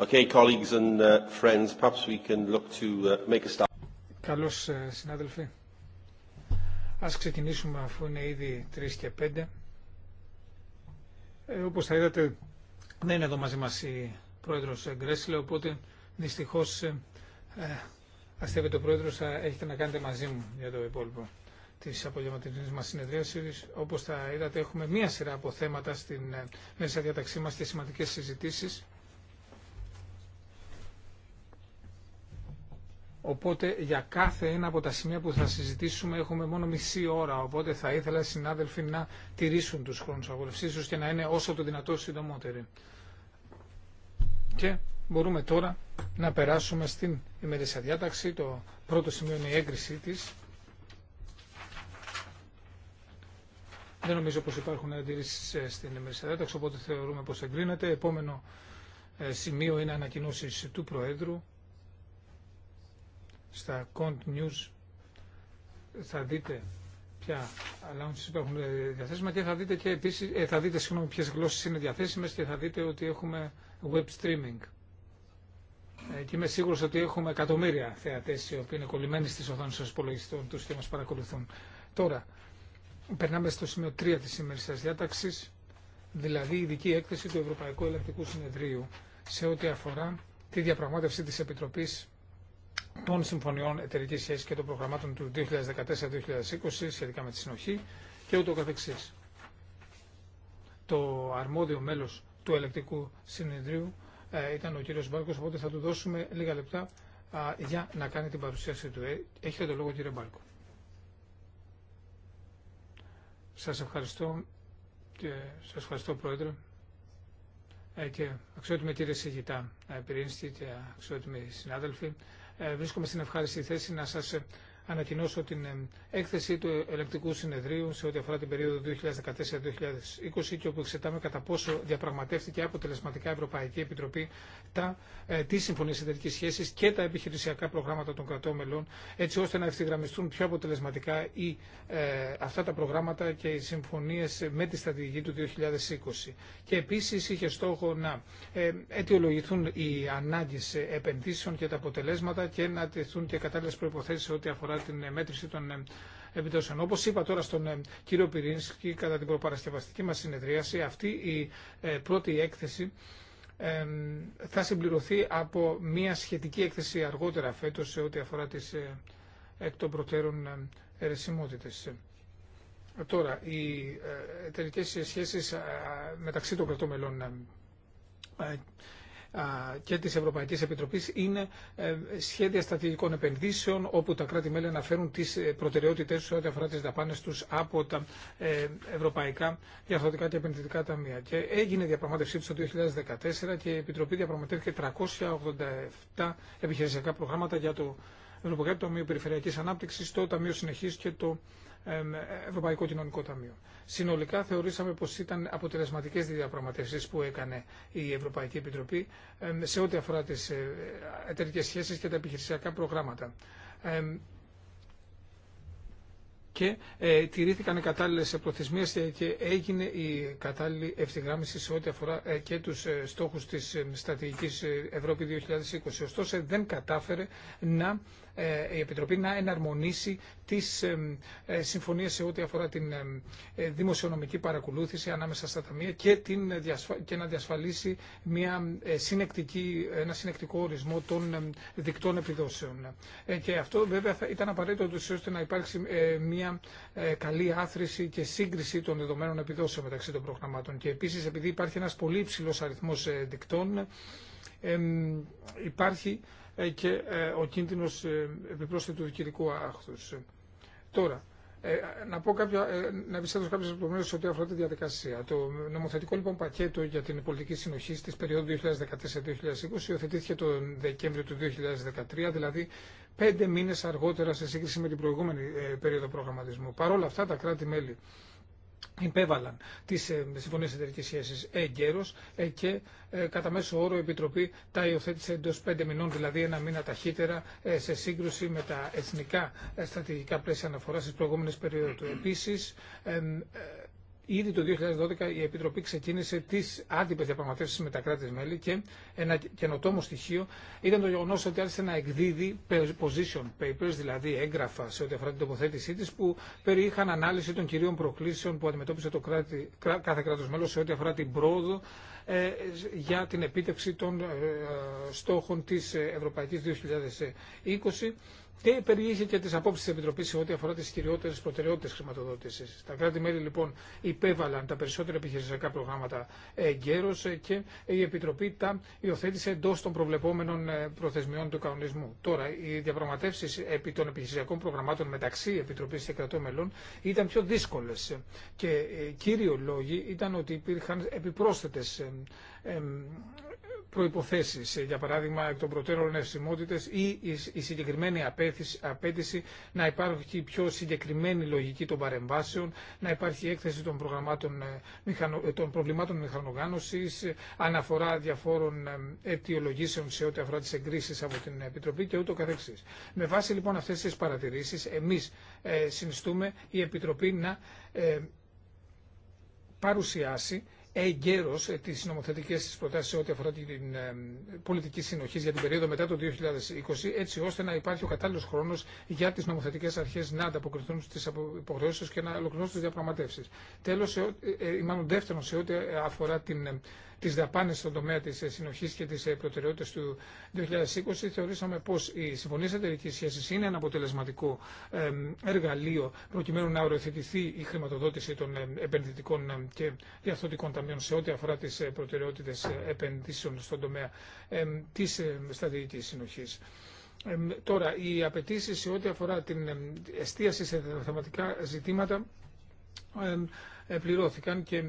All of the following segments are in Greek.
Okay, colleagues and uh, friends, perhaps we can look to uh, make a start. Καλώς ε, συνάδελφοι. Ας ξεκινήσουμε αφού είναι ήδη 3 και 5. Ε, όπως θα είδατε δεν είναι εδώ μαζί μας η πρόεδρος ε, Γκρέσλε, οπότε δυστυχώς ε, ε, αστεύεται ο πρόεδρος, θα έχετε να κάνετε μαζί μου για το υπόλοιπο της απογευματινής μας συνεδρίασης. Όπως θα είδατε, έχουμε μία σειρά από θέματα στην μέσα διαταξή μα και σημαντικέ συζητήσει. Οπότε για κάθε ένα από τα σημεία που θα συζητήσουμε έχουμε μόνο μισή ώρα. Οπότε θα ήθελα οι συνάδελφοι να τηρήσουν τους χρόνους αγορευσή τους και να είναι όσο το δυνατόν συντομότεροι. Και μπορούμε τώρα να περάσουμε στην ημερήσια διάταξη. Το πρώτο σημείο είναι η έγκρισή της. Δεν νομίζω πως υπάρχουν αντιρρήσεις ε, στην ημερήσια διάταξη, οπότε θεωρούμε πως εγκρίνεται. Επόμενο ε, σημείο είναι ανακοινώσεις του Προέδρου στα Cont News θα δείτε ποια allowances υπάρχουν διαθέσιμα και θα δείτε, και επίσης, ε, θα δείτε συγγνώμη, ποιες γλώσσες είναι διαθέσιμες και θα δείτε ότι έχουμε web streaming. Ε, και είμαι σίγουρος ότι έχουμε εκατομμύρια θεατές οι οποίοι είναι κολλημένοι στις οθόνες των υπολογιστών τους και μας παρακολουθούν. Τώρα, περνάμε στο σημείο 3 της σήμερα σας διάταξης, δηλαδή η ειδική έκθεση του Ευρωπαϊκού Ελεκτικού Συνεδρίου σε ό,τι αφορά τη διαπραγμάτευση της Επιτροπής των συμφωνιών εταιρική σχέση και των προγραμμάτων του 2014-2020 σχετικά με τη συνοχή και ούτω καθεξής. Το αρμόδιο μέλος του ελεκτικού συνεδρίου ε, ήταν ο κύριος Μπάρκος, οπότε θα του δώσουμε λίγα λεπτά για να κάνει την παρουσίαση του. Ε, έχετε το λόγο κύριε Μπάρκο. Σας ευχαριστώ και σας ευχαριστώ Πρόεδρε ε, και αξιότιμη κύριε Σιγητά Πυρίνστη και αξιότιμοι συνάδελφοι. Ε, βρίσκομαι στην ευχάριστη θέση να σας ανακοινώσω την έκθεση του ελεκτικού συνεδρίου σε ό,τι αφορά την περίοδο 2014-2020 και όπου εξετάμε κατά πόσο διαπραγματεύτηκε αποτελεσματικά η Ευρωπαϊκή Επιτροπή τα, ε, τις συμφωνίες εταιρικής σχέσης και τα επιχειρησιακά προγράμματα των κρατών μελών έτσι ώστε να ευθυγραμμιστούν πιο αποτελεσματικά ή, ε, αυτά τα προγράμματα και οι συμφωνίες με τη στρατηγική του 2020. Και επίσης είχε στόχο να ε, αιτιολογηθούν οι ανάγκε επενδύσεων και τα αποτελέσματα και να τεθούν και προϋποθέσεις ό,τι αφορά την μέτρηση των ε, Επιτόσεων. Όπως είπα τώρα στον ε, κύριο Πυρίνσκι κατά την προπαρασκευαστική μας συνεδρίαση, αυτή η ε, πρώτη έκθεση θα συμπληρωθεί από μια σχετική έκθεση αργότερα φέτος σε ό,τι αφορά τις εκ των προτέρων ερεσιμότητες. Τώρα, οι εταιρικέ σχέσεις μεταξύ των κρατών μελών και της Ευρωπαϊκής Επιτροπής είναι ε, σχέδια στρατηγικών επενδύσεων όπου τα κράτη-μέλη αναφέρουν τις ε, προτεραιότητες τους ό,τι αφορά τις δαπάνες τους από τα ε, ευρωπαϊκά διαφορετικά και επενδυτικά ταμεία. Και έγινε διαπραγμάτευσή του το 2014 και η Επιτροπή διαπραγματεύτηκε 387 επιχειρησιακά προγράμματα για το Ευρωπαϊκό Ταμείο Περιφερειακή Ανάπτυξης, το Ταμείο Συνεχής και το Ευρωπαϊκό Κοινωνικό Ταμείο. Συνολικά θεωρήσαμε πως ήταν αποτελεσματικές διαπραγματεύσεις που έκανε η Ευρωπαϊκή Επιτροπή σε ό,τι αφορά τις ε, εταιρικές σχέσεις και τα επιχειρησιακά προγράμματα και ε, τηρήθηκαν οι κατάλληλε προθεσμίε και έγινε η κατάλληλη ευθυγράμμιση σε ό,τι αφορά ε, και του ε, στόχου τη ε, στρατηγική Ευρώπη 2020. Ωστόσο, δεν κατάφερε να ε, η Επιτροπή να εναρμονίσει τις ε, ε, συμφωνίες σε ό,τι αφορά την δημοσιονομική παρακολούθηση ανάμεσα στα ταμεία και, την, και να διασφαλίσει μια συνεκτική, ένα συνεκτικό ορισμό των δικτών επιδόσεων. Και αυτό βέβαια ήταν απαραίτητο ώστε να υπάρξει μια καλή άθρηση και σύγκριση των δεδομένων επιδόσεων μεταξύ των προγραμμάτων. Και επίσης επειδή υπάρχει ένας πολύ υψηλός αριθμός δικτών, υπάρχει ε, και ε, ο κίνδυνος ε, επιπρόσθετου δικηρικού άχθους. Τώρα, να, πω κάποια, να επιστρέψω κάποιε λεπτομέρειε ό,τι αφορά τη διαδικασία. Το νομοθετικό λοιπόν πακέτο για την πολιτική συνοχή τη περίοδου 2014-2020 υιοθετήθηκε τον Δεκέμβριο του 2013, δηλαδή πέντε μήνες αργότερα σε σύγκριση με την προηγούμενη περίοδο προγραμματισμού. Παρ' όλα αυτά, τα κράτη-μέλη υπέβαλαν τι ε, συμφωνίε εταιρική σχέση εγκαίρω ε, και ε, κατά μέσο όρο η Επιτροπή τα υιοθέτησε εντό πέντε μηνών, δηλαδή ένα μήνα ταχύτερα, σε σύγκρουση με τα εθνικά στρατηγικά πλαίσια αναφορά στι προηγούμενε περίοδου. Επίση, Ήδη το 2012 η Επιτροπή ξεκίνησε τι άτυπε διαπραγματεύσει με τα κράτη-μέλη και ένα καινοτόμο στοιχείο ήταν το γεγονό ότι άρχισε να εκδίδει position papers, δηλαδή έγγραφα σε ό,τι αφορά την τοποθέτησή τη, που περιείχαν ανάλυση των κυρίων προκλήσεων που αντιμετώπισε το κράτη, κάθε κράτο-μέλο σε ό,τι αφορά την πρόοδο ε, για την επίτευξη των ε, στόχων τη Ευρωπαϊκή 2020 και περιείχε και τι απόψει τη Επιτροπής σε ό,τι αφορά τι κυριότερες προτεραιότητε χρηματοδότηση. Τα κράτη-μέλη λοιπόν υπέβαλαν τα περισσότερα επιχειρησιακά προγράμματα εγκαίρω και η Επιτροπή τα υιοθέτησε εντό των προβλεπόμενων ε, προθεσμιών του κανονισμού. Τώρα, οι διαπραγματεύσει επί των επιχειρησιακών προγραμμάτων μεταξύ Επιτροπή και κρατών μελών ήταν πιο δύσκολε. και ε, κύριο λόγοι ήταν ότι υπήρχαν επιπρόσθετε ε, ε, για παράδειγμα εκ των προτέρων ευσημότητε ή η συγκεκριμένη απέτηση να υπάρχει πιο συγκεκριμένη λογική των παρεμβάσεων, να υπάρχει έκθεση των, προγραμμάτων, ε, ε, των προβλημάτων μηχανοργάνωσης, αναφορά διαφόρων αιτιολογήσεων σε ό,τι αφορά τις εγκρίσεις από την Επιτροπή και ούτω καθεξής. Με βάση λοιπόν αυτές τις παρατηρήσεις, εμείς συνιστούμε η Επιτροπή να υπαρχει πιο συγκεκριμενη λογικη των παρεμβασεων να υπαρχει εκθεση των των προβληματων μηχανογάνωση, αναφορα διαφορων αιτιολογησεων σε οτι αφορα τι εγκρισει απο την επιτροπη και ουτω καθεξης με βαση λοιπον αυτέ τι παρατηρήσει, εμεί συνιστουμε η επιτροπη να παρουσιασει εγκαίρω ε, τι νομοθετικέ τη προτάσει ό,τι αφορά την ε, πολιτική συνοχή για την περίοδο μετά το 2020, έτσι ώστε να υπάρχει ο κατάλληλο χρόνο για τι νομοθετικέ αρχέ να ανταποκριθούν στι υποχρεώσει και να ολοκληρώσουν τι διαπραγματεύσει. Τέλο, ε, μάλλον δεύτερον, σε ό,τι αφορά την τις δαπάνες στον τομέα της συνοχής και τις προτεραιότητες του 2020, θεωρήσαμε πως η Συμφωνία Εταιρικής Σχέσης είναι ένα αποτελεσματικό εργαλείο προκειμένου να οριοθετηθεί η χρηματοδότηση των επενδυτικών και διαθωτικών ταμείων σε ό,τι αφορά τις ε, προτεραιότητες ε, επενδύσεων στον τομέα της ε, στρατηγικής συνοχής. Τώρα, οι απαιτήσει σε ό,τι αφορά την εστίαση σε θεματικά ζητήματα πληρώθηκαν και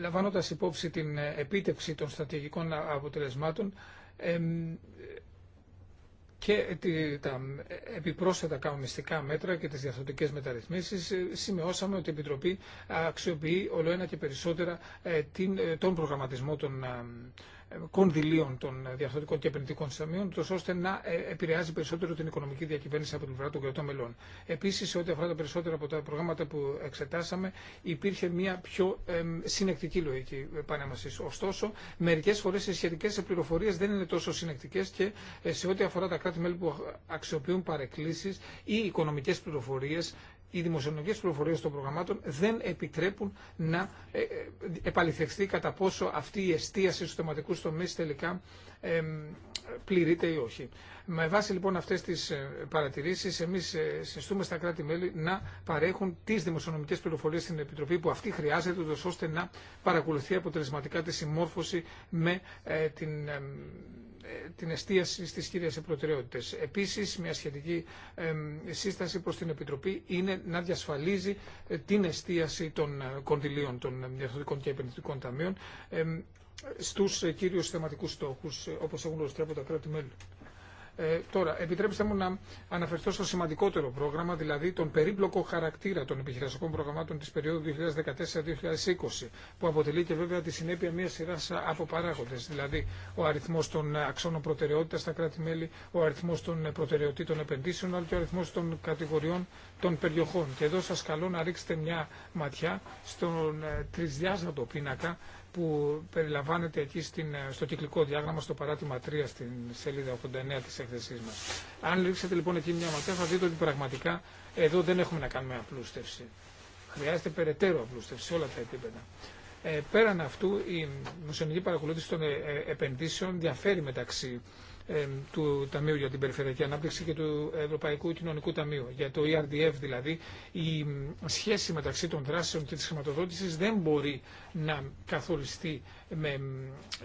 λαμβάνοντας υπόψη την ε, επίτευξη των στρατηγικών αποτελεσμάτων και τα επιπρόσθετα κανονιστικά μέτρα και τις διαθωτικές μεταρρυθμίσεις ε, σημειώσαμε ότι η Επιτροπή αξιοποιεί όλο ένα και περισσότερα ε, τον προγραμματισμό των κονδυλίων των διαρθρωτικών και επενδυτικών ταμείων, ώστε να ε, επηρεάζει περισσότερο την οικονομική διακυβέρνηση από την πλευρά των κρατών μελών. Επίση, σε ό,τι αφορά τα περισσότερα από τα προγράμματα που εξετάσαμε, υπήρχε μια πιο συνεκτική λογική επανέμβαση. Ωστόσο, μερικέ φορέ οι σχετικέ πληροφορίε δεν είναι τόσο συνεκτικέ και ε, σε ό,τι αφορά τα κράτη-μέλη που αξιοποιούν παρεκκλήσει ή οικονομικέ πληροφορίε οι δημοσιονομικές πληροφορίες των προγραμμάτων δεν επιτρέπουν να ε, ε, επαληθευτεί κατά πόσο αυτή η εστίαση στους θεματικούς τομείς τελικά πληρείται ή όχι. Με βάση λοιπόν αυτές τις ε, παρατηρήσεις εμείς συστούμε στα κράτη-μέλη να παρέχουν τις δημοσιονομικές πληροφορίες στην Επιτροπή που αυτή χρειάζεται ώστε να παρακολουθεί αποτελεσματικά τη συμμόρφωση με την την εστίαση στις κυρίες προτεραιότητες. Επίσης, μια σχετική σύσταση προς την Επιτροπή είναι να διασφαλίζει ε, την εστίαση των ε, κονδυλίων των ε, διευθυντικών και επενδυτικών ταμείων στους κύριους θεματικούς στόχους, όπως έχουν από τα κράτη-μέλη. Ε, τώρα, επιτρέψτε μου να αναφερθώ στο σημαντικότερο πρόγραμμα, δηλαδή τον περίπλοκο χαρακτήρα των επιχειρησιακών προγραμμάτων τη περίοδου 2014-2020, που αποτελεί και βέβαια τη συνέπεια μια σειρά από παράγοντε. Δηλαδή, ο αριθμό των αξώνων προτεραιότητα στα κράτη-μέλη, ο αριθμό των προτεραιοτήτων επενδύσεων, αλλά και ο αριθμό των κατηγοριών των περιοχών. Και εδώ σα καλώ να ρίξετε μια ματιά στον ε, τρισδιάστατο πίνακα που περιλαμβάνεται εκεί στην, ε, στο κυκλικό διάγραμμα, στο παράδειγμα 3 στην σελίδα 89 της έκθεσής μας. Αν λήξετε λοιπόν εκεί μια ματιά θα δείτε ότι πραγματικά εδώ δεν έχουμε να κάνουμε απλούστευση. Χρειάζεται περαιτέρω απλούστευση σε όλα τα επίπεδα. Ε, πέραν αυτού η μουσιονική παρακολούθηση των ε, ε, επενδύσεων διαφέρει μεταξύ του Ταμείου για την Περιφερειακή Ανάπτυξη και του Ευρωπαϊκού Κοινωνικού Ταμείου. Για το ERDF δηλαδή, η σχέση μεταξύ των δράσεων και της χρηματοδότησης δεν μπορεί να καθοριστεί με,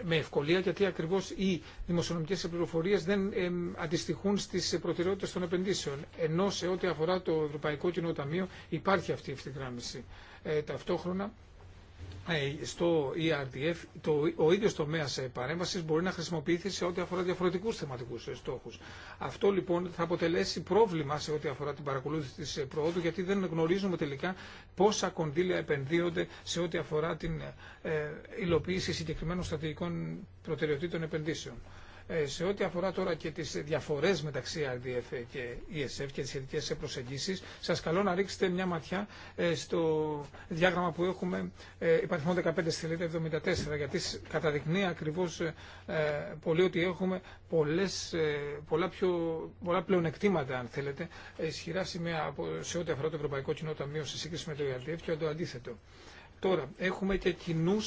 με ευκολία, γιατί ακριβώς οι δημοσιονομικές πληροφορίες δεν αντιστοιχούν στις προτεραιότητες των επενδύσεων. Ενώ σε ό,τι αφορά το Ευρωπαϊκό Κοινό Ταμείο υπάρχει αυτή η ευθυγράμμιση. Ε, ταυτόχρονα, ε, στο ERDF το, ο ίδιος τομέας ε, παρέμβασης μπορεί να χρησιμοποιηθεί σε ό,τι αφορά διαφορετικούς θεματικούς ε, στόχους. Αυτό λοιπόν θα αποτελέσει πρόβλημα σε ό,τι αφορά την παρακολούθηση της προόδου γιατί δεν γνωρίζουμε τελικά πόσα κονδύλια επενδύονται σε ό,τι αφορά την υλοποίηση συγκεκριμένων στρατηγικών προτεραιοτήτων επενδύσεων. Ε, σε ό,τι αφορά τώρα και τις διαφορές μεταξύ RDF και ESF και τις σχετικές προσεγγίσεις, σας καλώ να ρίξετε μια ματιά ε, στο διάγραμμα που έχουμε ε, υπαριθμό 15 σελίδα 74, γιατί καταδεικνύει ακριβώς πολύ ότι έχουμε πολλές, πολλά, πιο, πολλά πλεονεκτήματα, αν θέλετε, ισχυρά σημεία σε ό,τι αφορά το Ευρωπαϊκό Κοινό Ταμείο σε σύγκριση με το RDF και το αντίθετο. Τώρα, έχουμε και κοινού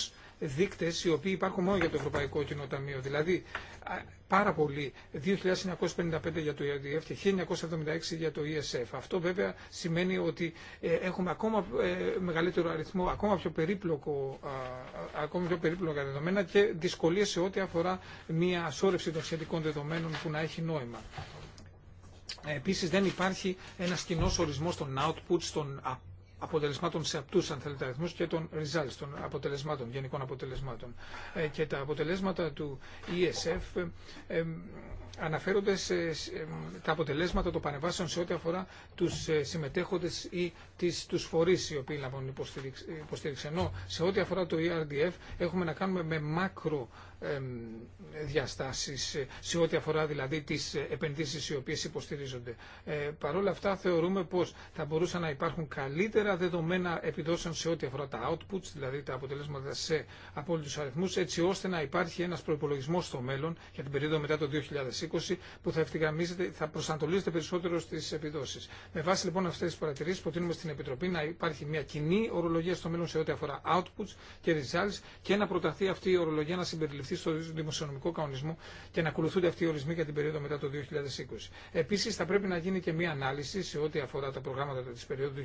δείκτε οι οποίοι υπάρχουν μόνο για το Ευρωπαϊκό Κοινό Ταμείο. Δηλαδή πάρα πολλοί, 2.955 για το ERDF και 1.976 για το ESF. Αυτό βέβαια σημαίνει ότι ε, έχουμε ακόμα ε, μεγαλύτερο αριθμό, ακόμα πιο περίπλοκο, ακόμα πιο περίπλοκα δεδομένα και δυσκολίες σε ό,τι αφορά μια ασόρευση των σχετικών δεδομένων που να έχει νόημα. Ε, επίσης δεν υπάρχει ένας κοινό ορισμός των outputs, των αποτελεσμάτων σε αυτού αν θέλετε αριθμού και των results, των αποτελεσμάτων, γενικών αποτελεσμάτων. Ε, και τα αποτελέσματα του ESF ε, ε, αναφέρονται σε τα αποτελέσματα των πανεβάσεων σε ό,τι αφορά τους συμμετέχοντε ή του φορεί οι οποίοι λαμβάνουν υποστήριξη. Ενώ σε ό,τι αφορά το ERDF έχουμε να κάνουμε με μάκρο διαστάσεις ε, σε ό,τι αφορά δηλαδή τις επενδύσεις οι οποίες υποστηρίζονται. Ε, Παρ' όλα αυτά θεωρούμε πως θα μπορούσαν να υπάρχουν καλύτερα δεδομένα επιδόσεων σε ό,τι αφορά τα outputs, δηλαδή τα αποτελέσματα σε απόλυτους αριθμούς, έτσι ώστε να υπάρχει ένας προϋπολογισμός στο μέλλον για την περίοδο μετά το 2020 που θα, θα προσανατολίζεται περισσότερο στις επιδόσεις. Με βάση λοιπόν αυτές τις παρατηρήσεις προτείνουμε στην Επιτροπή να υπάρχει μια κοινή ορολογία στο μέλλον σε ό,τι αφορά outputs και results και να προταθεί αυτή η ορολογία να συμπεριληφθεί ληφθεί στο δημοσιονομικό κανονισμό και να ακολουθούνται αυτοί οι ορισμοί για την περίοδο μετά το 2020. Επίση, θα πρέπει να γίνει και μία ανάλυση σε ό,τι αφορά τα προγράμματα τη περίοδου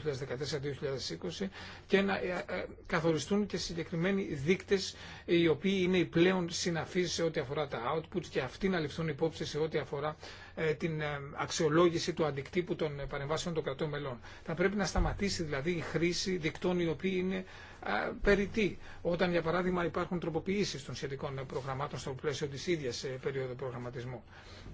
2014-2020 και να ε, ε, καθοριστούν και συγκεκριμένοι δείκτε οι οποίοι είναι οι πλέον συναφεί σε ό,τι αφορά τα output και αυτοί να ληφθούν υπόψη σε ό,τι αφορά ε, την αξιολόγηση του αντικτύπου των παρεμβάσεων των κρατών μελών. Θα πρέπει να σταματήσει δηλαδή η χρήση δικτών οι οποίοι είναι Περί τι. Όταν, για παράδειγμα, υπάρχουν τροποποίησει των σχετικών προγραμμάτων στο πλαίσιο τη ίδια ε, περίοδου προγραμματισμού.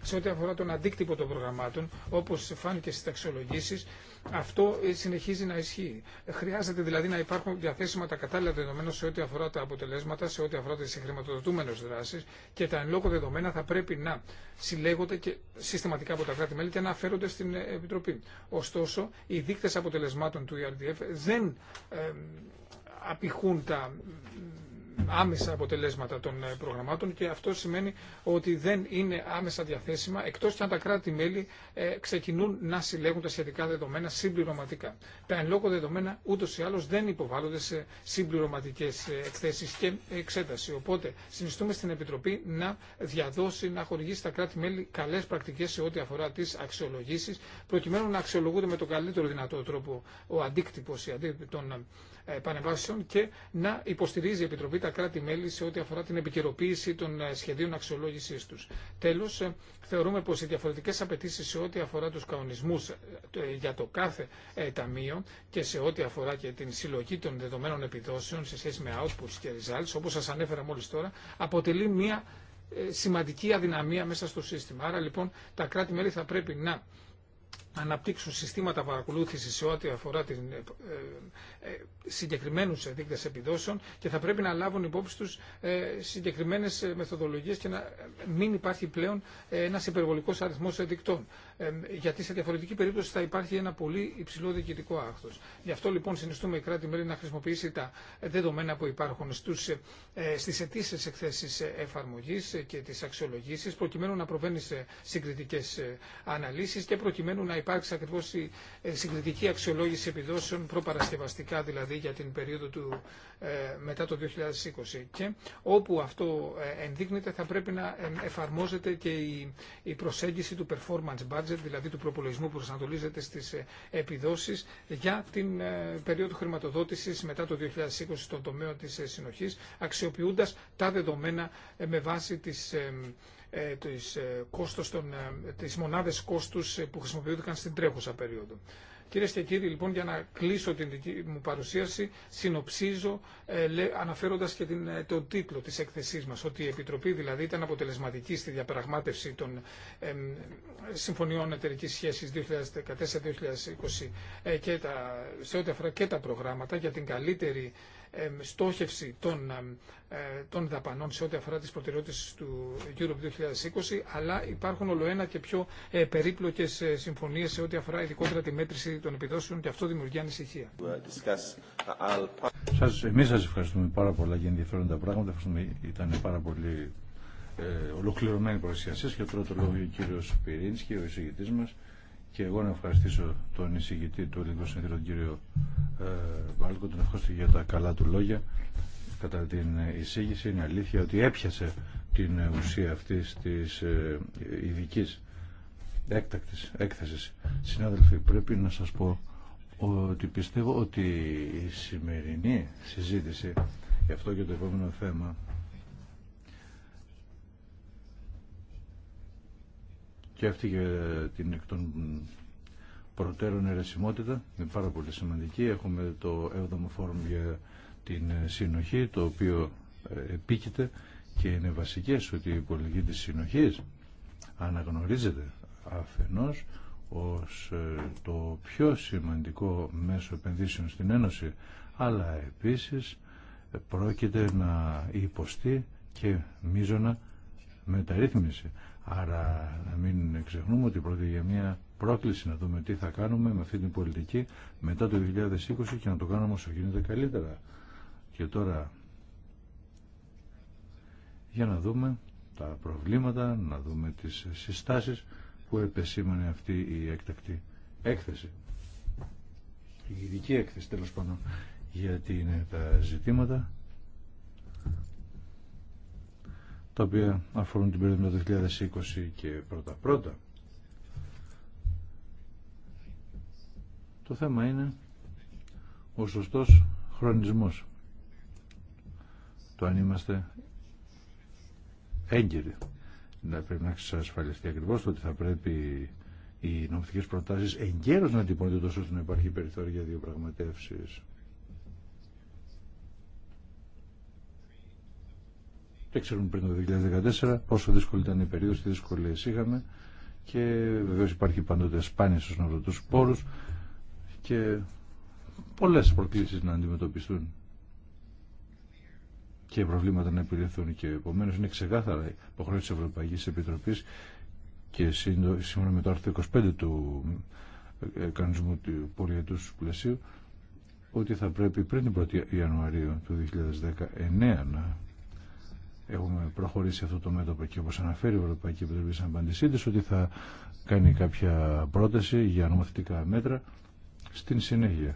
Σε ό,τι αφορά τον αντίκτυπο των προγραμμάτων, όπω φάνηκε στι ταξιολογήσει, αυτό ε, συνεχίζει να ισχύει. Χρειάζεται δηλαδή να υπάρχουν διαθέσιμα τα κατάλληλα δεδομένα σε ό,τι αφορά τα αποτελέσματα, σε ό,τι αφορά τις χρηματοδοτούμενε δράσεις και τα εν λόγω δεδομένα θα πρέπει να συλλέγονται και συστηματικά από τα κράτη-μέλη και να αφαίρονται στην ε, Επιτροπή. Ωστόσο, οι δείκτε αποτελεσμάτων του ERDF δεν απηχούν τα άμεσα αποτελέσματα των ε, προγραμμάτων και αυτό σημαίνει ότι δεν είναι άμεσα διαθέσιμα εκτός και αν τα κράτη-μέλη ε, ξεκινούν να συλλέγουν τα σχετικά δεδομένα συμπληρωματικά. Τα εν λόγω δεδομένα ούτως ή άλλως δεν υποβάλλονται σε συμπληρωματικές ε, εκθέσεις και εξέταση. Οπότε συνιστούμε στην Επιτροπή να διαδώσει, να χορηγήσει στα κράτη-μέλη καλές πρακτικές σε ό,τι αφορά τις αξιολογήσεις προκειμένου να αξιολογούνται με τον καλύτερο δυνατό τρόπο ο αντίκτυπος, η των και να υποστηρίζει η Επιτροπή τα κράτη-μέλη σε ό,τι αφορά την επικαιροποίηση των ε, σχεδίων αξιολόγησή του. Τέλο, ε, θεωρούμε πω οι διαφορετικέ απαιτήσει σε ό,τι αφορά του κανονισμού ε, για το κάθε ταμείο και σε ό,τι αφορά και την συλλογή των δεδομένων επιδόσεων σε σχέση με outputs και results, όπω σα ανέφερα μόλι τώρα, αποτελεί μια σημαντική αδυναμία μέσα στο σύστημα. Άρα λοιπόν τα κράτη-μέλη θα πρέπει να αναπτύξουν συστήματα παρακολούθηση σε ό,τι αφορά την ε, συγκεκριμένου δείκτε επιδόσεων και θα πρέπει να λάβουν υπόψη του ε, συγκεκριμένε ε, μεθοδολογίε και να μην υπάρχει πλέον ένα υπερβολικό αριθμό δείκτων. Γιατί σε διαφορετική περίπτωση θα υπάρχει ένα πολύ υψηλό διοικητικό άκτο. Γι' αυτό λοιπόν συνιστούμε η κράτη-μέλη να χρησιμοποιήσει τα δεδομένα που υπάρχουν στι αιτήσει εκθέσει εφαρμογή και τι αξιολογήσει, προκειμένου να προβαίνει σε συγκριτικέ αναλύσει και προκειμένου να υπάρξει ακριβώ η συγκριτική αξιολόγηση επιδόσεων προπαρασκευαστική δηλαδή για την περίοδο του ε, μετά το 2020 και όπου αυτό ε, ενδείκνεται θα πρέπει να ε, εφαρμόζεται και η προσέγγιση του performance budget, δηλαδή του προπολογισμού που προσανατολίζεται στις επιδόσεις για την περίοδο χρηματοδότησης μετά το 2020 στον τομέα της συνοχής, αξιοποιούντας τα δεδομένα με βάση τις της, κόστος μονάδες κόστους που χρησιμοποιούνταν στην τρέχουσα περίοδο. Κυρίε και κύριοι, λοιπόν, για να κλείσω την δική μου παρουσίαση, συνοψίζω ε, αναφέροντα και την, ε, τον τίτλο τη έκθεσή μα, ότι η Επιτροπή δηλαδή ήταν αποτελεσματική στη διαπραγμάτευση των συμφωνιών εταιρική σχέση 2014-2020 και τα, σε ό,τι αφορά και τα προγράμματα για την καλύτερη στόχευση των, ε, των δαπανών σε ό,τι αφορά τις προτεραιότητες του Europe 2020, αλλά υπάρχουν ολοένα και πιο ε, περίπλοκες ε, συμφωνίες σε ό,τι αφορά ειδικότερα τη μέτρηση των επιδόσεων και αυτό δημιουργεί ανησυχία. Σας, εμείς σας ευχαριστούμε πάρα πολλά για ενδιαφέροντα πράγματα. Ευχαριστούμε, ήταν πάρα πολύ ε, ολοκληρωμένη παρουσία σας και τώρα το λόγο ο κύριος Πυρίνσκι, ο εισηγητής μας και εγώ να ευχαριστήσω τον εισηγητή του Ελληνικού Συνεδρίου, τον κύριο ε, Βάλκο, τον ευχαριστώ για τα καλά του λόγια κατά την εισήγηση. Είναι αλήθεια ότι έπιασε την ουσία αυτή της ε, ειδική έκτακτη έκθεσης. Συνάδελφοι, πρέπει να σας πω ότι πιστεύω ότι η σημερινή συζήτηση, γι' αυτό και το επόμενο θέμα, και αυτή για την εκ των προτέρων αιρεσιμότητα είναι πάρα πολύ σημαντική. Έχουμε το 7ο φόρουμ για την συνοχή, το οποίο ε, επίκειται και είναι βασικές ότι η πολιτική της συνοχής αναγνωρίζεται αφενός ως ε, το πιο σημαντικό μέσο επενδύσεων στην Ένωση, αλλά επίσης ε, πρόκειται να υποστεί και μίζωνα μεταρρύθμιση. Άρα να μην ξεχνούμε ότι πρόκειται για μια πρόκληση να δούμε τι θα κάνουμε με αυτή την πολιτική μετά το 2020 και να το κάνουμε όσο γίνεται καλύτερα. Και τώρα για να δούμε τα προβλήματα, να δούμε τις συστάσεις που επεσήμανε αυτή η εκτακτή έκθεση. Η ειδική έκθεση τέλος πάντων γιατί είναι τα ζητήματα τα οποία αφορούν την περίοδο 2020 και πρώτα-πρώτα. Το θέμα είναι ο σωστός χρονισμός. Το αν είμαστε έγκυροι. Να πρέπει να εξασφαλιστεί ακριβώ το ότι θα πρέπει οι νομοθετικέ προτάσει εγκαίρω να τυπώνται τόσο ώστε να υπάρχει περιθώριο για πραγματεύσει. Δεν ξέρουμε πριν το 2014 πόσο δύσκολη ήταν η περίοδος, τι δυσκολίε είχαμε και βεβαίω υπάρχει πάντοτε σπάνια στους νευροτούς πόρου και πολλέ προκλήσει να αντιμετωπιστούν και προβλήματα να επιληθούν και επομένω είναι ξεκάθαρα υποχρέωση τη Ευρωπαϊκή Επιτροπή και σύμφωνα με το άρθρο 25 του ε, κανονισμού του πολιετού πλαισίου ότι θα πρέπει πριν την 1η Ιανουαρίου του 2019 να έχουμε προχωρήσει αυτό το μέτωπο και όπως αναφέρει η Ευρωπαϊκή Επιτροπή στην απάντησή ότι θα κάνει κάποια πρόταση για νομοθετικά μέτρα στην συνέχεια.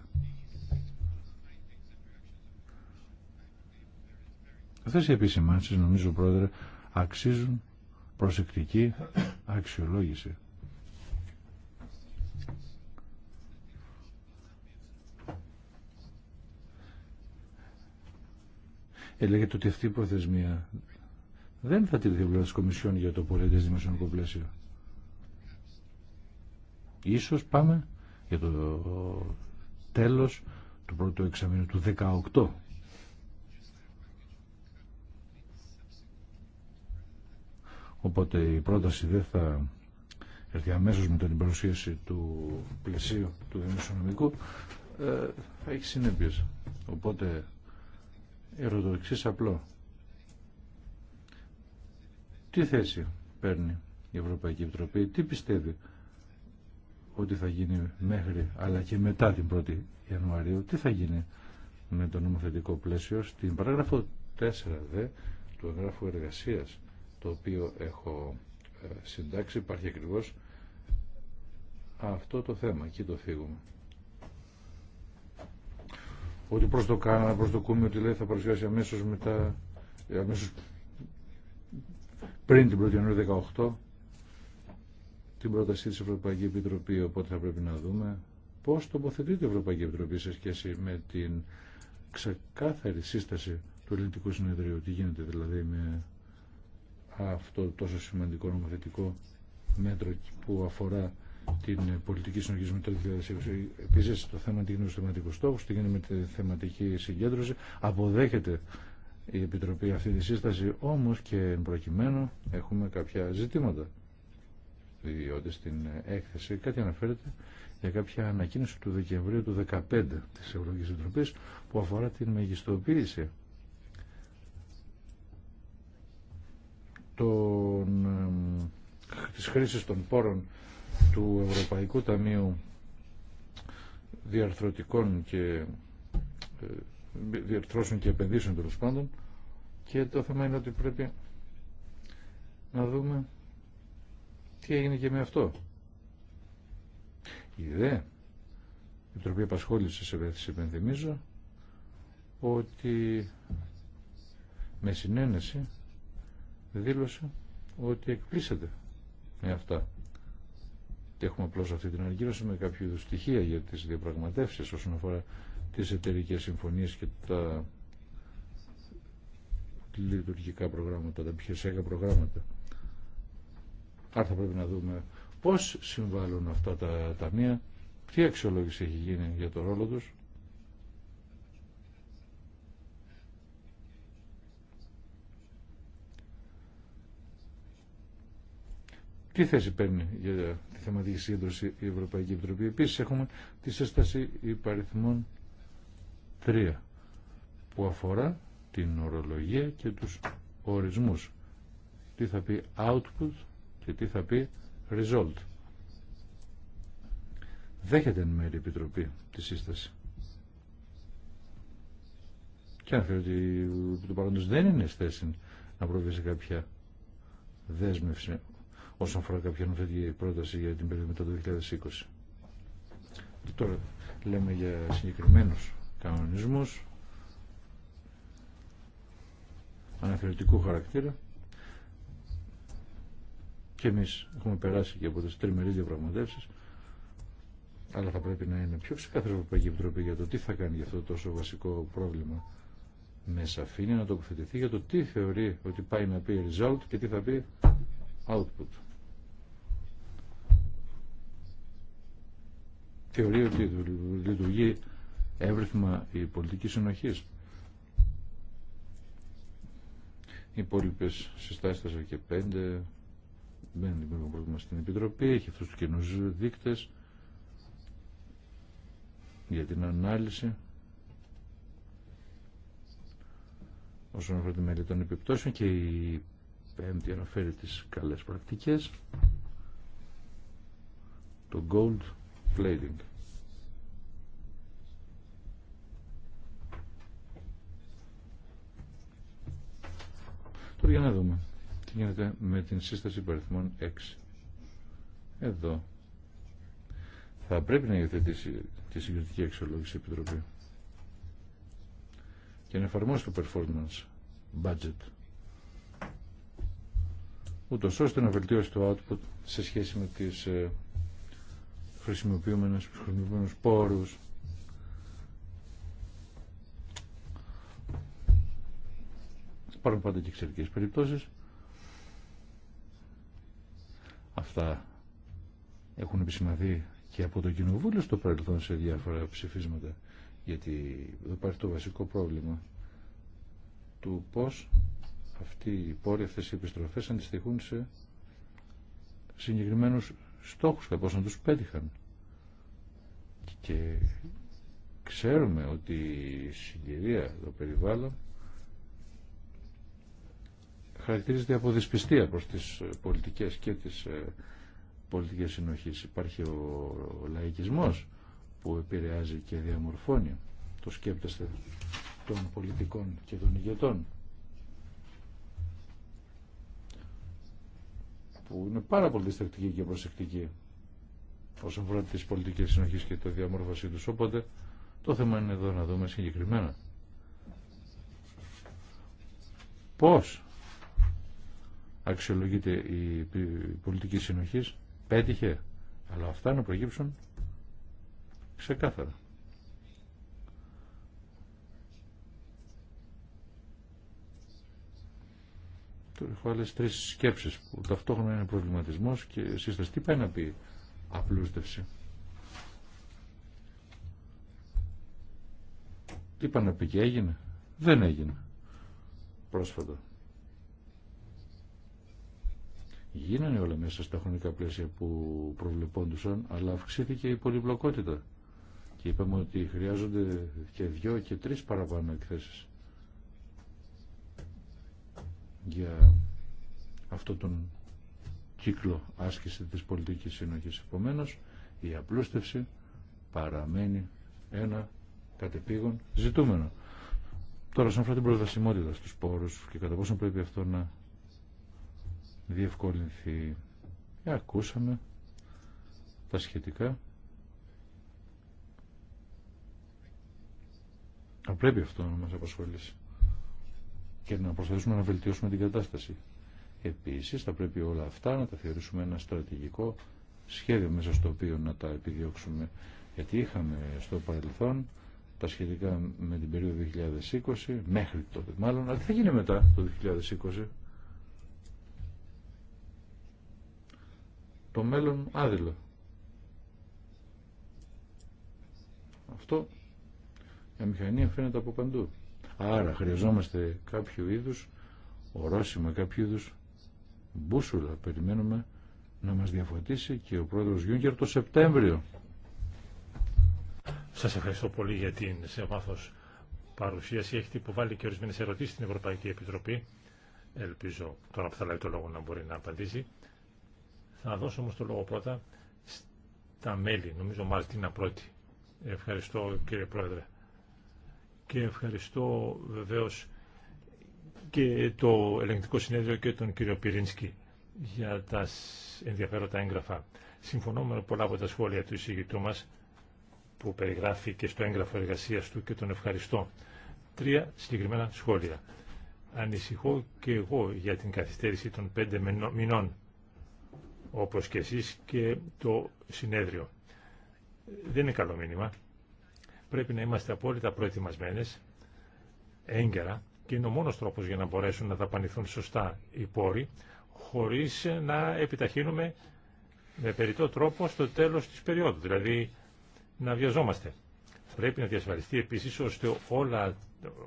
Αυτές οι επισημάνσεις νομίζω πρόεδρε αξίζουν προσεκτική αξιολόγηση. Έλεγε ότι αυτή η προθεσμία δεν θα τηρηθεί πλέον τη Κομισιόν για το πολιτικό δημοσιονομικό πλαίσιο. Ίσως πάμε για το τέλος του πρώτου εξαμήνου του 18. Οπότε η πρόταση δεν θα έρθει αμέσω με την παρουσίαση του πλαισίου του δημοσιονομικού. Ε, θα έχει συνέπειες. Οπότε ερωτοξής απλό. Τι θέση παίρνει η Ευρωπαϊκή Επιτροπή, τι πιστεύει ότι θα γίνει μέχρι αλλά και μετά την 1η Ιανουαρίου, τι θα γίνει με το νομοθετικό πλαίσιο στην παράγραφο 4 δε του εγγράφου εργασίας το οποίο έχω ε, συντάξει υπάρχει ακριβώ αυτό το θέμα, και το φύγουμε ότι προς το κάνα, προς το κούμιο, ότι λέει θα παρουσιάσει αμέσως μετά, ε, αμέσως πριν την 1η 18, την πρότασή της Ευρωπαϊκή Επιτροπή, οπότε θα πρέπει να δούμε πώς τοποθετείται η Ευρωπαϊκή Επιτροπή σε σχέση με την ξεκάθαρη σύσταση του ελληνικού συνεδρίου, τι γίνεται δηλαδή με αυτό το τόσο σημαντικό νομοθετικό μέτρο που αφορά την ε, πολιτική συνοχή με το 2020. Επίση, το θέμα τι γίνεται στου θεματικού στόχου, τι γίνεται με τη θεματική συγκέντρωση. Αποδέχεται η Επιτροπή αυτή τη σύσταση, όμω και προκειμένου έχουμε κάποια ζητήματα. Διότι στην έκθεση κάτι αναφέρεται για κάποια ανακοίνωση του Δεκεμβρίου του 2015 τη Ευρωπαϊκή Επιτροπή που αφορά την μεγιστοποίηση των, ε, της χρήσης των πόρων του Ευρωπαϊκού Ταμείου Διαρθρωτικών και ε, διαρθρώσεων και επενδύσεων τέλο πάντων και το θέμα είναι ότι πρέπει να δούμε τι έγινε και με αυτό. Η ιδέα η Επιτροπή σε Ευέθυνση υπενθυμίζω ότι με συνένεση δήλωσε ότι εκπλήσεται με αυτά έχουμε απλώ αυτή την ανακοίνωση με κάποιο είδου στοιχεία για τι διαπραγματεύσει όσον αφορά τι εταιρικέ συμφωνίε και τα λειτουργικά προγράμματα, τα επιχειρησιακά προγράμματα. Άρα θα πρέπει να δούμε πώ συμβάλλουν αυτά τα ταμεία, τι αξιολόγηση έχει γίνει για το ρόλο του. Τι θέση παίρνει για θεματική σύγκρουση η Ευρωπαϊκή Επιτροπή. Επίσης έχουμε τη σύσταση υπαριθμών 3 που αφορά την ορολογία και τους ορισμούς. Τι θα πει output και τι θα πει result. Δέχεται εν μέρη η Επιτροπή τη σύσταση. Και αναφέρει ότι το παρόντος δεν είναι στέση να προβεί σε κάποια δέσμευση όσον αφορά κάποια νομοθετική πρόταση για την περίοδο μετά το 2020. τώρα λέμε για συγκεκριμένους κανονισμούς αναφερετικού χαρακτήρα και εμείς έχουμε περάσει και από τις τριμερείς διαπραγματεύσεις αλλά θα πρέπει να είναι πιο ξεκάθαρη η Ευρωπαϊκή Επιτροπή για το τι θα κάνει για αυτό το τόσο βασικό πρόβλημα με σαφήνεια να τοποθετηθεί για το τι θεωρεί ότι πάει να πει result και τι θα πει output. θεωρεί ότι λειτουργεί εύρυθμα η πολιτική συνοχή. Οι υπόλοιπε συστάσει 4 και 5 δεν δημιουργούν πρόβλημα στην Επιτροπή. Έχει αυτού του κοινού δείκτε για την ανάλυση όσον αφορά τη μελέτη των επιπτώσεων και η πέμπτη αναφέρει τις καλές πρακτικές το gold Τώρα για να δούμε τι γίνεται με την σύσταση παριθμών 6. Εδώ θα πρέπει να υιοθετήσει τη συγκριτική αξιολόγηση επιτροπή και να εφαρμόσει το performance budget ούτως ώστε να βελτιώσει το output σε σχέση με τις ε, Χρησιμοποιούμε ένας χρησιμοποιούμενους πόρους. Υπάρχουν πάντα και εξαιρετικές περιπτώσεις. Αυτά έχουν επισημαθεί και από το Κοινοβούλιο στο παρελθόν σε διάφορα ψηφίσματα. Γιατί εδώ υπάρχει το βασικό πρόβλημα του πώς αυτοί οι πόροι, αυτές οι επιστροφές αντιστοιχούν σε συγκεκριμένους στόχους, και πώς να τους πέτυχαν. Και ξέρουμε ότι η συγκυρία, το περιβάλλον, χαρακτηρίζεται από δυσπιστία προς τις πολιτικές και τις ε, πολιτικές συνοχής. Υπάρχει ο λαϊκισμός που επηρεάζει και διαμορφώνει το σκέπτεστε των πολιτικών και των ηγετών. που είναι πάρα πολύ διστακτική και προσεκτική όσον αφορά τις πολιτικές συνοχές και τη διαμόρφωσή τους. Οπότε το θέμα είναι εδώ να δούμε συγκεκριμένα. Πώς αξιολογείται η πολιτική συνοχής, πέτυχε, αλλά αυτά να προκύψουν ξεκάθαρα. Τώρα έχω άλλε τρει σκέψει που ταυτόχρονα είναι προβληματισμό και σύσταση. Τι πάει να πει απλούστευση. Τι πάει να πει και έγινε. Δεν έγινε. Πρόσφατα. Γίνανε όλα μέσα στα χρονικά πλαίσια που προβλεπόντουσαν, αλλά αυξήθηκε η πολυπλοκότητα. Και είπαμε ότι χρειάζονται και δυο και τρεις παραπάνω εκθέσεις για αυτό τον κύκλο άσκηση της πολιτικής συνοχής. Επομένως, η απλούστευση παραμένει ένα κατεπήγον ζητούμενο. Τώρα, σαν αφορά την προσβασιμότητα στους πόρους και κατά πόσο πρέπει αυτό να διευκολυνθεί, ακούσαμε τα σχετικά. πρέπει αυτό να μας απασχολήσει και να προσπαθήσουμε να βελτιώσουμε την κατάσταση. Επίσης θα πρέπει όλα αυτά να τα θεωρήσουμε ένα στρατηγικό σχέδιο μέσα στο οποίο να τα επιδιώξουμε γιατί είχαμε στο παρελθόν τα σχετικά με την περίοδο 2020 μέχρι τότε μάλλον αλλά τι θα γίνει μετά το 2020 το μέλλον άδειλο αυτό η αμηχανία φαίνεται από παντού Άρα χρειαζόμαστε κάποιο είδους ορόσημα, κάποιο είδους μπούσουλα. Περιμένουμε να μας διαφωτίσει και ο πρόεδρος Γιούγκερ το Σεπτέμβριο. Σας ευχαριστώ πολύ για την σε βάθος παρουσίαση. Έχετε υποβάλει και ορισμένες ερωτήσεις στην Ευρωπαϊκή Επιτροπή. Ελπίζω τώρα που θα λάβει το λόγο να μπορεί να απαντήσει. Θα δώσω όμως το λόγο πρώτα στα μέλη. Νομίζω Μαρτίνα πρώτη. Ευχαριστώ κύριε Πρόεδρε και ευχαριστώ βεβαίως και το ελεγκτικό συνέδριο και τον κύριο Πυρίνσκι για τα ενδιαφέροντα έγγραφα. Συμφωνώ με πολλά από τα σχόλια του εισηγητού μας που περιγράφει και στο έγγραφο εργασίας του και τον ευχαριστώ. Τρία συγκεκριμένα σχόλια. Ανησυχώ και εγώ για την καθυστέρηση των πέντε μηνών όπως και εσείς και το συνέδριο. Δεν είναι καλό μήνυμα πρέπει να είμαστε απόλυτα προετοιμασμένες έγκαιρα και είναι ο μόνος τρόπος για να μπορέσουν να δαπανηθούν σωστά οι πόροι χωρίς να επιταχύνουμε με περιττό τρόπο στο τέλος της περίοδου, δηλαδή να βιαζόμαστε. Πρέπει να διασφαλιστεί επίσης ώστε όλα,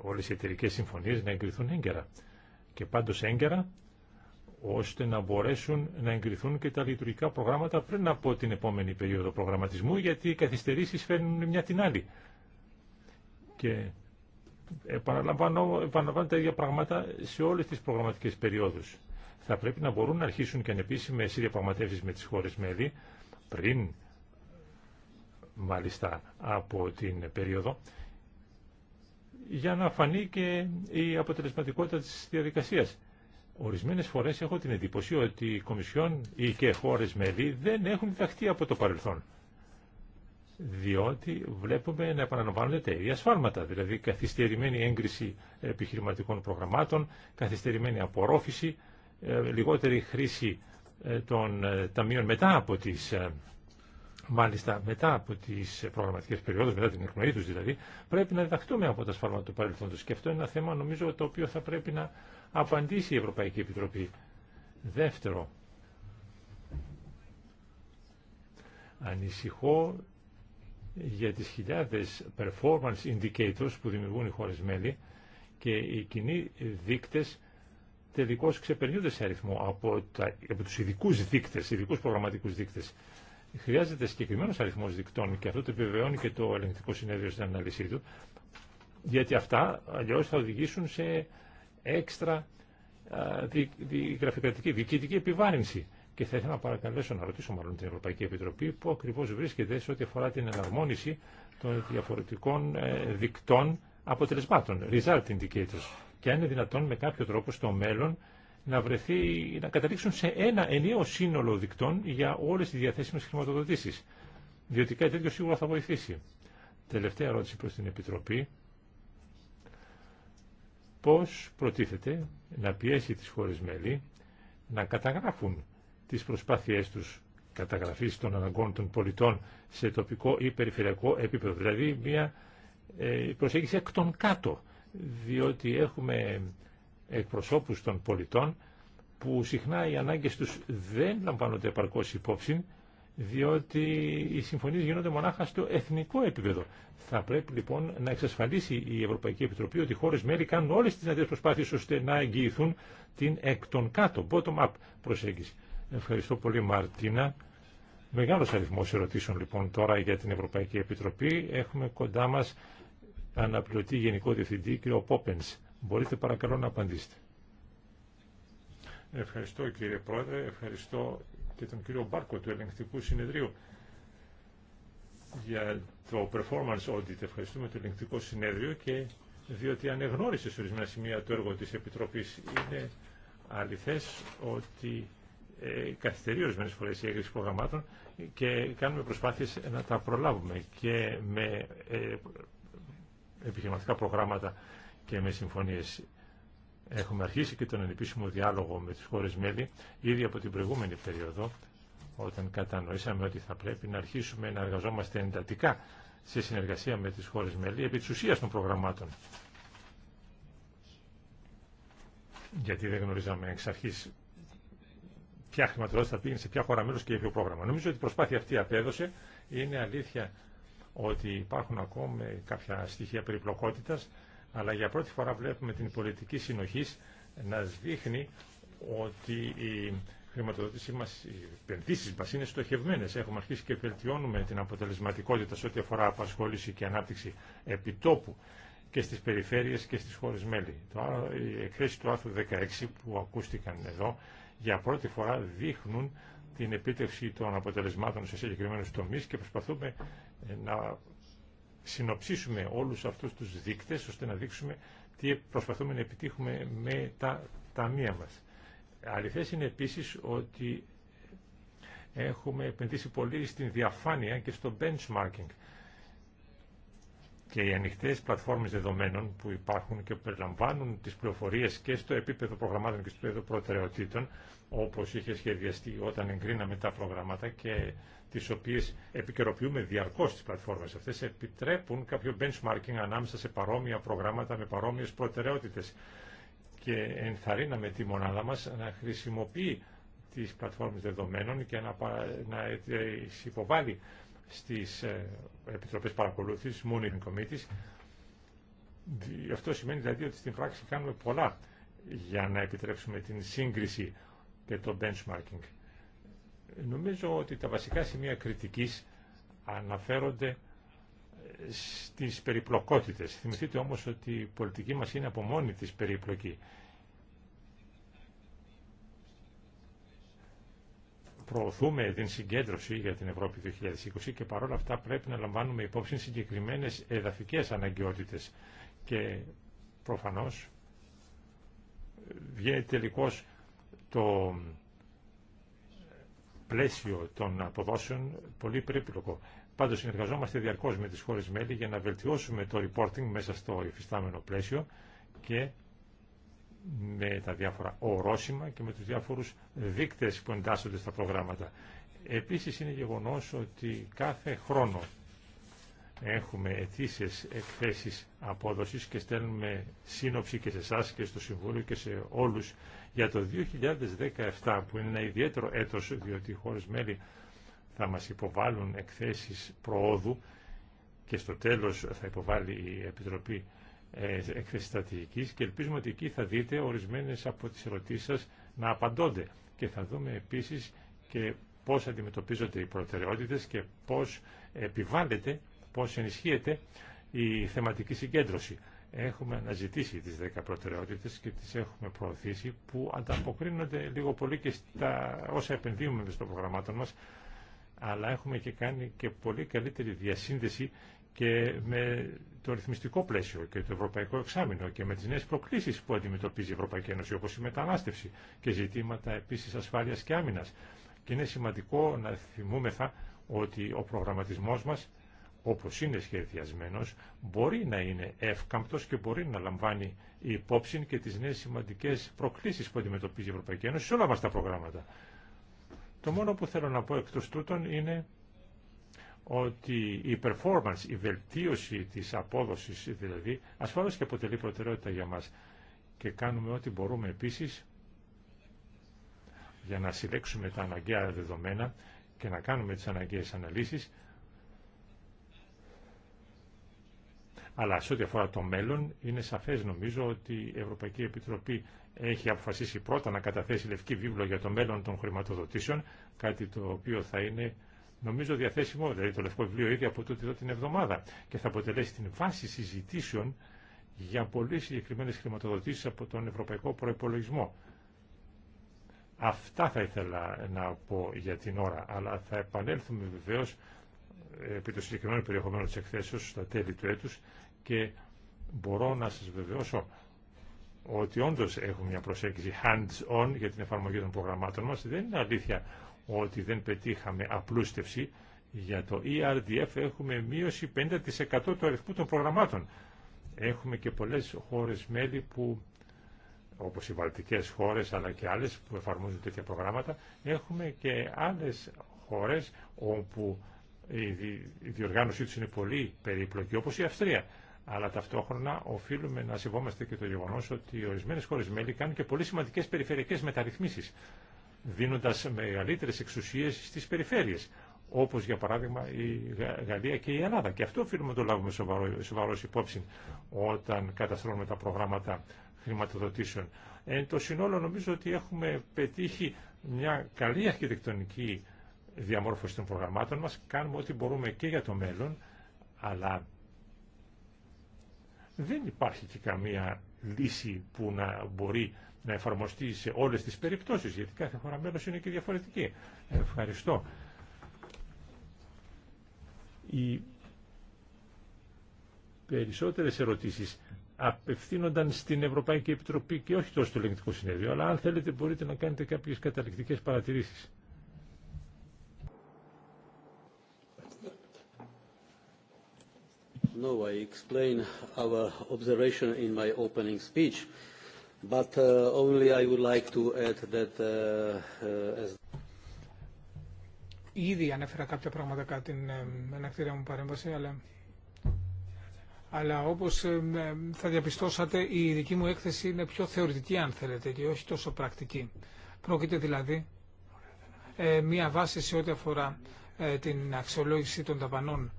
όλες οι εταιρικέ συμφωνίες να εγκριθούν έγκαιρα και πάντως έγκαιρα ώστε να μπορέσουν να εγκριθούν και τα λειτουργικά προγράμματα πριν από την επόμενη περίοδο προγραμματισμού γιατί οι καθυστερήσεις φέρνουν μια την άλλη. Και επαναλαμβάνω, επαναλαμβάνω τα ίδια πράγματα σε όλες τις προγραμματικές περιόδους. Θα πρέπει να μπορούν να αρχίσουν και ανεπίσημες οι διαπραγματεύσει με τις χώρες μέλη πριν μάλιστα από την περίοδο για να φανεί και η αποτελεσματικότητα της διαδικασίας. Ορισμένες φορές έχω την εντύπωση ότι οι Κομισιόν ή και χώρες μέλη δεν έχουν διδαχθεί από το παρελθόν διότι βλέπουμε να επαναλαμβάνονται τα ίδια σφάλματα, δηλαδή καθυστερημένη έγκριση επιχειρηματικών προγραμμάτων, καθυστερημένη απορρόφηση, ε, λιγότερη χρήση ε, των ε, ταμείων μετά από τις μάλιστα μετά από τις προγραμματικές περιόδους, μετά την εκνοή τους δηλαδή, πρέπει να διδαχτούμε από τα σφάλματα του παρελθόντος. Και αυτό είναι ένα θέμα νομίζω το οποίο θα πρέπει να απαντήσει η Ευρωπαϊκή Επιτροπή. Δεύτερο, ανησυχώ για τις χιλιάδες performance indicators που δημιουργούν οι χώρες μέλη και οι κοινοί δείκτες τελικώς ξεπερνιούνται σε αριθμό από, τα, από τους ειδικούς δείκτες, ειδικούς προγραμματικούς δείκτες. Χρειάζεται συγκεκριμένο αριθμό δικτών και αυτό το επιβεβαιώνει και το ελεγκτικό συνέδριο στην ανάλυση του, γιατί αυτά αλλιώ θα οδηγήσουν σε έξτρα διοικητική επιβάρυνση και θα ήθελα να παρακαλέσω να ρωτήσω μάλλον την Ευρωπαϊκή Επιτροπή που ακριβώ βρίσκεται σε ό,τι αφορά την εναρμόνιση των διαφορετικών ε, δικτών αποτελεσμάτων, result indicators, και αν είναι δυνατόν με κάποιο τρόπο στο μέλλον να, βρεθεί, να καταλήξουν σε ένα ενιαίο σύνολο δικτών για όλε τις διαθέσιμε χρηματοδοτήσει. Διότι κάτι τέτοιο σίγουρα θα βοηθήσει. Τελευταία ερώτηση προ την Επιτροπή. Πώ προτίθεται να πιέσει τι χώρε μέλη να καταγράφουν τις προσπάθειές τους καταγραφής των αναγκών των πολιτών σε τοπικό ή περιφερειακό επίπεδο. Δηλαδή μια ε, προσέγγιση εκ των κάτω, διότι έχουμε εκπροσώπους των πολιτών που συχνά οι ανάγκες τους δεν λαμβάνονται επαρκώς υπόψη, διότι οι συμφωνίες γίνονται μονάχα στο εθνικό επίπεδο. Θα πρέπει λοιπόν να εξασφαλίσει η Ευρωπαϊκή Επιτροπή ότι οι χώρες μέλη κάνουν όλες τις δυνατές προσπάθειες ώστε να εγγυηθούν την εκ των κάτω, bottom-up προσέγγιση. Ευχαριστώ πολύ Μαρτίνα. Μεγάλος αριθμός ερωτήσεων λοιπόν τώρα για την Ευρωπαϊκή Επιτροπή. Έχουμε κοντά μας αναπληρωτή Γενικό Διευθυντή κ. Πόπενς. Μπορείτε παρακαλώ να απαντήσετε. Ευχαριστώ κύριε Πρόεδρε, ευχαριστώ και τον κύριο Μπάρκο του Ελεγκτικού Συνεδρίου για το performance audit. Ευχαριστούμε το Ελεγκτικό Συνέδριο και διότι ανεγνώρισε σε ορισμένα σημεία το έργο της Επιτροπής. Είναι αληθές ότι ε, καθυστερεί ορισμένε φορέ η έγκριση προγραμμάτων και κάνουμε προσπάθειες να τα προλάβουμε και με ε, επιχειρηματικά προγράμματα και με συμφωνίες. Έχουμε αρχίσει και τον ανεπίσημο διάλογο με τις χώρε μέλη ήδη από την προηγούμενη περίοδο όταν κατανοήσαμε ότι θα πρέπει να αρχίσουμε να εργαζόμαστε εντατικά σε συνεργασία με τις χώρες μέλη επί της ουσίας των προγραμμάτων. Γιατί δεν γνωρίζαμε εξ αρχής ποια χρηματοδότηση θα πήγαινε σε ποια χώρα μέλο και για ποιο πρόγραμμα. Νομίζω ότι η προσπάθεια αυτή απέδωσε. Είναι αλήθεια ότι υπάρχουν ακόμα κάποια στοιχεία περιπλοκότητας, αλλά για πρώτη φορά βλέπουμε την πολιτική συνοχή να δείχνει ότι η χρηματοδότησή μα, οι επενδύσει μα είναι στοχευμένε. Έχουμε αρχίσει και βελτιώνουμε την αποτελεσματικότητα σε ό,τι αφορά απασχόληση και ανάπτυξη επιτόπου και στις περιφέρειες και στις χώρες μέλη. Το, η εκθέση του άρθρου 16 που ακούστηκαν εδώ για πρώτη φορά δείχνουν την επίτευξη των αποτελεσμάτων σε συγκεκριμένου τομεί και προσπαθούμε ε, να συνοψίσουμε όλους αυτούς τους δείκτες ώστε να δείξουμε τι προσπαθούμε να επιτύχουμε με τα ταμεία μας. Αληθές είναι επίσης ότι έχουμε επενδύσει πολύ στην διαφάνεια και στο benchmarking και οι ανοιχτέ πλατφόρμες δεδομένων που υπάρχουν και που περιλαμβάνουν τι πληροφορίε και στο επίπεδο προγραμμάτων και στο επίπεδο προτεραιοτήτων, όπω είχε σχεδιαστεί όταν εγκρίναμε τα προγράμματα και τι οποίε επικαιροποιούμε διαρκώ τις πλατφόρμες Αυτέ επιτρέπουν κάποιο benchmarking ανάμεσα σε παρόμοια προγράμματα με παρόμοιε προτεραιότητε. Και ενθαρρύναμε τη μονάδα μα να χρησιμοποιεί τι πλατφόρμες δεδομένων και να, να υποβάλει στις ε, επιτροπές παρακολούθησης, monitoring committees. Αυτό σημαίνει δηλαδή ότι στην πράξη κάνουμε πολλά για να επιτρέψουμε την σύγκριση και το benchmarking. Νομίζω ότι τα βασικά σημεία κριτικής αναφέρονται ε, στις περιπλοκότητες. Θυμηθείτε όμως ότι η πολιτική μας είναι από μόνη της περιπλοκή. προωθούμε την συγκέντρωση για την Ευρώπη 2020 και παρόλα αυτά πρέπει να λαμβάνουμε υπόψη συγκεκριμένες εδαφικές αναγκαιότητες και προφανώς βγαίνει τελικώς το πλαίσιο των αποδόσεων πολύ περίπλοκο. Πάντως συνεργαζόμαστε διαρκώς με τις χώρες μέλη για να βελτιώσουμε το reporting μέσα στο υφιστάμενο πλαίσιο και με τα διάφορα ορόσημα και με τους διάφορους δείκτες που εντάσσονται στα προγράμματα. Επίσης είναι γεγονός ότι κάθε χρόνο έχουμε ετήσιες εκθέσεις απόδοσης και στέλνουμε σύνοψη και σε εσά και στο Συμβούλιο και σε όλους για το 2017 που είναι ένα ιδιαίτερο έτος διότι οι χώρες μέλη θα μας υποβάλουν εκθέσεις προόδου και στο τέλος θα υποβάλει η Επιτροπή ε, έκθεση στρατηγικής και ελπίζουμε ότι εκεί θα δείτε ορισμένες από τις ερωτήσεις σας να απαντώνται και θα δούμε επίσης και πώς αντιμετωπίζονται οι προτεραιότητες και πώς επιβάλλεται, πώς ενισχύεται η θεματική συγκέντρωση. Έχουμε αναζητήσει τις 10 προτεραιότητες και τις έχουμε προωθήσει που ανταποκρίνονται λίγο πολύ και στα όσα επενδύουμε στο προγραμμάτων μας αλλά έχουμε και κάνει και πολύ καλύτερη διασύνδεση και με το ρυθμιστικό πλαίσιο και το ευρωπαϊκό εξάμεινο και με τις νέες προκλήσεις που αντιμετωπίζει η Ευρωπαϊκή Ένωση όπως η μετανάστευση και ζητήματα επίσης ασφάλειας και άμυνας. Και είναι σημαντικό να θυμούμεθα ότι ο προγραμματισμός μας όπως είναι σχεδιασμένος μπορεί να είναι εύκαμπτος και μπορεί να λαμβάνει υπόψη και τις νέες σημαντικές προκλήσεις που αντιμετωπίζει η Ευρωπαϊκή Ένωση σε όλα μας τα προγράμματα. Το μόνο που θέλω να πω εκτός τούτων είναι ότι η performance, η βελτίωση της απόδοσης δηλαδή, ασφαλώς και αποτελεί προτεραιότητα για μας. Και κάνουμε ό,τι μπορούμε επίσης για να συλλέξουμε τα αναγκαία δεδομένα και να κάνουμε τις αναγκαίες αναλύσεις. Αλλά σε ό,τι αφορά το μέλλον, είναι σαφές νομίζω ότι η Ευρωπαϊκή Επιτροπή έχει αποφασίσει πρώτα να καταθέσει λευκή βίβλο για το μέλλον των χρηματοδοτήσεων, κάτι το οποίο θα είναι νομίζω διαθέσιμο, δηλαδή το Λευκό Βιβλίο ήδη από τούτη εδώ την εβδομάδα και θα αποτελέσει την βάση συζητήσεων για πολύ συγκεκριμένες χρηματοδοτήσεις από τον Ευρωπαϊκό Προϋπολογισμό. Αυτά θα ήθελα να πω για την ώρα, αλλά θα επανέλθουμε βεβαίως ε, επί το συγκεκριμένο περιεχομένο της εκθέσεως στα τέλη του έτους και μπορώ να σας βεβαιώσω ότι όντως έχουμε μια προσέγγιση hands-on για την εφαρμογή των προγραμμάτων μας. Δεν είναι αλήθεια ότι δεν πετύχαμε απλούστευση. Για το ERDF έχουμε μείωση 50% του αριθμού των προγραμμάτων. Έχουμε και πολλές χώρες μέλη που, όπως οι βαλτικές χώρες αλλά και άλλες που εφαρμόζουν τέτοια προγράμματα, έχουμε και άλλες χώρες όπου η διοργάνωσή τους είναι πολύ περίπλοκη, όπως η Αυστρία. Αλλά ταυτόχρονα οφείλουμε να συμβόμαστε και το γεγονός ότι ορισμένες χώρες μέλη κάνουν και πολύ σημαντικές περιφερειακές μεταρρυθμίσεις δίνοντας μεγαλύτερες εξουσίες στις περιφέρειες, όπως για παράδειγμα η Γαλλία και η Ελλάδα. Και αυτό οφείλουμε να το λάβουμε σοβαρό, υπόψη όταν καταστρώνουμε τα προγράμματα χρηματοδοτήσεων. Εν το συνόλο νομίζω ότι έχουμε πετύχει μια καλή αρχιτεκτονική διαμόρφωση των προγραμμάτων μας, κάνουμε ό,τι μπορούμε και για το μέλλον, αλλά δεν υπάρχει και καμία λύση που να μπορεί να εφαρμοστεί σε όλες τις περιπτώσεις, γιατί κάθε χώρα μέλος είναι και διαφορετική. Ευχαριστώ. Οι περισσότερες ερωτήσεις απευθύνονταν στην Ευρωπαϊκή Επιτροπή και όχι τόσο στο Ελεγκτικό Συνέδριο, αλλά αν θέλετε μπορείτε να κάνετε κάποιες καταληκτικές παρατηρήσεις. No, I explain our observation in my opening speech. But uh, like to add that uh, uh, Ήδη ανέφερα κάποια πράγματα κατά την ε, ανακτήρια μου παρέμβαση, αλλά, αλλά όπως ε, ε, θα διαπιστώσατε η δική μου έκθεση είναι πιο θεωρητική αν θέλετε και όχι τόσο πρακτική. Πρόκειται δηλαδή μία βάση σε ό,τι αφορά την αξιολόγηση των ταπανών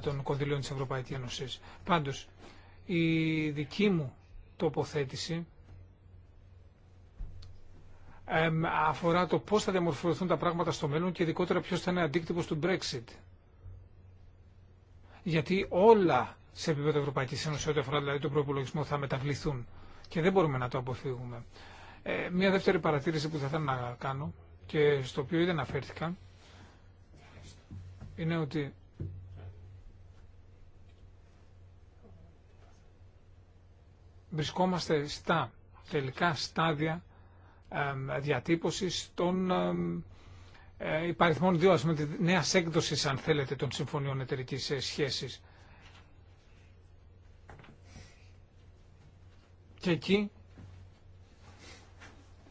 των κονδυλίων της Ευρωπαϊκής Ένωσης. Πάντως, η δική μου τοποθέτηση αφορά το πώς θα διαμορφωθούν τα πράγματα στο μέλλον και ειδικότερα ποιος θα είναι αντίκτυπος του Brexit. Γιατί όλα σε επίπεδο Ευρωπαϊκής Ένωσης, ό,τι αφορά δηλαδή τον προπολογισμό, θα μεταβληθούν και δεν μπορούμε να το αποφύγουμε. Ε, μία δεύτερη παρατήρηση που θα ήθελα να κάνω και στο οποίο ήδη αναφέρθηκα είναι ότι βρισκόμαστε στα τελικά στάδια διατύπωσης των ε, υπαριθμών δύο, ας πούμε, νέα έκδοση, αν θέλετε, των συμφωνιών εταιρική ε, σχέση. Και εκεί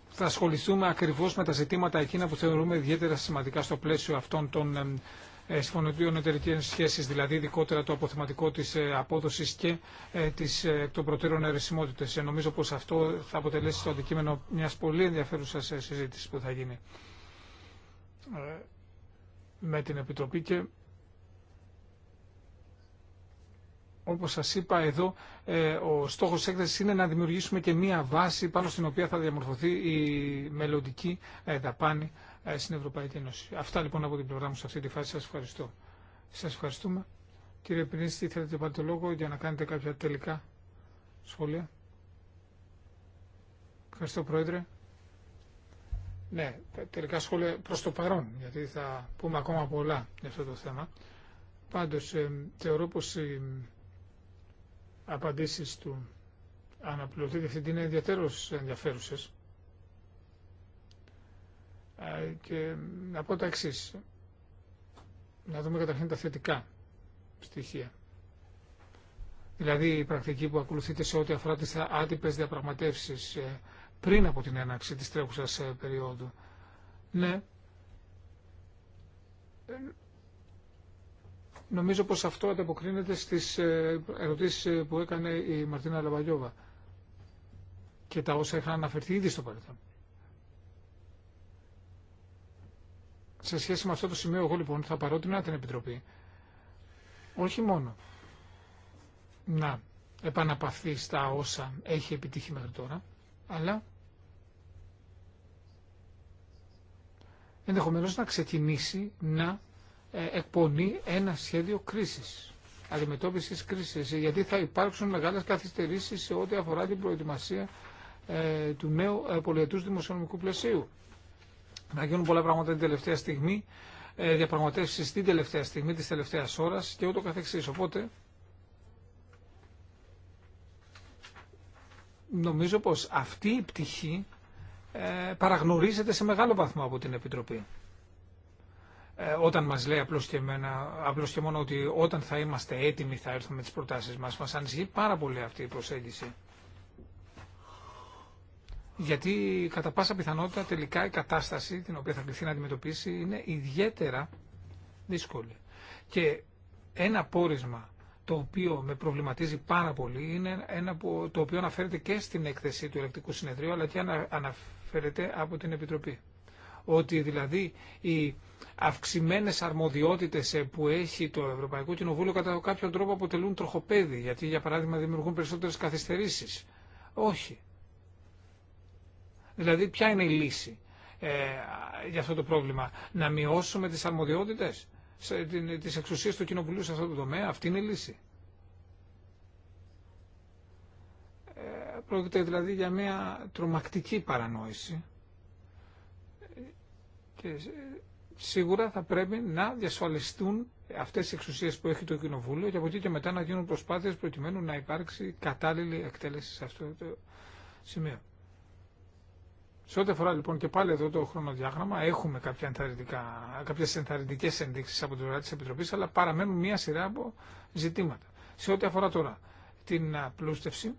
θα ασχοληθούμε ακριβώς με τα ζητήματα εκείνα που θεωρούμε ιδιαίτερα σημαντικά στο πλαίσιο αυτών των ε, συμφωνητήων εταιρικέ σχέσει, δηλαδή ειδικότερα το αποθεματικό τη ε, απόδοση και ε, της, των προτέρων αιρεσιμότητε. Νομίζω πω αυτό θα αποτελέσει το αντικείμενο μια πολύ ενδιαφέρουσα συζήτηση που θα γίνει με την Επιτροπή και όπως σας είπα εδώ, ο στόχος της έκθεσης είναι να δημιουργήσουμε και μία βάση πάνω στην οποία θα διαμορφωθεί η μελλοντική δαπάνη ε, στην Ευρωπαϊκή Ένωση. Αυτά λοιπόν από την πλευρά μου σε αυτή τη φάση. Σας ευχαριστώ. Σας ευχαριστούμε. Κύριε Πρινίστη, θέλετε πάλι το λόγο για να κάνετε κάποια τελικά σχόλια. Ευχαριστώ, Πρόεδρε. Ναι, τελικά σχόλια προς το παρόν, γιατί θα πούμε ακόμα πολλά για αυτό το θέμα. Πάντως, ε, θεωρώ πως οι απαντήσεις του αναπληρωτή διευθυντή είναι ενδιαφέρουσες και να πω τα εξή. Να δούμε καταρχήν τα θετικά στοιχεία. Δηλαδή η πρακτική που ακολουθείται σε ό,τι αφορά τις άτυπες διαπραγματεύσεις ε, πριν από την έναρξη της τρέχουσας ε, περίοδου. Ναι. Ε, νομίζω πως αυτό ανταποκρίνεται στις ερωτήσεις που έκανε η Μαρτίνα Λαβαγιώβα και τα όσα είχαν αναφερθεί ήδη στο παρελθόν. Σε σχέση με αυτό το σημείο, εγώ λοιπόν θα παρότεινα την Επιτροπή όχι μόνο να επαναπαυθεί στα όσα έχει επιτύχει μέχρι τώρα, αλλά ενδεχομένως να ξεκινήσει να ε, εκπονεί ένα σχέδιο κρίσης, αντιμετώπισης κρίσης, γιατί θα υπάρξουν μεγάλες καθυστερήσεις σε ό,τι αφορά την προετοιμασία ε, του νέου ε, πολιετούς δημοσιονομικού πλαισίου να γίνουν πολλά πράγματα την τελευταία στιγμή, ε, διαπραγματεύσει την τελευταία στιγμή, τη τελευταία ώρας και ούτω καθεξής. Οπότε, νομίζω πως αυτή η πτυχή ε, παραγνωρίζεται σε μεγάλο βαθμό από την Επιτροπή. Ε, όταν μας λέει απλώς και, εμένα, απλώς και μόνο ότι όταν θα είμαστε έτοιμοι θα έρθουμε με τις προτάσεις μας, μας ανησυχεί πάρα πολύ αυτή η προσέγγιση γιατί κατά πάσα πιθανότητα τελικά η κατάσταση την οποία θα κληθεί να αντιμετωπίσει είναι ιδιαίτερα δύσκολη. Και ένα πόρισμα το οποίο με προβληματίζει πάρα πολύ είναι ένα που, το οποίο αναφέρεται και στην έκθεση του Ελεκτικού Συνεδρίου αλλά και αναφέρεται από την Επιτροπή. Ότι δηλαδή οι αυξημένες αρμοδιότητες που έχει το Ευρωπαϊκό Κοινοβούλιο κατά κάποιον τρόπο αποτελούν τροχοπέδι γιατί για παράδειγμα δημιουργούν περισσότερες καθυστερήσεις. Όχι. Δηλαδή ποια είναι η λύση ε, για αυτό το πρόβλημα. Να μειώσουμε τις αρμοδιότητε τις εξουσίες του Κοινοβουλίου σε αυτό το τομέα. Αυτή είναι η λύση. Ε, πρόκειται δηλαδή για μια τρομακτική παρανόηση. Και σίγουρα θα πρέπει να διασφαλιστούν αυτές οι εξουσίες που έχει το Κοινοβούλιο και από εκεί και μετά να γίνουν προσπάθειες προκειμένου να υπάρξει κατάλληλη εκτέλεση σε αυτό το σημείο. Σε ό,τι αφορά λοιπόν και πάλι εδώ το χρονοδιάγραμμα, έχουμε κάποιε ενθαρρυντικέ ενδείξει από την πλευρά τη Επιτροπή, αλλά παραμένουν μία σειρά από ζητήματα. Σε ό,τι αφορά τώρα την απλούστευση,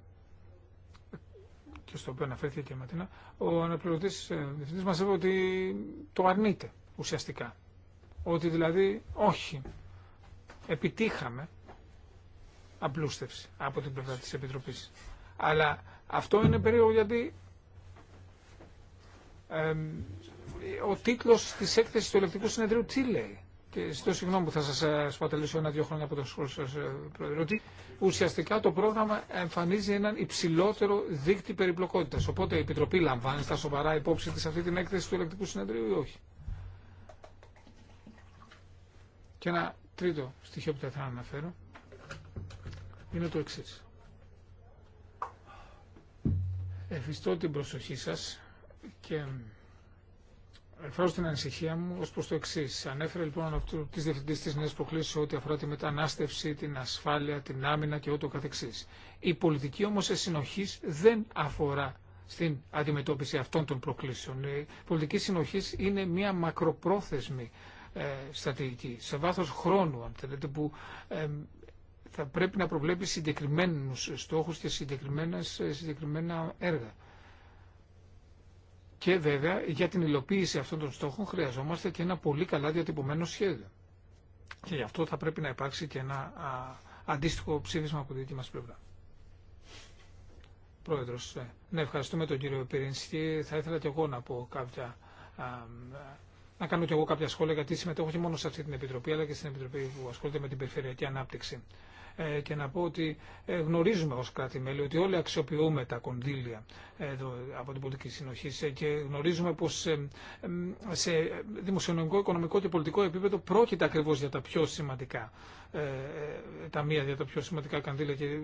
και στο οποίο αναφέρθηκε και η Ματίνα, ο αναπληρωτή ε, διευθυντή μα είπε ότι το αρνείται ουσιαστικά. Ότι δηλαδή όχι, επιτύχαμε απλούστευση από την πλευρά τη Επιτροπή. Αλλά αυτό είναι περίεργο γιατί ο τίτλος της έκθεσης του Ελεκτικού Συνεδρίου τι λέει. Και στο συγγνώμη που θα σας ε, σπαταλήσω ένα-δύο χρόνια από το σχόλιο σας, ε, Πρόεδρε, ότι ουσιαστικά το πρόγραμμα εμφανίζει έναν υψηλότερο δείκτη περιπλοκότητας. Οπότε η Επιτροπή λαμβάνει στα σοβαρά υπόψη της αυτή την έκθεση του Ελεκτικού Συνεδρίου ή όχι. Και ένα τρίτο στοιχείο που θα ήθελα να αναφέρω είναι το εξή. Εφιστώ την προσοχή σας και εκφράζω την ανησυχία μου ω προ το εξή. Ανέφερε λοιπόν αυτού τη διευθυντή τη νέα προκλήση ό,τι αφορά τη μετανάστευση, την ασφάλεια, την άμυνα και ούτω καθεξή. Η πολιτική όμως συνοχή δεν αφορά στην αντιμετώπιση αυτών των προκλήσεων. Η πολιτική συνοχή είναι μια μακροπρόθεσμη ε, στρατηγική, σε βάθος χρόνου, αν θέλετε, που θα πρέπει να προβλέπει συγκεκριμένους στόχους και συγκεκριμένα έργα. Και βέβαια για την υλοποίηση αυτών των στόχων χρειαζόμαστε και ένα πολύ καλά διατυπωμένο σχέδιο. Και γι' αυτό θα πρέπει να υπάρξει και ένα αντίστοιχο ψήφισμα από τη δική μας πλευρά. Πρόεδρος, ε, ναι, ευχαριστούμε τον κύριο Πυρίνσκι. Θα ήθελα και εγώ να κάποια να κάνω και εγώ κάποια σχόλια, γιατί συμμετέχω όχι μόνο σε αυτή την Επιτροπή, αλλά και στην Επιτροπή που ασχολείται με την Περιφερειακή Ανάπτυξη. Ε, και να πω ότι ε, γνωρίζουμε ως κράτη-μέλη ότι όλοι αξιοποιούμε τα κονδύλια ε, εδώ από την πολιτική συνοχή και γνωρίζουμε πως σε δημοσιονομικό, οικονομικό και πολιτικό επίπεδο πρόκειται ακριβώς για τα πιο σημαντικά ε, τα ταμεία για τα πιο σημαντικά κανδύλια. Και ε,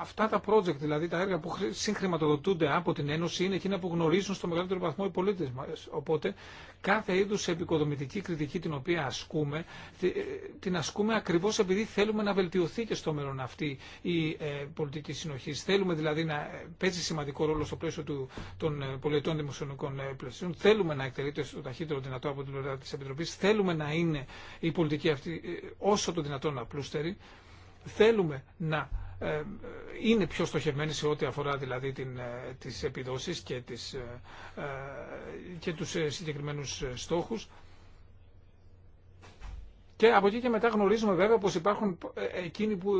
αυτά τα project, δηλαδή τα έργα που συγχρηματοδοτούνται από την Ένωση, είναι εκείνα που γνωρίζουν στο μεγαλύτερο βαθμό οι πολίτε μα. Οπότε κάθε είδου επικοδομητική κριτική την οποία ασκούμε, ε, την ασκούμε ακριβώ επειδή θέλουμε να βελτιωθεί και στο μέλλον αυτή η πολιτική συνοχή. Θέλουμε δηλαδή να παίζει σημαντικό ρόλο στο πλαίσιο του, των πολιτών δημοσιονομικών πλαισίων. Θέλουμε να εκτελείται στο ταχύτερο δυνατό από την πλευρά τη Επιτροπή. Θέλουμε να είναι η πολιτική αυτή όσο το δυνατόν τον απλούστερη. Θέλουμε να ε, είναι πιο στοχευμένη σε ό,τι αφορά δηλαδή την, ε, τις επιδόσεις και, τις, ε, και τους συγκεκριμένους στόχους. Και από εκεί και μετά γνωρίζουμε βέβαια πως υπάρχουν εκείνοι που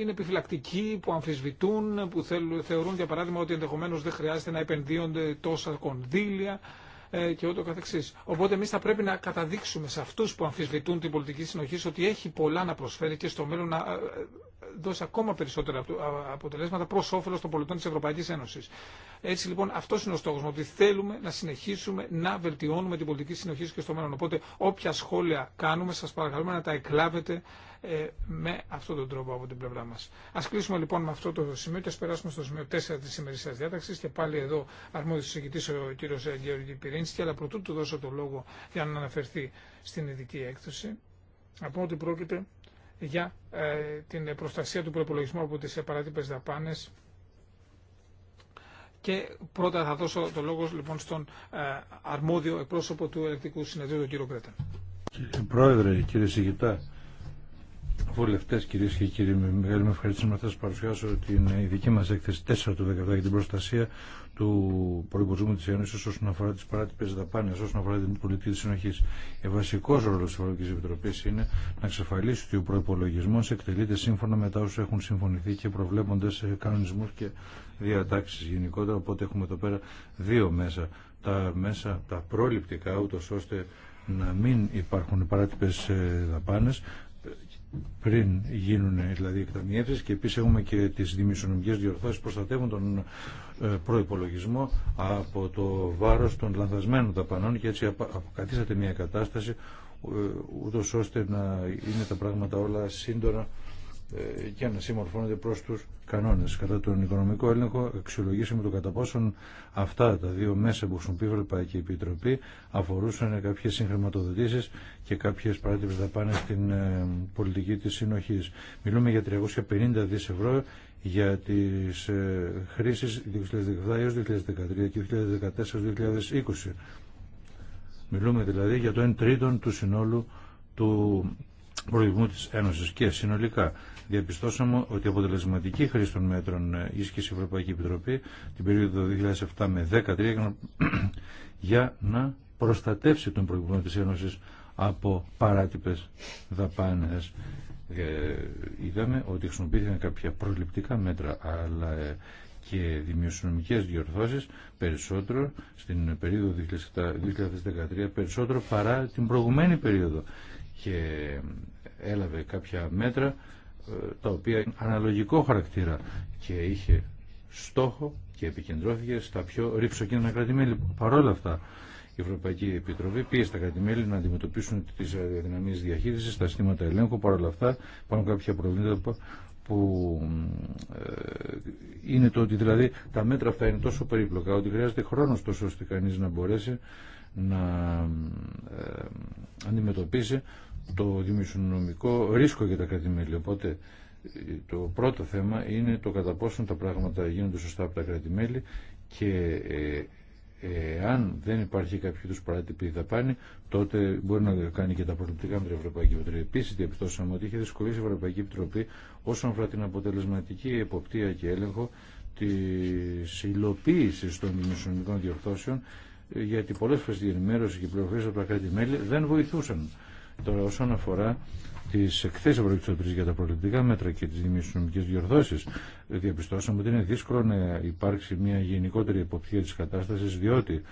είναι επιφυλακτικοί, που αμφισβητούν, που θεωρούν για παράδειγμα ότι ενδεχομένως δεν χρειάζεται να επενδύονται τόσα κονδύλια ε, και ούτω καθεξής. Οπότε εμεί θα πρέπει να καταδείξουμε σε αυτούς που αμφισβητούν την πολιτική συνοχή ότι έχει πολλά να προσφέρει και στο μέλλον να ε, ε, δώσει ακόμα περισσότερα αποτελέσματα προ όφελο των πολιτών τη Ευρωπαϊκή Ένωση. Έτσι λοιπόν αυτό είναι ο στόχο μου, ότι θέλουμε να συνεχίσουμε να βελτιώνουμε την πολιτική συνοχή και στο μέλλον. Οπότε όποια σχόλια κάνουμε, σα παρακαλούμε να τα εκλάβετε ε, με αυτόν τον τρόπο από την πλευρά μα. Α κλείσουμε λοιπόν με αυτό το σημείο και α περάσουμε στο σημείο 4 τη σημερινή διάταξη και πάλι εδώ αρμόδιο συζητητή ο κύριο ε, Γεωργή Πυρίνσκι, αλλά προτού του δώσω το λόγο για να αναφερθεί στην ειδική έκθεση, να ότι πρόκειται για ε, την προστασία του προπολογισμού από τι παράτυπε δαπάνε και πρώτα θα δώσω το λόγο λοιπόν στον αρμόδιο εκπρόσωπο του Ελεκτικού Συνεδρίου, τον κύριο Κρέτα. Κύριε Πρόεδρε, κύριε Συγητά, βουλευτέ, κυρίε και κύριοι, με μεγάλη μου ευχαρίστηση να σα παρουσιάσω την ειδική μα έκθεση 4 του 2017 για την προστασία του προπολογισμού τη Ένωση όσον αφορά τι παράτυπε δαπάνε, όσον αφορά την πολιτική τη συνοχή. Ο ε, βασικό ρόλο τη Ευρωπαϊκή Επιτροπή είναι να εξασφαλίσει ότι ο προπολογισμό εκτελείται σύμφωνα με τα όσα έχουν συμφωνηθεί και προβλέπονται σε κανονισμού και διατάξει γενικότερα. Οπότε έχουμε εδώ πέρα δύο μέσα. Τα μέσα, τα πρόληπτικά, ούτω ώστε να μην υπάρχουν παράτυπες ε, δαπάνες πριν γίνουν δηλαδή εκταμιεύσεις και επίσης έχουμε και τις δημισιονομικές διορθώσεις προστατεύουν τον ε, προϋπολογισμό από το βάρος των λανθασμένων ταπανών και έτσι αποκαθίσατε μια κατάσταση ε, ούτω ώστε να είναι τα πράγματα όλα σύντορα και ε, να συμμορφώνονται προς τους κανόνες. Κατά τον οικονομικό έλεγχο αξιολογήσαμε το κατά πόσον αυτά τα δύο μέσα που χρησιμοποιεί η Ευρωπαϊκή Επιτροπή αφορούσαν κάποιες συγχρηματοδοτήσεις και κάποιες παράτυπε δαπάνε στην ε, πολιτική της συνοχής. Μιλούμε για 350 δις ευρώ για τις ε, χρήσεις 2017 έως 2013 και 2014-2020. Μιλούμε δηλαδή για το 1 τρίτον του συνόλου του προηγουμένου της Ένωσης και συνολικά διαπιστώσαμε ότι αποτελεσματική χρήση των μέτρων ε, ίσχυσε η Ευρωπαϊκή Επιτροπή την περίοδο 2007 με 2013 για να προστατεύσει τον προηγούμενο της Ένωσης από παράτυπες δαπάνες. Ε, είδαμε ότι χρησιμοποιήθηκαν κάποια προληπτικά μέτρα, αλλά ε, και δημοσιονομικές διορθώσεις περισσότερο στην περίοδο 2013 περισσότερο παρά την προηγουμένη περίοδο και έλαβε κάποια μέτρα τα οποία αναλογικό χαρακτήρα και είχε στόχο και επικεντρώθηκε στα πιο ρηψοκίνητα κρατημέλη. Παρ' όλα αυτά, η Ευρωπαϊκή Επιτροπή πίεσε τα κρατημέλη να αντιμετωπίσουν τι αδυναμίε διαχείριση, τα στήματα ελέγχου. Παρ' όλα αυτά, πάνω κάποια προβλήματα που ε, είναι το ότι δηλαδή τα μέτρα αυτά είναι τόσο περίπλοκα ότι χρειάζεται χρόνο τόσο ώστε κανεί να μπορέσει να ε, αντιμετωπίσει το δημοσιονομικό ρίσκο για τα κράτη-μέλη, Οπότε το πρώτο θέμα είναι το κατά πόσο τα πράγματα γίνονται σωστά από τα κράτη-μέλη και αν ε, δεν υπάρχει κάποιο είδου παράτυπη δαπάνη, τότε μπορεί να κάνει και τα προληπτικά με την Ευρωπαϊκή Επιτροπή. Επίση, διαπιστώσαμε ότι είχε δυσκολίε η Ευρωπαϊκή Επιτροπή όσον αφορά την αποτελεσματική εποπτεία και έλεγχο τη υλοποίηση των δημοσιονομικών διορθώσεων, ε, γιατί πολλέ φορέ η ενημέρωση και οι πληροφορίε από τα κράτη-μέλη δεν βοηθούσαν. Τώρα όσον αφορά τι εκθέσει Ευρωπαϊκή για τα προληπτικά μέτρα και τι δημιουργικέ διορθώσει, διαπιστώσαμε ότι είναι δύσκολο να υπάρξει μια γενικότερη εποπτεία τη κατάσταση, διότι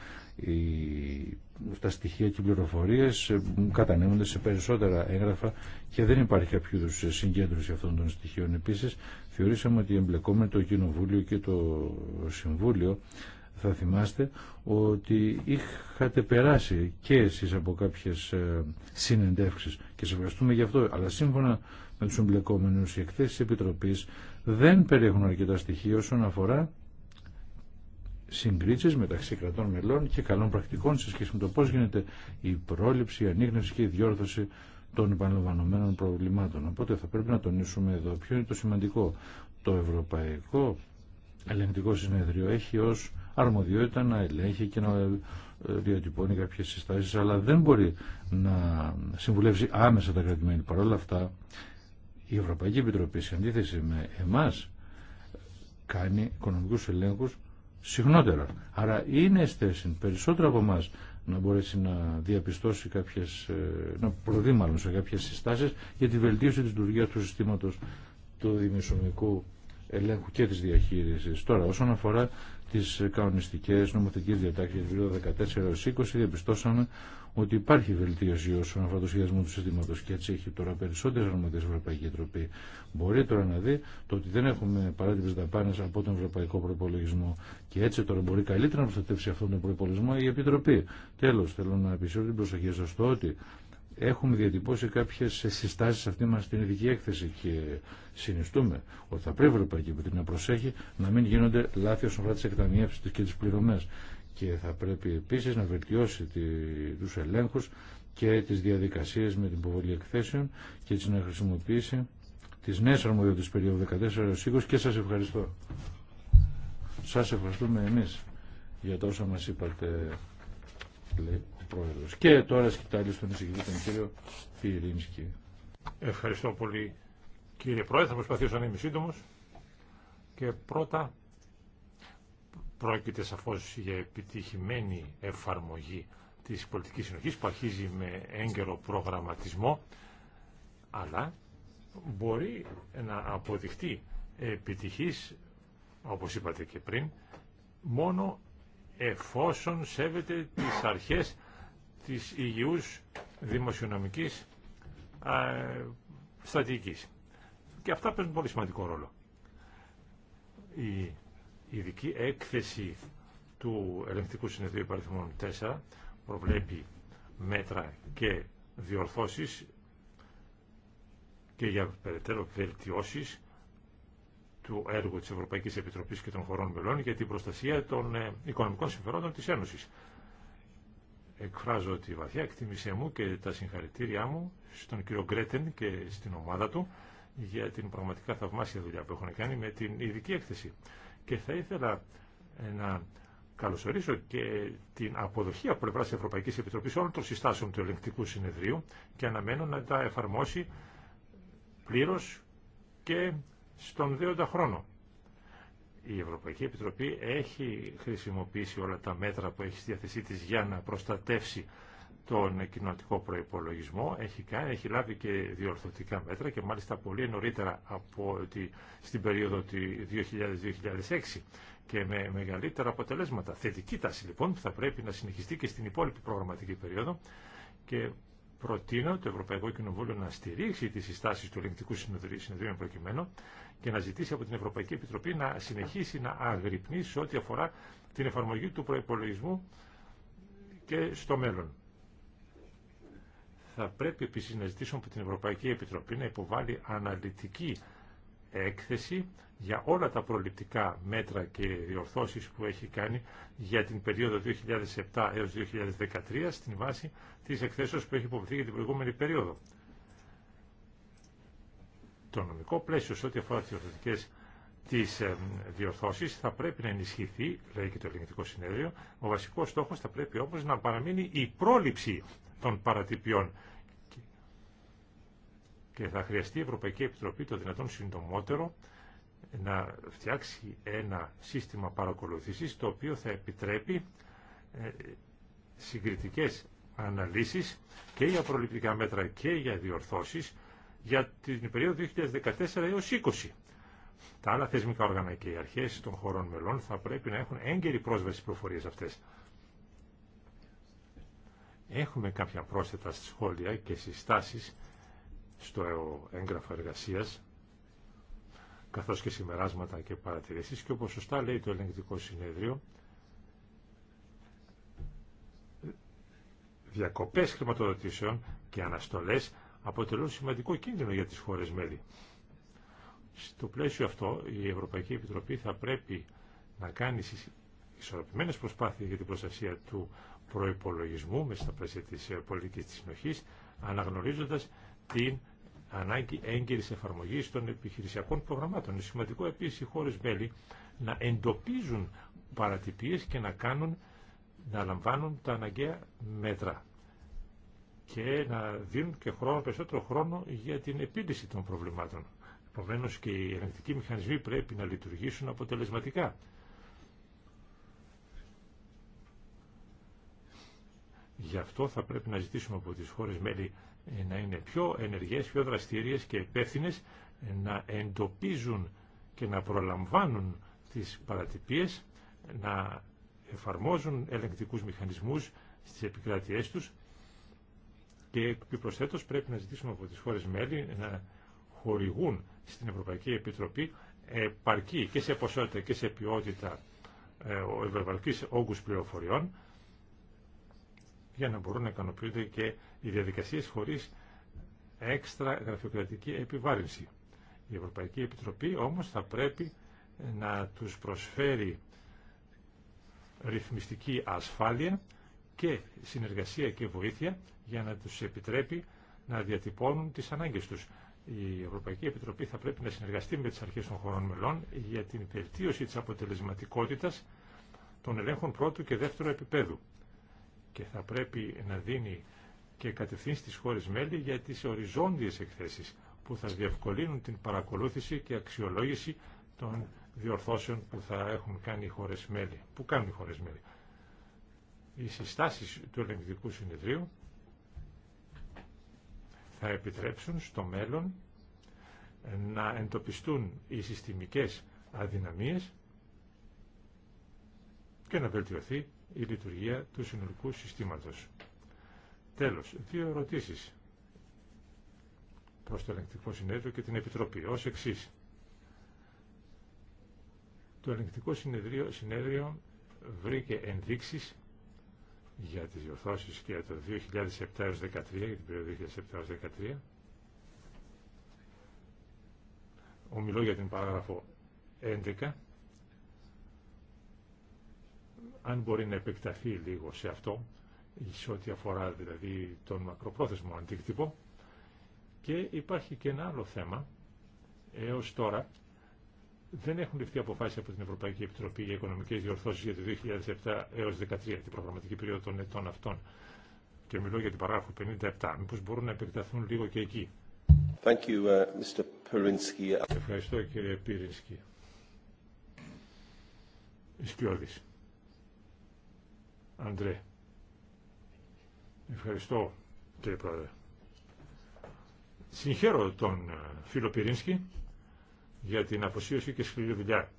τα στοιχεία και οι πληροφορίε ε, κατανέμονται σε περισσότερα έγγραφα και δεν υπάρχει κάποιο είδου συγκέντρωση αυτών των στοιχείων. Επίση, θεωρήσαμε ότι εμπλεκόμενο το Κοινοβούλιο και το Συμβούλιο θα θυμάστε ότι είχατε περάσει και εσείς από κάποιες ε, συνεντεύξεις και σε ευχαριστούμε γι' αυτό. Αλλά σύμφωνα με τους εμπλεκόμενους οι εκθέσεις Επιτροπής δεν περιέχουν αρκετά στοιχεία όσον αφορά συγκρίσεις μεταξύ κρατών μελών και καλών πρακτικών σε σχέση με το πώς γίνεται η πρόληψη, η ανείχνευση και η διόρθωση των επαναλαμβανομένων προβλημάτων. Οπότε θα πρέπει να τονίσουμε εδώ ποιο είναι το σημαντικό. Το Ευρωπαϊκό Ελεγκτικό Συνέδριο έχει ως αρμοδιότητα να ελέγχει και να ε, διατυπώνει κάποιε συστάσει, αλλά δεν μπορεί να συμβουλεύσει άμεσα τα κρατημένη. Παρ' όλα αυτά, η Ευρωπαϊκή Επιτροπή, σε αντίθεση με εμά, κάνει οικονομικού ελέγχου συχνότερα. Άρα είναι στέση περισσότερο από εμά να μπορέσει να διαπιστώσει κάποιε ε, να προδεί μάλλον σε κάποιε συστάσει για τη βελτίωση τη λειτουργία του συστήματο του δημιουργικού ελέγχου και της διαχείρισης. Τώρα, όσον αφορά τι κανονιστικέ νομοθετικέ διατάξει του 2014-2020 διαπιστώσαμε ότι υπάρχει βελτίωση όσον αφορά το σχεδιασμό του συστήματο και έτσι έχει τώρα περισσότερε αρμοδιέ η Ευρωπαϊκή Επιτροπή. Μπορεί τώρα να δει το ότι δεν έχουμε παράτυπε δαπάνε από τον Ευρωπαϊκό Προπολογισμό και έτσι τώρα μπορεί καλύτερα να προστατεύσει αυτόν τον προπολογισμό η Επιτροπή. Τέλο, θέλω να επισύρω την προσοχή σα στο ότι έχουμε διατυπώσει κάποιε συστάσει αυτή μα την ειδική έκθεση και συνιστούμε ότι θα πρέπει η Ευρωπαϊκή Επιτροπή να προσέχει να μην γίνονται λάθη όσον αφορά τι εκταμιεύσεις και τι πληρωμέ. και θα πρέπει επίση να βελτιώσει του ελέγχου και τι διαδικασίε με την υποβολή εκθέσεων και έτσι να χρησιμοποιήσει τις νεες αρμοδιοτητε αρμοδιότητες περίοδου 14-20 και σα ευχαριστώ. Σας ευχαριστούμε εμείς για τα όσα μας είπατε. Και τώρα στον εισηγητή τον κύριο Ευχαριστώ πολύ κύριε Πρόεδρε. Θα προσπαθήσω να είμαι σύντομο. Και πρώτα πρόκειται σαφώς για επιτυχημένη εφαρμογή της πολιτικής συνοχής που αρχίζει με έγκαιρο προγραμματισμό αλλά μπορεί να αποδειχτεί επιτυχής όπως είπατε και πριν μόνο εφόσον σέβεται τις αρχές της υγιούς δημοσιονομικής στρατηγικής. Και αυτά παίζουν πολύ σημαντικό ρόλο. Η ειδική έκθεση του Ελεγκτικού Συνεδρίου Υπαριθμών 4 προβλέπει μέτρα και διορθώσεις και για περαιτέρω βελτιώσεις του έργου της Ευρωπαϊκής Επιτροπής και των χωρών μελών για την προστασία των ε, οικονομικών συμφερόντων της Ένωσης εκφράζω τη βαθιά εκτίμησή μου και τα συγχαρητήριά μου στον κύριο Γκρέτεν και στην ομάδα του για την πραγματικά θαυμάσια δουλειά που έχουν κάνει με την ειδική έκθεση. Και θα ήθελα ε, να καλωσορίσω και την αποδοχή από πλευρά τη Ευρωπαϊκή Επιτροπή όλων των συστάσεων του ελεγκτικού συνεδρίου και αναμένω να τα εφαρμόσει πλήρω και στον δέοντα χρόνο η Ευρωπαϊκή Επιτροπή έχει χρησιμοποιήσει όλα τα μέτρα που έχει στη διάθεσή της για να προστατεύσει τον κοινωνικό προϋπολογισμό. Έχει, κάνει, έχει λάβει και διορθωτικά μέτρα και μάλιστα πολύ νωρίτερα από ότι στην περίοδο του 2000-2006 και με μεγαλύτερα αποτελέσματα. Θετική τάση λοιπόν που θα πρέπει να συνεχιστεί και στην υπόλοιπη προγραμματική περίοδο και προτείνω το Ευρωπαϊκό Κοινοβούλιο να στηρίξει τις συστάσεις του ελληνικού Συνεδρίου προκειμένου και να ζητήσει από την Ευρωπαϊκή Επιτροπή να συνεχίσει να αγρυπνήσει ό,τι αφορά την εφαρμογή του προπολογισμού και στο μέλλον. Θα πρέπει επίση να ζητήσουμε από την Ευρωπαϊκή Επιτροπή να υποβάλει αναλυτική έκθεση για όλα τα προληπτικά μέτρα και διορθώσεις που έχει κάνει για την περίοδο 2007 έως 2013 στην βάση της εκθέσεως που έχει υποβληθεί για την προηγούμενη περίοδο το νομικό πλαίσιο σε ό,τι αφορά τι διορθωτικές ε, διορθώσεις θα πρέπει να ενισχυθεί, λέει και το ελληνικό συνέδριο. Ο βασικός στόχος θα πρέπει όμω να παραμείνει η πρόληψη των παρατυπιών. Και θα χρειαστεί η Ευρωπαϊκή Επιτροπή το δυνατόν συντομότερο να φτιάξει ένα σύστημα παρακολουθήσης το οποίο θα επιτρέπει ε, συγκριτικές αναλύσεις και για προληπτικά μέτρα και για διορθώσεις για την περίοδο 2014 έως 2020. Τα άλλα θεσμικά όργανα και οι αρχές των χωρών μελών θα πρέπει να έχουν έγκαιρη πρόσβαση στις προφορίες αυτές. Έχουμε κάποια πρόσθετα σχόλια και συστάσεις στο έγγραφο εργασίας, καθώς και συμμεράσματα και παρατηρήσεις και όπως σωστά λέει το ελεγκτικό συνέδριο, διακοπές χρηματοδοτήσεων και αναστολές αποτελούν σημαντικό κίνδυνο για τις χώρες μέλη. Στο πλαίσιο αυτό η Ευρωπαϊκή Επιτροπή θα πρέπει να κάνει ισορροπημένες προσπάθειες για την προστασία του προϋπολογισμού μέσα στα πλαίσια της ε, πολιτικής της συνοχής, αναγνωρίζοντας την ανάγκη έγκυρης εφαρμογής των επιχειρησιακών προγραμμάτων. Είναι σημαντικό επίσης οι χώρες μέλη να εντοπίζουν παρατυπίες και να κάνουν να λαμβάνουν τα αναγκαία μέτρα και να δίνουν και χρόνο, περισσότερο χρόνο για την επίλυση των προβλημάτων. Επομένω και οι ελεγκτικοί μηχανισμοί πρέπει να λειτουργήσουν αποτελεσματικά. Γι' αυτό θα πρέπει να ζητήσουμε από τις χώρες μέλη ε, να είναι πιο ενεργές, πιο δραστήριες και υπεύθυνε ε, να εντοπίζουν και να προλαμβάνουν τις παρατυπίες, να εφαρμόζουν ελεγκτικούς μηχανισμούς στις επικράτειές τους και επιπροσθέτω πρέπει να ζητήσουμε από τι χώρε μέλη να χορηγούν στην Ευρωπαϊκή Επιτροπή επαρκή και σε ποσότητα και σε ποιότητα ε, ευρωπαϊκής όγκους πληροφοριών για να μπορούν να ικανοποιούνται και οι διαδικασίε χωρίς έξτρα γραφειοκρατική επιβάρυνση. Η Ευρωπαϊκή Επιτροπή όμως θα πρέπει να τους προσφέρει ρυθμιστική ασφάλεια και συνεργασία και βοήθεια για να τους επιτρέπει να διατυπώνουν τις ανάγκες τους. Η Ευρωπαϊκή Επιτροπή θα πρέπει να συνεργαστεί με τις αρχές των χωρών μελών για την βελτίωση της αποτελεσματικότητας των ελέγχων πρώτου και δεύτερου επίπεδου και θα πρέπει να δίνει και κατευθύνσει στις χώρες μέλη για τις οριζόντιες εκθέσεις που θα διευκολύνουν την παρακολούθηση και αξιολόγηση των διορθώσεων που θα έχουν κάνει οι χώρες μέλη, που κάνουν οι χώρες μέλη οι συστάσεις του ελεγκτικού συνεδρίου θα επιτρέψουν στο μέλλον να εντοπιστούν οι συστημικές αδυναμίες και να βελτιωθεί η λειτουργία του συνολικού συστήματος. Τέλος, δύο ερωτήσεις προς το Ελεγκτικό Συνέδριο και την Επιτροπή, ως εξής. Το Ελεγκτικό Συνέδριο, συνέδριο βρήκε ενδείξεις για τις διορθώσεις και για το 2007-2013, για την περίοδο 2007-2013. Ομιλώ για την παράγραφο 11. Αν μπορεί να επεκταθεί λίγο σε αυτό, σε ό,τι αφορά δηλαδή τον μακροπρόθεσμο αντίκτυπο. Και υπάρχει και ένα άλλο θέμα. Έως τώρα δεν έχουν ληφθεί αποφάσει από την Ευρωπαϊκή Επιτροπή για οικονομικές διορθώσεις για το 2007 έως 2013, την προγραμματική περίοδο των ετών αυτών. Και μιλώ για την παράγραφο 57. Μήπως μπορούν να επεκταθούν λίγο και εκεί. Uh, Ευχαριστώ κύριε Πυρίνσκι. Ισκιώδης. Αντρέ. Ευχαριστώ κύριε Πρόεδρε. Συγχαίρω τον ε, φίλο Πυρίνσκι για την αποσίωση και σκληρή δουλειά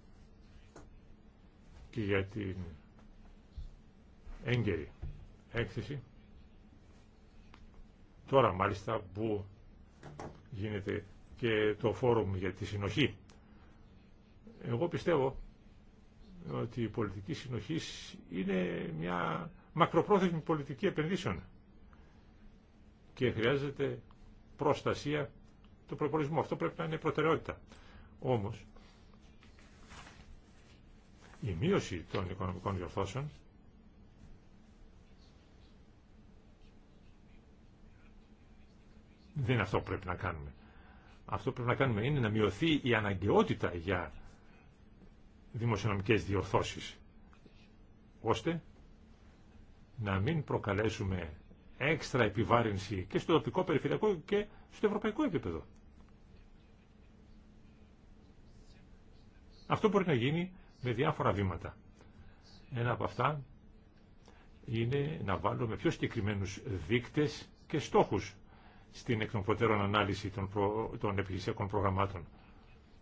και για την έγκαιρη έκθεση. Τώρα μάλιστα που γίνεται και το φόρουμ για τη συνοχή. Εγώ πιστεύω ότι η πολιτική συνοχή είναι μια μακροπρόθεσμη πολιτική επενδύσεων και χρειάζεται προστασία του προπολισμού. Αυτό πρέπει να είναι προτεραιότητα. Όμως, η μείωση των οικονομικών διορθώσεων δεν είναι αυτό που πρέπει να κάνουμε. Αυτό που πρέπει να κάνουμε είναι να μειωθεί η αναγκαιότητα για δημοσιονομικές διορθώσεις, ώστε να μην προκαλέσουμε έξτρα επιβάρυνση και στο τοπικό, περιφερειακό και στο ευρωπαϊκό επίπεδο. Αυτό μπορεί να γίνει με διάφορα βήματα. Ένα από αυτά είναι να βάλουμε πιο συγκεκριμένους δείκτες και στόχους στην εκ των προτέρων ανάλυση των, των επιχειρησιακών προγραμμάτων.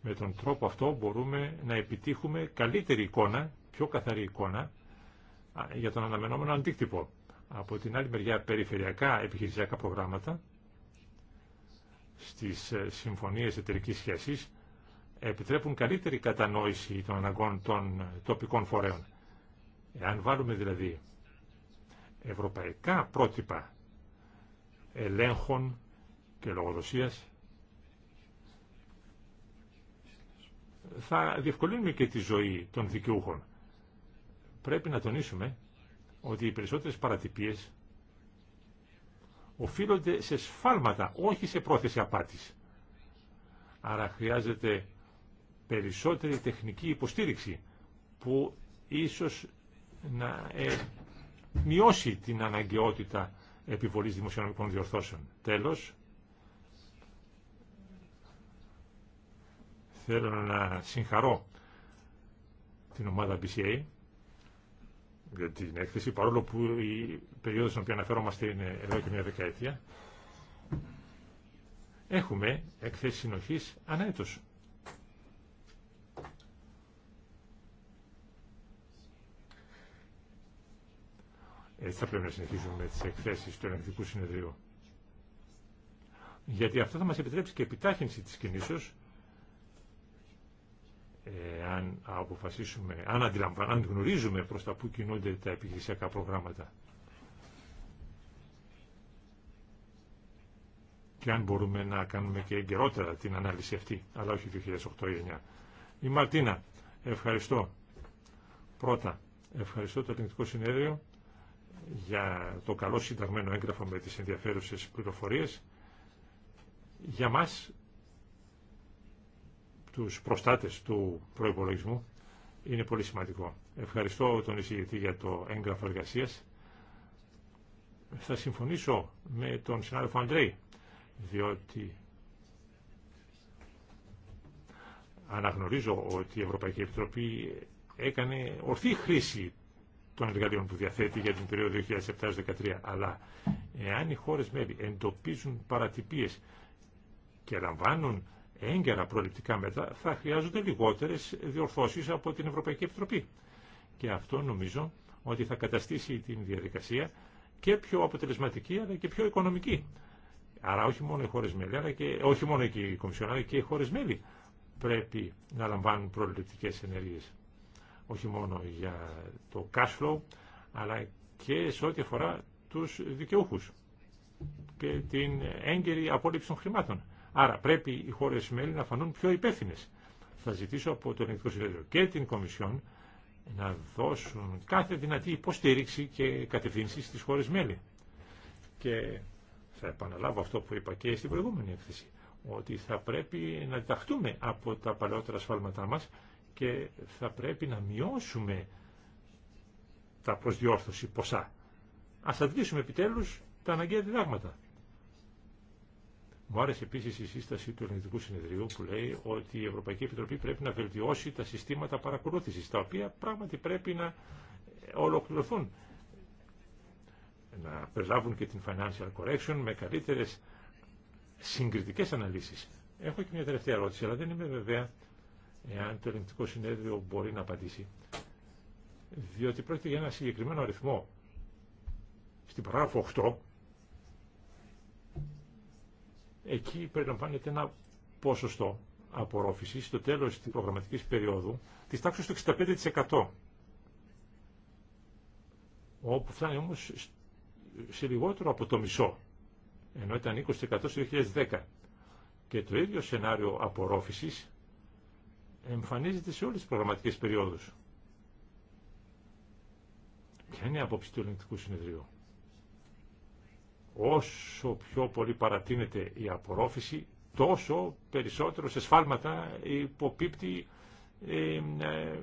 Με τον τρόπο αυτό μπορούμε να επιτύχουμε καλύτερη εικόνα, πιο καθαρή εικόνα για τον αναμενόμενο αντίκτυπο. Από την άλλη μεριά περιφερειακά επιχειρησιακά προγράμματα στις ε, συμφωνίες εταιρικής σχέσης επιτρέπουν καλύτερη κατανόηση των αναγκών των τοπικών φορέων. Εάν βάλουμε δηλαδή ευρωπαϊκά πρότυπα ελέγχων και λογοδοσίας, θα διευκολύνουμε και τη ζωή των δικαιούχων. Πρέπει να τονίσουμε ότι οι περισσότερες παρατυπίες οφείλονται σε σφάλματα, όχι σε πρόθεση απάτης. Άρα χρειάζεται περισσότερη τεχνική υποστήριξη που ίσως να ε, μειώσει την αναγκαιότητα επιβολής δημοσιονομικών διορθώσεων. Τέλος, θέλω να συγχαρώ την ομάδα BCA για την έκθεση, παρόλο που η περίοδος στην οποία αναφερόμαστε είναι εδώ και μια δεκαετία, έχουμε εκθέσει συνοχής ανά Έτσι ε, θα πρέπει να συνεχίζουμε με τις του ελεγκτικού συνεδρίου. Γιατί αυτό θα μας επιτρέψει και επιτάχυνση της ε, αν αποφασίσουμε, αν, αν γνωρίζουμε προς τα που κινούνται τα επιχειρησιακά προγράμματα. και αν μπορούμε να κάνουμε και εγκαιρότερα την ανάλυση αυτή, αλλά όχι 2008-2009. Η Μαρτίνα, ευχαριστώ. Πρώτα, ευχαριστώ το Ελληνικό Συνέδριο για το καλό συνταγμένο έγγραφο με τις ενδιαφέρουσες πληροφορίες. Για μας, τους προστάτες του προϋπολογισμού, είναι πολύ σημαντικό. Ευχαριστώ τον εισηγητή για το έγγραφο εργασίας. Θα συμφωνήσω με τον συνάδελφο Αντρέη, διότι αναγνωρίζω ότι η Ευρωπαϊκή Επιτροπή έκανε ορθή χρήση των εργαλείων που διαθέτει για την περίοδο 2007-2013. Αλλά εάν οι χώρες μέλη εντοπίζουν παρατυπίες και λαμβάνουν έγκαιρα προληπτικά μέτρα, θα χρειάζονται λιγότερες διορθώσεις από την Ευρωπαϊκή Επιτροπή. Και αυτό νομίζω ότι θα καταστήσει την διαδικασία και πιο αποτελεσματική αλλά και πιο οικονομική. Άρα όχι μόνο οι χώρες μέλη, αλλά και, όχι μόνο και οι Κομισιόν, και οι χώρες μέλη πρέπει να λαμβάνουν προληπτικές ενέργειες όχι μόνο για το cash flow, αλλά και σε ό,τι αφορά τους δικαιούχους και την έγκαιρη απόλυψη των χρημάτων. Άρα πρέπει οι χώρες μέλη να φανούν πιο υπεύθυνες. Θα ζητήσω από το Ελληνικό Συνέδριο και την Κομισιόν να δώσουν κάθε δυνατή υποστήριξη και κατευθύνση στις χώρες μέλη. Και θα επαναλάβω αυτό που είπα και στην προηγούμενη έκθεση, ότι θα πρέπει να διδαχτούμε από τα παλαιότερα σφάλματά μας και θα πρέπει να μειώσουμε τα προσδιόρθωση ποσά. Ας αντλήσουμε επιτέλους τα αναγκαία διδάγματα. Μου άρεσε επίση η σύσταση του Ελληνικού Συνεδρίου που λέει ότι η Ευρωπαϊκή Επιτροπή πρέπει να βελτιώσει τα συστήματα παρακολούθηση, τα οποία πράγματι πρέπει να ολοκληρωθούν. Να περιλάβουν και την financial correction με καλύτερε συγκριτικέ αναλύσει. Έχω και μια τελευταία ερώτηση, αλλά δεν είμαι βέβαια εάν το ελεγκτικό συνέδριο μπορεί να απαντήσει. Διότι πρόκειται για ένα συγκεκριμένο αριθμό. Στην παράγραφο 8, εκεί περιλαμβάνεται ένα ποσοστό απορρόφηση στο τέλος της προγραμματικής περίοδου τη τάξη του 65%. Όπου φτάνει όμως σε λιγότερο από το μισό, ενώ ήταν 20% στο 2010. Και το ίδιο σενάριο απορρόφησης εμφανίζεται σε όλες τις προγραμματικές περιόδους. Ποια είναι η άποψη του Ελληνικού συνεδρίου. Όσο πιο πολύ παρατείνεται η απορρόφηση, τόσο περισσότερο σε σφάλματα υποπίπτει ε, ε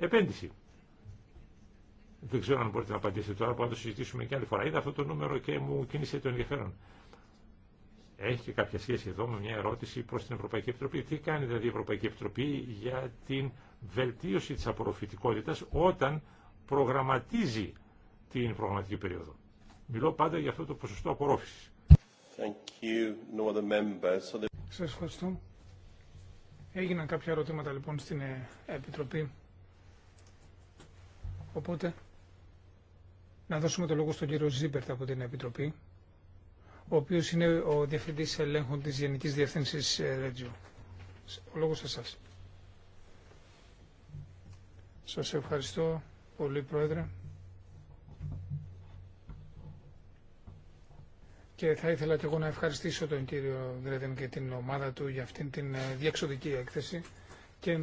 επένδυση. Δεν ξέρω αν μπορείτε να απαντήσετε τώρα, μπορούμε να το συζητήσουμε και άλλη φορά. Είδα αυτό το νούμερο και μου κίνησε το ενδιαφέρον έχει και κάποια σχέση εδώ με μια ερώτηση προς την Ευρωπαϊκή Επιτροπή. Τι κάνει δηλαδή η Ευρωπαϊκή Επιτροπή για την βελτίωση της απορροφητικότητας όταν προγραμματίζει την προγραμματική περίοδο. Μιλώ πάντα για αυτό το ποσοστό απορρόφησης. Thank Σας ευχαριστώ. Έγιναν κάποια ερωτήματα λοιπόν στην ε, Επιτροπή. Οπότε, να δώσουμε το λόγο στον κύριο Ζίμπερτ από την Επιτροπή ο οποίο είναι ο Διευθυντής Ελέγχων τη Γενική Διεύθυνση ε, Ρέτζιο. Ο λόγος σας. Σας ευχαριστώ πολύ, Πρόεδρε. Και θα ήθελα και εγώ να ευχαριστήσω τον κύριο Γκρέδεν και την ομάδα του για αυτήν την ε, διεξοδική έκθεση. Και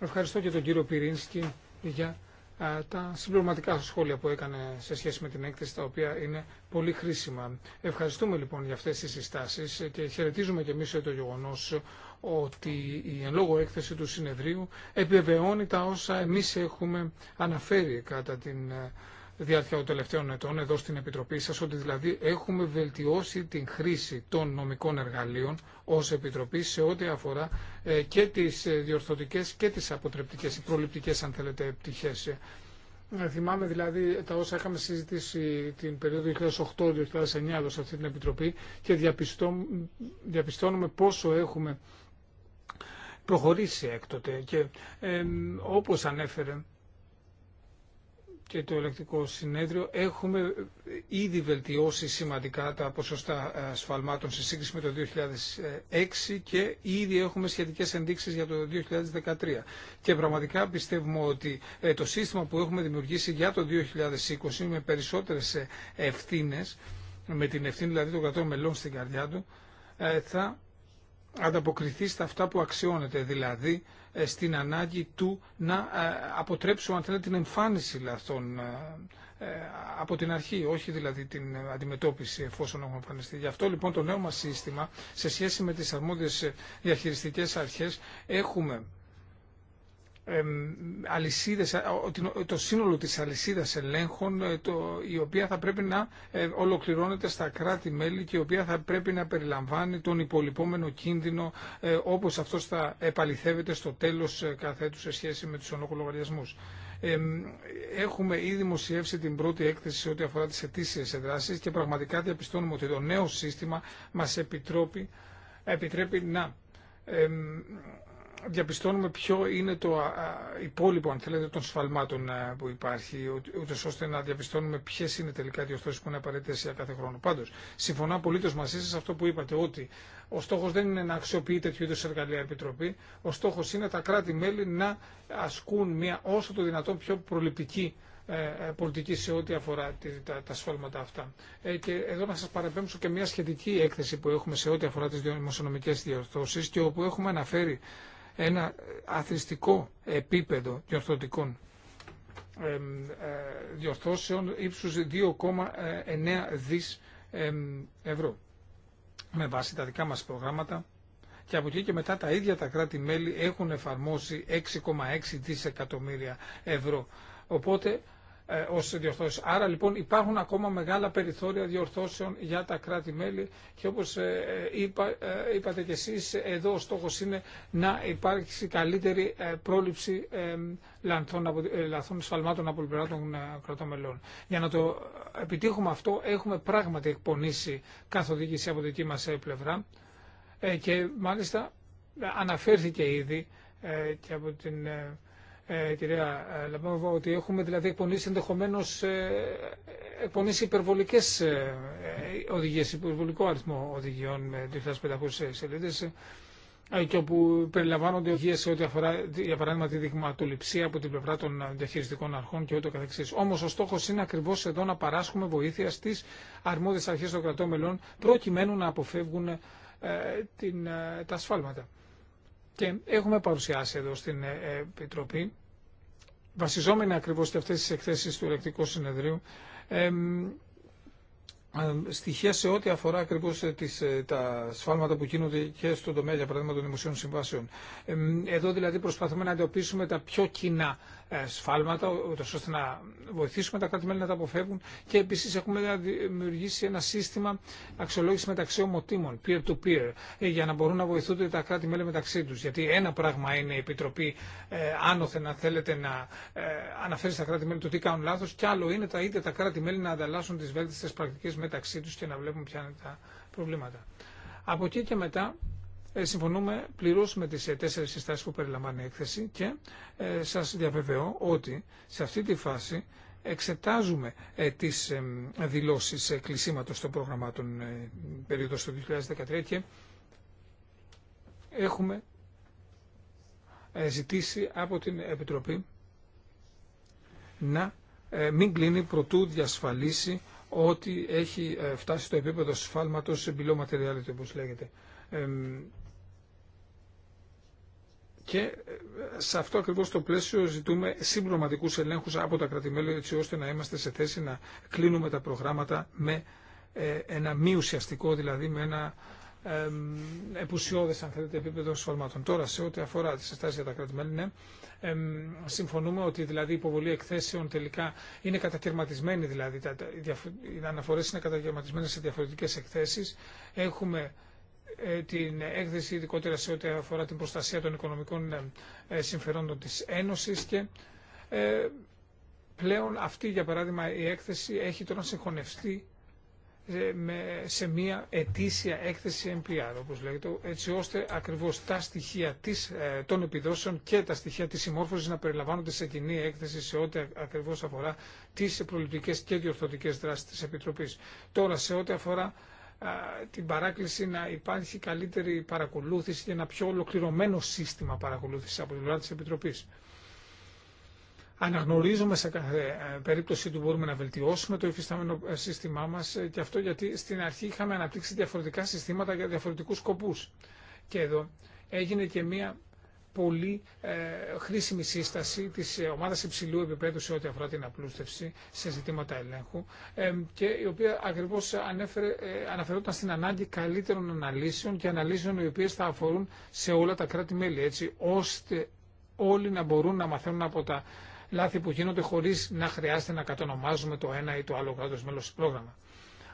ευχαριστώ και τον κύριο Πυρίνσκι για ε, τα συμπληρωματικά σχόλια που έκανε σε σχέση με την έκθεση, τα οποία είναι πολύ χρήσιμα. Ευχαριστούμε λοιπόν για αυτές τις συστάσεις και χαιρετίζουμε και εμείς το γεγονός ότι η εν λόγω έκθεση του συνεδρίου επιβεβαιώνει τα όσα εμείς έχουμε αναφέρει κατά την ε, διάρκεια των τελευταίων ετών εδώ στην Επιτροπή σας ότι δηλαδή έχουμε βελτιώσει την χρήση των νομικών εργαλείων ως Επιτροπή σε ό,τι αφορά ε, και τις ε, διορθωτικές και τις αποτρεπτικές, οι προληπτικές αν θέλετε πτυχές. Ε, θυμάμαι δηλαδή τα όσα είχαμε συζητήσει την περίοδο 2008-2009 εδώ σε αυτή την Επιτροπή και διαπιστώνουμε πόσο έχουμε προχωρήσει έκτοτε και ε, όπως ανέφερε και το ελεκτικό συνέδριο έχουμε ήδη βελτιώσει σημαντικά τα ποσοστά ε, σφαλμάτων σε σύγκριση με το 2006 και ήδη έχουμε σχετικές ενδείξεις για το 2013. Και πραγματικά πιστεύουμε ότι ε, το σύστημα που έχουμε δημιουργήσει για το 2020 με περισσότερες ε, ευθύνες, με την ευθύνη δηλαδή των κρατών μελών στην καρδιά του, θα ανταποκριθεί στα αυτά που αξιώνεται, δηλαδή ε, στην ανάγκη του να ε, αποτρέψουμε αν θέλετε την εμφάνιση λαθών ε, από την αρχή, όχι δηλαδή την αντιμετώπιση εφόσον έχουμε εμφανιστεί. Γι' αυτό λοιπόν το νέο μας σύστημα σε σχέση με τις αρμόδιες διαχειριστικές αρχές έχουμε αλυσίδες, το σύνολο της αλυσίδας ελέγχων ε, το, η οποία θα πρέπει να ε, ολοκληρώνεται στα κράτη-μέλη και η οποία θα πρέπει να περιλαμβάνει τον υπολοιπόμενο κίνδυνο ε, όπως αυτός θα επαληθεύεται στο τέλος κάθε σε σχέση με τους ονοκολογαριασμούς. έχουμε ήδη δημοσιεύσει την πρώτη έκθεση σε ό,τι αφορά τις αιτήσιες δράσεις και πραγματικά διαπιστώνουμε ότι το νέο σύστημα μας επιτρέπει, επιτρέπει να διαπιστώνουμε ποιο είναι το υπόλοιπο, αν θέλετε, των σφαλμάτων που υπάρχει, ούτως ώστε να διαπιστώνουμε ποιε είναι τελικά οι διορθώσεις που είναι απαραίτητες για κάθε χρόνο. Πάντως, συμφωνώ απολύτως μαζί σας αυτό που είπατε, ότι ο στόχος δεν είναι να αξιοποιεί τέτοιου είδους εργαλεία επιτροπή, ο στόχος είναι τα κράτη-μέλη να ασκούν μια όσο το δυνατόν πιο προληπτική ε, ε, πολιτική σε ό,τι αφορά τα, τα σφάλματα αυτά. Ε, και εδώ να σας παραπέμψω και μια σχετική έκθεση που έχουμε σε ό,τι αφορά τις δημοσιονομικές διορθώσεις και όπου έχουμε αναφέρει ένα αθρηστικό επίπεδο διορθωτικών ε, διορθώσεων ύψους 2,9 δις ευρώ με βάση τα δικά μας προγράμματα και από εκεί και μετά τα ίδια τα κράτη-μέλη έχουν εφαρμόσει 6,6 δισεκατομμύρια ευρώ. Οπότε ε, ως διορθώσεις. Άρα λοιπόν υπάρχουν ακόμα μεγάλα περιθώρια διορθώσεων για τα κράτη-μέλη και όπως ε, ε, είπατε και εσείς εδώ ο στόχο είναι να υπάρξει καλύτερη πρόληψη λανθών, λανθών σφαλμάτων από πλευρά των κρατών μελών. Για να το επιτύχουμε αυτό έχουμε πράγματι εκπονήσει καθοδήγηση από δική μα πλευρά και μάλιστα αναφέρθηκε ήδη και από την ε, κυρία ε, Λαμπάνοβα, ότι έχουμε δηλαδή εκπονήσει ενδεχομένω ε, υπερβολικέ ε, οδηγίε, υπερβολικό αριθμό οδηγιών με 2.500 σελίδε και όπου περιλαμβάνονται οδηγίε σε ό,τι αφορά, για παράδειγμα, τη δειγματοληψία από την πλευρά των διαχειριστικών αρχών και ούτω καθεξή. Όμως ο στόχο είναι ακριβώ εδώ να παράσχουμε βοήθεια στις αρμόδιες αρχέ των κρατών μελών προκειμένου να αποφεύγουν την, ε, τα ασφάλματα. Και έχουμε παρουσιάσει εδώ στην ε, ε, Επιτροπή, βασιζόμενη ακριβώς και αυτές τις εκθέσεις του Ελεκτικού Συνεδρίου, στοιχεία σε ό,τι αφορά ακριβώ ε, τα σφάλματα που γίνονται και στον τομέα, για παράδειγμα, των δημοσίων συμβάσεων. Εδώ δηλαδή προσπαθούμε να εντοπίσουμε τα πιο κοινά ε, σφάλματα, ούτως ώστε να βοηθήσουμε τα κράτη-μέλη να τα αποφεύγουν και επίσης έχουμε δημιουργήσει ένα σύστημα αξιολόγηση μεταξύ ομοτήμων, peer-to-peer, ε, για να μπορούν να βοηθούνται τα κράτη-μέλη μεταξύ τους. Γιατί ένα πράγμα είναι η Επιτροπή ε, άνωθεν, θέλετε, να ε, αναφέρει στα κράτη-μέλη το τι κάνουν λάθος και άλλο είναι τα ίδια τα κράτη-μέλη να ανταλλάσσουν τις βέλτιστες πρακτικές μεταξύ τους και να βλέπουν ποια είναι τα προβλήματα. Από εκεί και μετά ε, συμφωνούμε πλήρως με τις ε, τέσσερις συστάσεις που περιλαμβάνει η έκθεση και ε, σας διαβεβαιώ ότι σε αυτή τη φάση εξετάζουμε τις δηλώσεις κλεισίματος στο πρόγραμμα των περίοδος του 2013 και έχουμε ζητήσει από την Επιτροπή να μην κλείνει προτού διασφαλίσει ότι έχει φτάσει στο επίπεδο σφάλματος μπυλό όπως λέγεται. Και ε, σε αυτό ακριβώ το πλαίσιο ζητούμε συμπληρωματικού ελέγχου από τα κρατημέλη, έτσι ώστε να είμαστε σε θέση να κλείνουμε τα προγράμματα με ε, ένα μη ουσιαστικό, δηλαδή με ένα επουσιώδες αν θέλετε επίπεδο σφαλμάτων. Τώρα σε ό,τι αφορά τις εστάσεις για τα κρατημέλη, ναι, συμφωνούμε ότι δηλαδή η υποβολή εκθέσεων τελικά είναι κατακαιρματισμένη, δηλαδή τα, τα, οι αναφορές είναι κατακαιρματισμένες σε διαφορετικές εκθέσεις. Έχουμε ε, την έκθεση ειδικότερα σε ό,τι αφορά την προστασία των οικονομικών ε, ε, συμφερόντων της Ένωσης και πλέον αυτή για παράδειγμα η έκθεση έχει τώρα συγχωνευτεί σε μια ετήσια έκθεση MPR όπως λέγεται έτσι ώστε ακριβώς τα στοιχεία της, των επιδόσεων και τα στοιχεία της συμμόρφωσης να περιλαμβάνονται σε κοινή έκθεση σε ό,τι ακριβώς αφορά τις προληπτικές και διορθωτικές δράσεις της Επιτροπής. Τώρα σε ό,τι αφορά την παράκληση να υπάρχει καλύτερη παρακολούθηση και ένα πιο ολοκληρωμένο σύστημα παρακολούθησης από την πλευρά της Επιτροπής. Αναγνωρίζουμε σε κάθε ε, περίπτωση ότι μπορούμε να βελτιώσουμε το υφιστάμενο ε, σύστημά μας ε, και αυτό γιατί στην αρχή είχαμε αναπτύξει διαφορετικά συστήματα για διαφορετικούς σκοπούς. Και εδώ έγινε και μία πολύ ε, χρήσιμη σύσταση της ε, ομάδας υψηλού επίπεδου σε ό,τι αφορά την απλούστευση σε ζητήματα ελέγχου ε, και η οποία ακριβώ ανέφερε, αναφερόταν στην ανάγκη καλύτερων αναλύσεων και αναλύσεων οι οποίες θα αφορούν σε όλα τα κράτη-μέλη έτσι ώστε όλοι να μπορούν να μαθαίνουν από τα λάθη που γίνονται χωρίς να χρειάζεται να κατονομάζουμε το ένα ή το άλλο κράτο μέλος πρόγραμμα.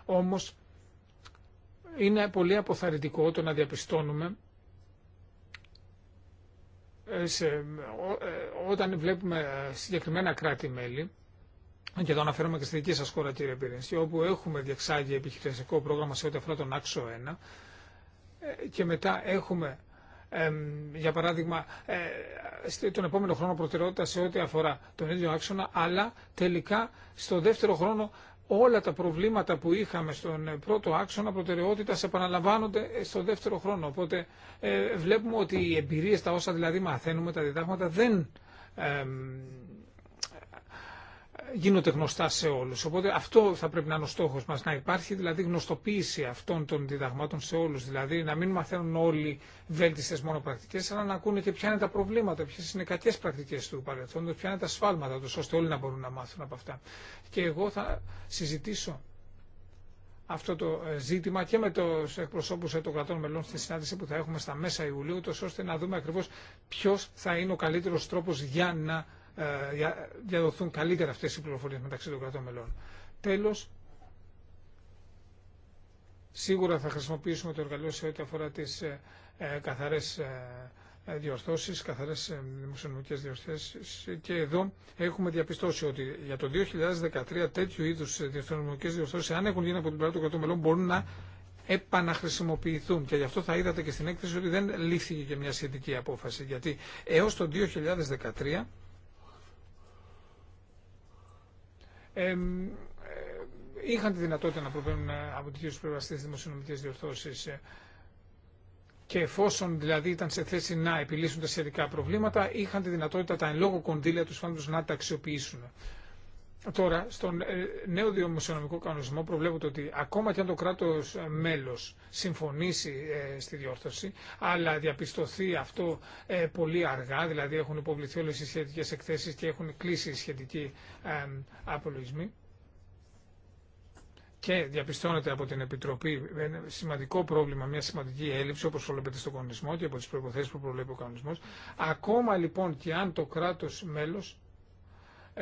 Όμω, είναι πολύ αποθαρρυντικό το να διαπιστώνουμε ε, ε, όταν βλέπουμε συγκεκριμένα κράτη-μέλη, και εδώ αναφέρομαι και στη δική σας χώρα κύριε Πυρίνσκι, όπου έχουμε διεξάγει επιχειρησιακό πρόγραμμα σε ό,τι αφορά τον άξο 1 ε, και μετά έχουμε για παράδειγμα, ε, τον επόμενο χρόνο προτεραιότητα σε ό,τι αφορά τον ίδιο άξονα, αλλά τελικά στο δεύτερο χρόνο όλα τα προβλήματα που είχαμε στον πρώτο άξονα προτεραιότητα επαναλαμβάνονται στο δεύτερο χρόνο. Οπότε ε, βλέπουμε ότι οι εμπειρίε, τα όσα δηλαδή μαθαίνουμε, τα διδάγματα δεν ε, γίνονται γνωστά σε όλου. Οπότε αυτό θα πρέπει να είναι ο στόχο μα να υπάρχει δηλαδή γνωστοποίηση αυτών των διδαγμάτων σε όλου, Δηλαδή να μην μαθαίνουν όλοι βέλτιστες μόνο πρακτικέ, αλλά να ακούνε και ποια είναι τα προβλήματα, ποιε είναι οι κακές πρακτικές του παρελθόντος, ποια είναι τα σφάλματα του, ώστε όλοι να μπορούν να μάθουν από αυτά. Και εγώ θα συζητήσω αυτό το ε, ζήτημα και με του εκπροσώπου των κρατών μελών στη συνάντηση που θα έχουμε στα μέσα Ιουλίου, ώστε να δούμε ακριβώ ποιο θα είναι ο καλύτερο τρόπο για να ε, διαδοθούν καλύτερα αυτές οι πληροφορίες μεταξύ των κρατών μελών. Τέλος, σίγουρα θα χρησιμοποιήσουμε το εργαλείο σε ό,τι αφορά τις ε, ε, καθαρές διορθώσεις, καθαρές δημοσιονομικές διορθώσεις και εδώ έχουμε διαπιστώσει ότι για το 2013 τέτοιου είδους δημοσιονομικές διορθώσεις αν έχουν γίνει από την πλευρά των κρατών μελών μπορούν να επαναχρησιμοποιηθούν και γι' αυτό θα είδατε και στην έκθεση ότι δεν λήφθηκε και μια σχετική απόφαση γιατί έως το 2013 Ε, είχαν τη δυνατότητα να προβαίνουν ε, από τις πλευρά στις δημοσιονομικέ διορθώσεις ε, Και εφόσον δηλαδή ήταν σε θέση να επιλύσουν τα σχετικά προβλήματα, είχαν τη δυνατότητα τα εν λόγω κονδύλια τους φάντους να τα αξιοποιήσουν. Τώρα, στον ε, νέο διομοσιονομικό κανονισμό προβλέπεται ότι ακόμα και αν το κράτος μέλος συμφωνήσει ε, στη διόρθωση, αλλά διαπιστωθεί αυτό ε, πολύ αργά, δηλαδή έχουν υποβληθεί όλες οι σχετικές εκθέσεις και έχουν κλείσει οι σχετικοί απολογισμοί, και διαπιστώνεται από την Επιτροπή σημαντικό πρόβλημα, μια σημαντική έλλειψη όπως προβλέπεται στον κανονισμό και από τις προϋποθέσεις που προβλέπει ο κανονισμός. Ακόμα λοιπόν και αν το κράτος μέλο,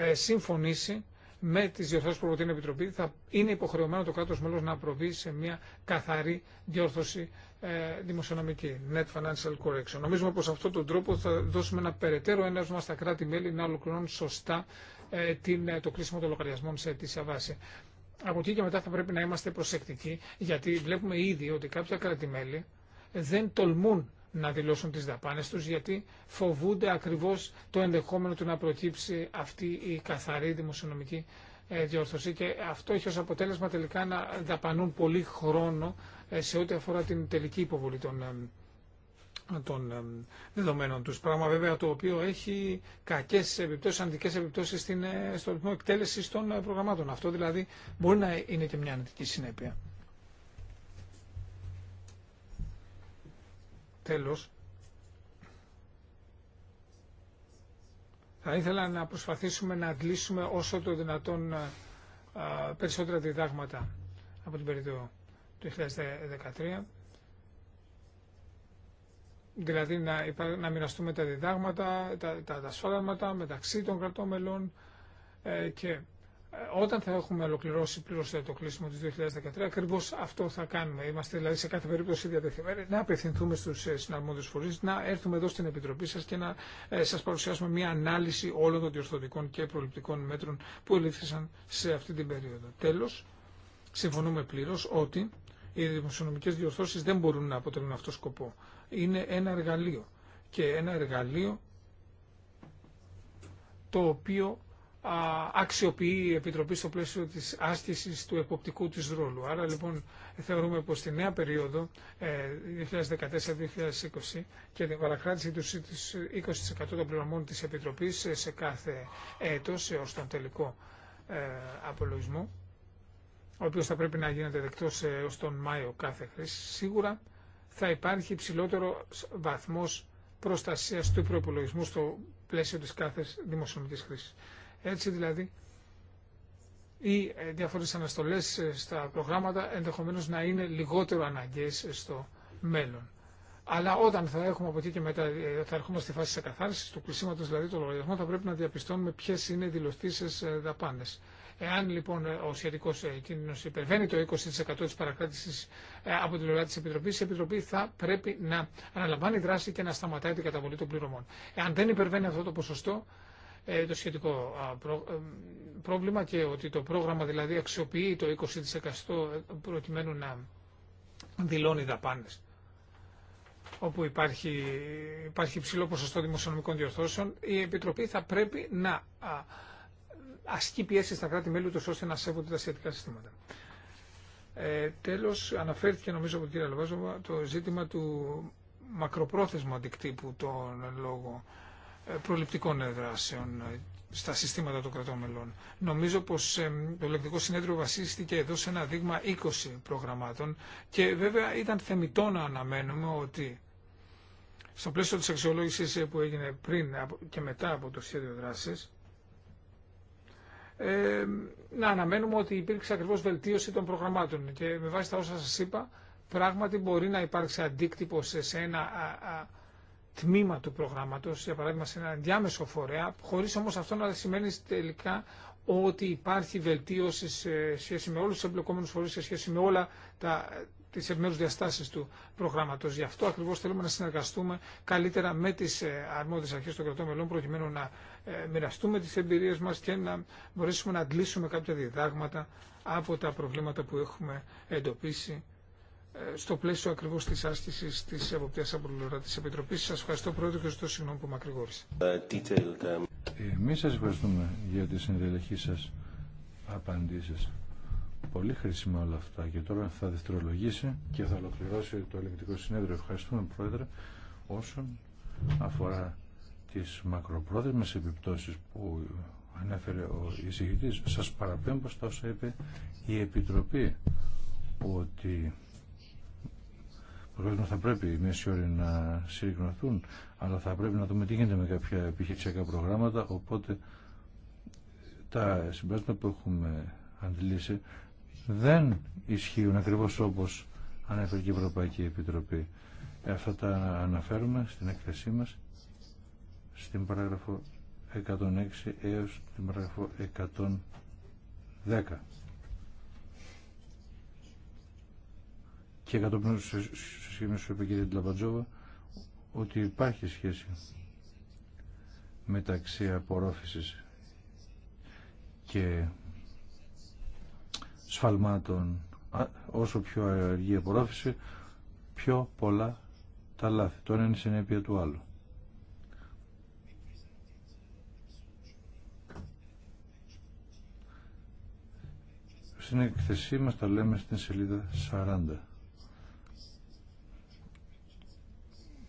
ε, συμφωνήσει με τι διορθώσει που προτείνει η Επιτροπή, θα είναι υποχρεωμένο το κράτο μέλο να προβεί σε μια καθαρή διόρθωση ε, δημοσιονομική, net financial correction. Νομίζουμε πω αυτόν τον τρόπο θα δώσουμε ένα περαιτέρω ένασμα στα κράτη-μέλη να ολοκληρώνουν σωστά ε, το κρίσιμο των λογαριασμών σε αιτήσια βάση. Από εκεί και μετά θα πρέπει να είμαστε προσεκτικοί, γιατί βλέπουμε ήδη ότι κάποια κράτη-μέλη δεν τολμούν να δηλώσουν τις δαπάνες τους γιατί φοβούνται ακριβώς το ενδεχόμενο του να προκύψει αυτή η καθαρή δημοσιονομική ε, διόρθωση και αυτό έχει ως αποτέλεσμα τελικά να δαπανούν πολύ χρόνο ε, σε ό,τι αφορά την τελική υποβολή των, ε, δεδομένων τους. Πράγμα βέβαια το οποίο έχει κακές επιπτώσεις, αντικές επιπτώσεις στην, στο ρυθμό εκτέλεσης των προγραμμάτων. Αυτό δηλαδή μπορεί να είναι και μια αντική συνέπεια. Τέλος, θα ήθελα να προσπαθήσουμε να αντλήσουμε όσο το δυνατόν ε, ε, περισσότερα διδάγματα από την περίοδο του 2013. Δηλαδή να, να μοιραστούμε τα διδάγματα, τα, τα, μεταξύ των κρατών μελών ε, και όταν θα έχουμε ολοκληρώσει πλήρω το κλείσιμο του 2013, ακριβώ αυτό θα κάνουμε. Είμαστε δηλαδή σε κάθε περίπτωση διατεθειμένοι να απευθυνθούμε στου ε, συναρμόδιου φορεί, να έρθουμε εδώ στην Επιτροπή σα και να ε, σα παρουσιάσουμε μια ανάλυση όλων των διορθωτικών και προληπτικών μέτρων που ελήφθησαν σε αυτή την περίοδο. Τέλο, συμφωνούμε πλήρω ότι οι δημοσιονομικέ διορθώσει δεν μπορούν να αποτελούν αυτό σκοπό. Είναι ένα εργαλείο. Και ένα εργαλείο το οποίο αξιοποιεί η Επιτροπή στο πλαίσιο της άσκησης του εποπτικού της ρόλου. Άρα λοιπόν θεωρούμε πως στη νέα περίοδο 2014-2020 ε, και την παρακράτηση του 20% των πληρωμών της Επιτροπής ε, σε κάθε έτος έως τον τελικό ε, απολογισμό ο οποίος θα πρέπει να γίνεται δεκτός έως τον Μάιο κάθε χρήση, σίγουρα θα υπάρχει υψηλότερο βαθμός προστασίας του προπολογισμού στο πλαίσιο της κάθε δημοσιονομικής χρήσης. Έτσι δηλαδή οι ε, διάφορες αναστολές ε, στα προγράμματα ενδεχομένως να είναι λιγότερο αναγκαίες στο μέλλον. Αλλά όταν θα έχουμε από εκεί και μετά, ε, θα έρχομαι στη φάση τη ακαθάριση, του κλεισίματο δηλαδή το λογαριασμών, θα πρέπει να διαπιστώνουμε ποιε είναι οι δηλωτήσει δαπάνε. Εάν λοιπόν ο σχετικό κίνδυνο υπερβαίνει το 20% τη παρακράτηση από τη πλευρά τη Επιτροπή, η Επιτροπή θα πρέπει να αναλαμβάνει δράση και να σταματάει την καταβολή των πληρωμών. Εάν δεν υπερβαίνει αυτό το ποσοστό, ε, το σχετικό ε, πρόβλημα και ότι το πρόγραμμα δηλαδή αξιοποιεί το 20% ε, προκειμένου να δηλώνει δαπάνες όπου υπάρχει, υπάρχει υψηλό ποσοστό δημοσιονομικών διορθώσεων, η Επιτροπή θα πρέπει να ασκεί πιέσει στα κράτη-μέλη του ώστε να σέβονται τα σχετικά συστήματα. Ε, Τέλο, αναφέρθηκε νομίζω από τον κυρία το ζήτημα του μακροπρόθεσμου αντικτύπου των λόγων προληπτικών δράσεων στα συστήματα των κρατών μελών. Νομίζω πως το ελεκτικό συνέδριο βασίστηκε εδώ σε ένα δείγμα 20 προγραμμάτων και βέβαια ήταν θεμητό να αναμένουμε ότι στο πλαίσιο της αξιολόγησης που έγινε πριν και μετά από το σχέδιο δράσης να αναμένουμε ότι υπήρξε ακριβώς βελτίωση των προγραμμάτων και με βάση τα όσα σας είπα πράγματι μπορεί να υπάρξει αντίκτυπο σε ένα τμήμα του προγράμματο, για παράδειγμα σε ένα διάμεσο φορέα, χωρί όμω αυτό να σημαίνει τελικά ότι υπάρχει βελτίωση σε σχέση με όλου του εμπλεκόμενου φορεί, σε σχέση με όλα τα, τις επιμέρους διαστάσεις του προγράμματο. Γι' αυτό ακριβώ θέλουμε να συνεργαστούμε καλύτερα με τι ε, αρμόδιες αρχέ των κρατών μελών προκειμένου να ε, μοιραστούμε τι εμπειρίε μα και να μπορέσουμε να αντλήσουμε κάποια διδάγματα από τα προβλήματα που έχουμε εντοπίσει στο πλαίσιο ακριβώς της άσκησης της εποπτείας από πλευρά της Επιτροπής. Σας ευχαριστώ πρώτο και ζητώ συγγνώμη που ακρηγόρησε. Ε, Εμεί σας ευχαριστούμε για τη συνδελεχή σας απαντήσεις. Πολύ χρήσιμα όλα αυτά και τώρα θα δευτερολογήσει και θα ολοκληρώσει το ελεγκτικό συνέδριο. Ευχαριστούμε Πρόεδρε όσον αφορά τις μακροπρόθεσμες επιπτώσεις που ανέφερε ο εισηγητής. Σας παραπέμπω στα όσα είπε η Επιτροπή ότι Προφανώ θα πρέπει οι μισοί να συρρυκνωθούν, αλλά θα πρέπει να δούμε τι γίνεται με κάποια επιχειρησιακά προγράμματα. Οπότε τα συμπέρασματα που έχουμε αντιλήσει δεν ισχύουν ακριβώ όπω ανέφερε και η Ευρωπαϊκή Επιτροπή. Ε, αυτά τα αναφέρουμε στην έκθεσή μα στην παράγραφο 106 έως την παράγραφο 110. και κατόπιν σχέση που είπε η Τλαμπατζόβα ότι υπάρχει σχέση μεταξύ απορρόφησης και σφαλμάτων όσο πιο αργή η απορρόφηση πιο πολλά τα λάθη το ένα είναι συνέπεια του άλλου στην εκθεσή μας τα λέμε στην σελίδα 40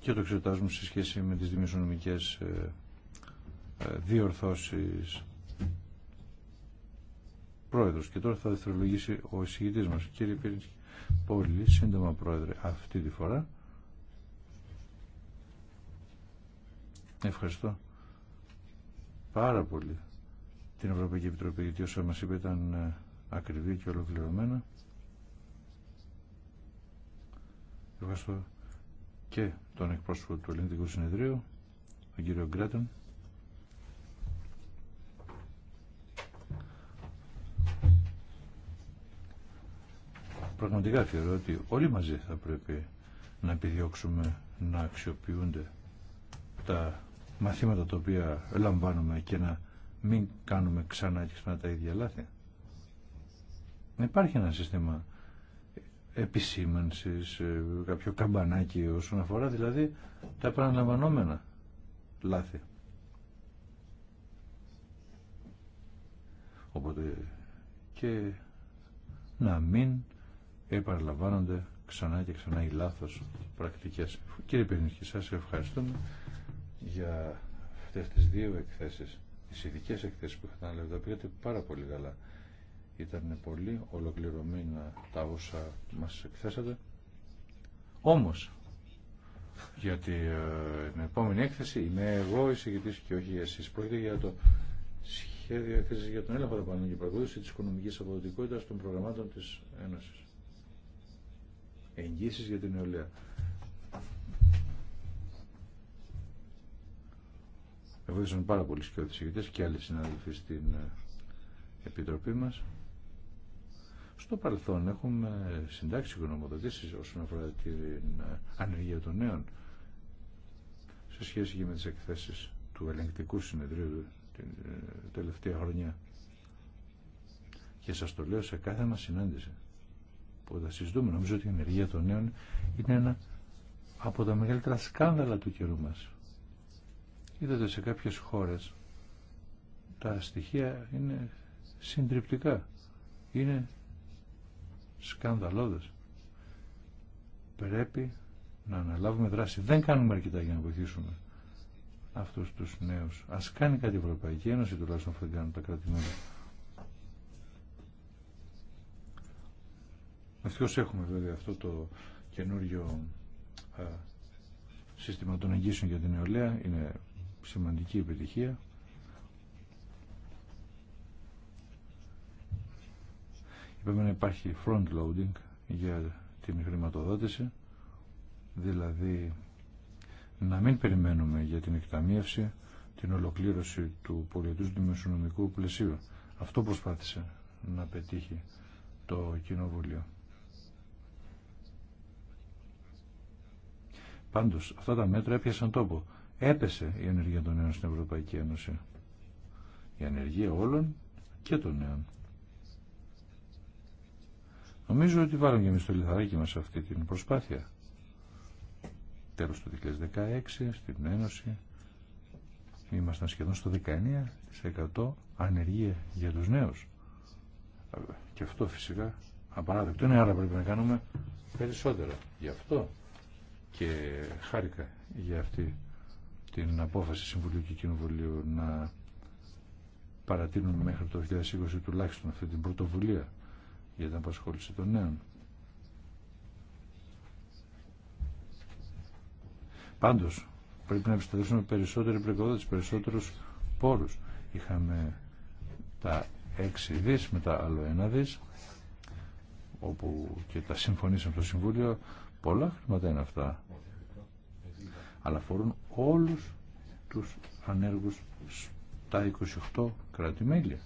και το εξετάζουμε σε σχέση με τις δημοσιονομικές ε, ε, διορθώσεις πρόεδρος και τώρα θα δευτερολογήσει ο εισηγητής μας κύριε Πύρινσκη πολύ σύντομα πρόεδρε αυτή τη φορά ευχαριστώ πάρα πολύ την Ευρωπαϊκή Επιτροπή γιατί όσα μας είπε ήταν ε, ακριβή και ολοκληρωμένα ευχαριστώ και τον εκπρόσωπο του Ελληνικού Συνεδρίου, τον κύριο Γκρέτον. Πραγματικά θεωρώ ότι όλοι μαζί θα πρέπει να επιδιώξουμε να αξιοποιούνται τα μαθήματα τα οποία λαμβάνουμε και να μην κάνουμε ξανά και ξανά τα ίδια λάθη. Υπάρχει ένα σύστημα επισήμανσης, ε, κάποιο καμπανάκι όσον αφορά δηλαδή τα επαναλαμβανόμενα λάθη. Οπότε και να μην επαναλαμβάνονται ξανά και ξανά οι λάθος πρακτικές. Κύριε Πυρνίκη, σας ευχαριστούμε για αυτές τις δύο εκθέσεις, τις ειδικές εκθέσεις που είχατε λέω τα πήγατε πάρα πολύ καλά. Ήταν πολύ ολοκληρωμένα τα όσα μας εκθέσατε. Όμως, γιατί ε, την επόμενη έκθεση είμαι εγώ εισηγητής και όχι εσείς. Πρόκειται για το σχέδιο έκθεση για τον έλεγχο δαπανών και παρακολούθηση της οικονομικής αποδοτικότητας των προγραμμάτων της Ένωσης. Εγγύσεις για την νεολαία. Βοήθησαν πάρα πολλοί σκιώδεις και άλλοι συνάδελφοι στην ε, Επιτροπή μας. Στο παρελθόν έχουμε συντάξει γνωμοδοτήσει όσον αφορά την ανεργία των νέων σε σχέση και με τις εκθέσεις του ελεγκτικού συνεδρίου την ε, τελευταία χρονιά. Και σας το λέω σε κάθε μας συνάντηση που θα συζητούμε. Νομίζω ότι η ανεργία των νέων είναι ένα από τα μεγαλύτερα σκάνδαλα του καιρού μας. Είδατε σε κάποιες χώρες τα στοιχεία είναι συντριπτικά. Είναι σκανδαλώδες. Πρέπει να αναλάβουμε δράση. Δεν κάνουμε αρκετά για να βοηθήσουμε αυτούς τους νέους. Ας κάνει κάτι η Ευρωπαϊκή Ένωση τουλάχιστον αυτό δεν κάνουν τα κράτη-μέλη. Ευτυχώς έχουμε βέβαια αυτό το καινούριο σύστημα των εγγύσεων για την νεολαία. Είναι σημαντική επιτυχία. πρέπει να υπάρχει front loading για την χρηματοδότηση δηλαδή να μην περιμένουμε για την εκταμείευση την ολοκλήρωση του πολιτού δημοσιονομικού πλαισίου. Αυτό προσπάθησε να πετύχει το Κοινοβούλιο. Πάντως, αυτά τα μέτρα έπιασαν τόπο. Έπεσε η ενεργεία των νέων στην Ευρωπαϊκή Ένωση. Η ανεργία όλων και των νέων. Νομίζω ότι βάλαμε και εμείς το λιθαράκι μας αυτή την προσπάθεια. Τέλος του 2016 στην Ένωση ήμασταν σχεδόν στο 19% ανεργία για τους νέους. Και αυτό φυσικά απαράδεκτο είναι, άρα πρέπει να κάνουμε περισσότερα. Γι' αυτό και χάρηκα για αυτή την απόφαση Συμβουλίου και Κοινοβουλίου να παρατείνουμε μέχρι το 2020 τουλάχιστον αυτή την πρωτοβουλία για την απασχόληση των νέων. Πάντως, πρέπει να επιστρέψουμε περισσότερη πλεκοδότηση, περισσότερους πόρους. Είχαμε τα 6 δις, μετά άλλο ένα δις, όπου και τα συμφωνήσαμε στο Συμβούλιο, πολλά χρήματα είναι αυτά. Αλλά φορούν όλους τους ανέργους στα 28 κρατη μελια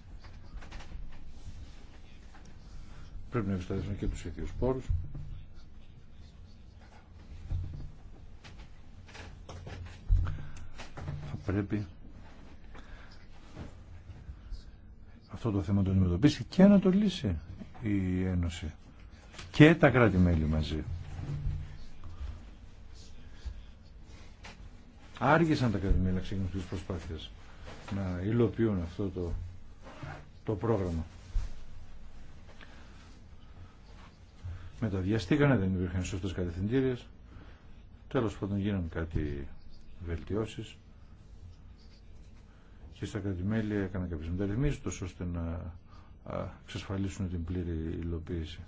Πρέπει να εξετάσουμε και τους ίδιους πόρους. Θα πρέπει αυτό το θέμα να το αντιμετωπίσει και να το λύσει η Ένωση και τα κράτη-μέλη μαζί. Άργησαν τα κράτη-μέλη να ξεκινούν τις προσπάθειες να υλοποιούν αυτό το, το πρόγραμμα. μεταβιαστήκανε, δεν υπήρχαν σωστέ κατευθυντήριε. Τέλο πάντων γίνανε κάτι βελτιώσει και στα κρατημέλη έκαναν κάποιε μεταρρυθμίσει ώστε να εξασφαλίσουν την πλήρη υλοποίηση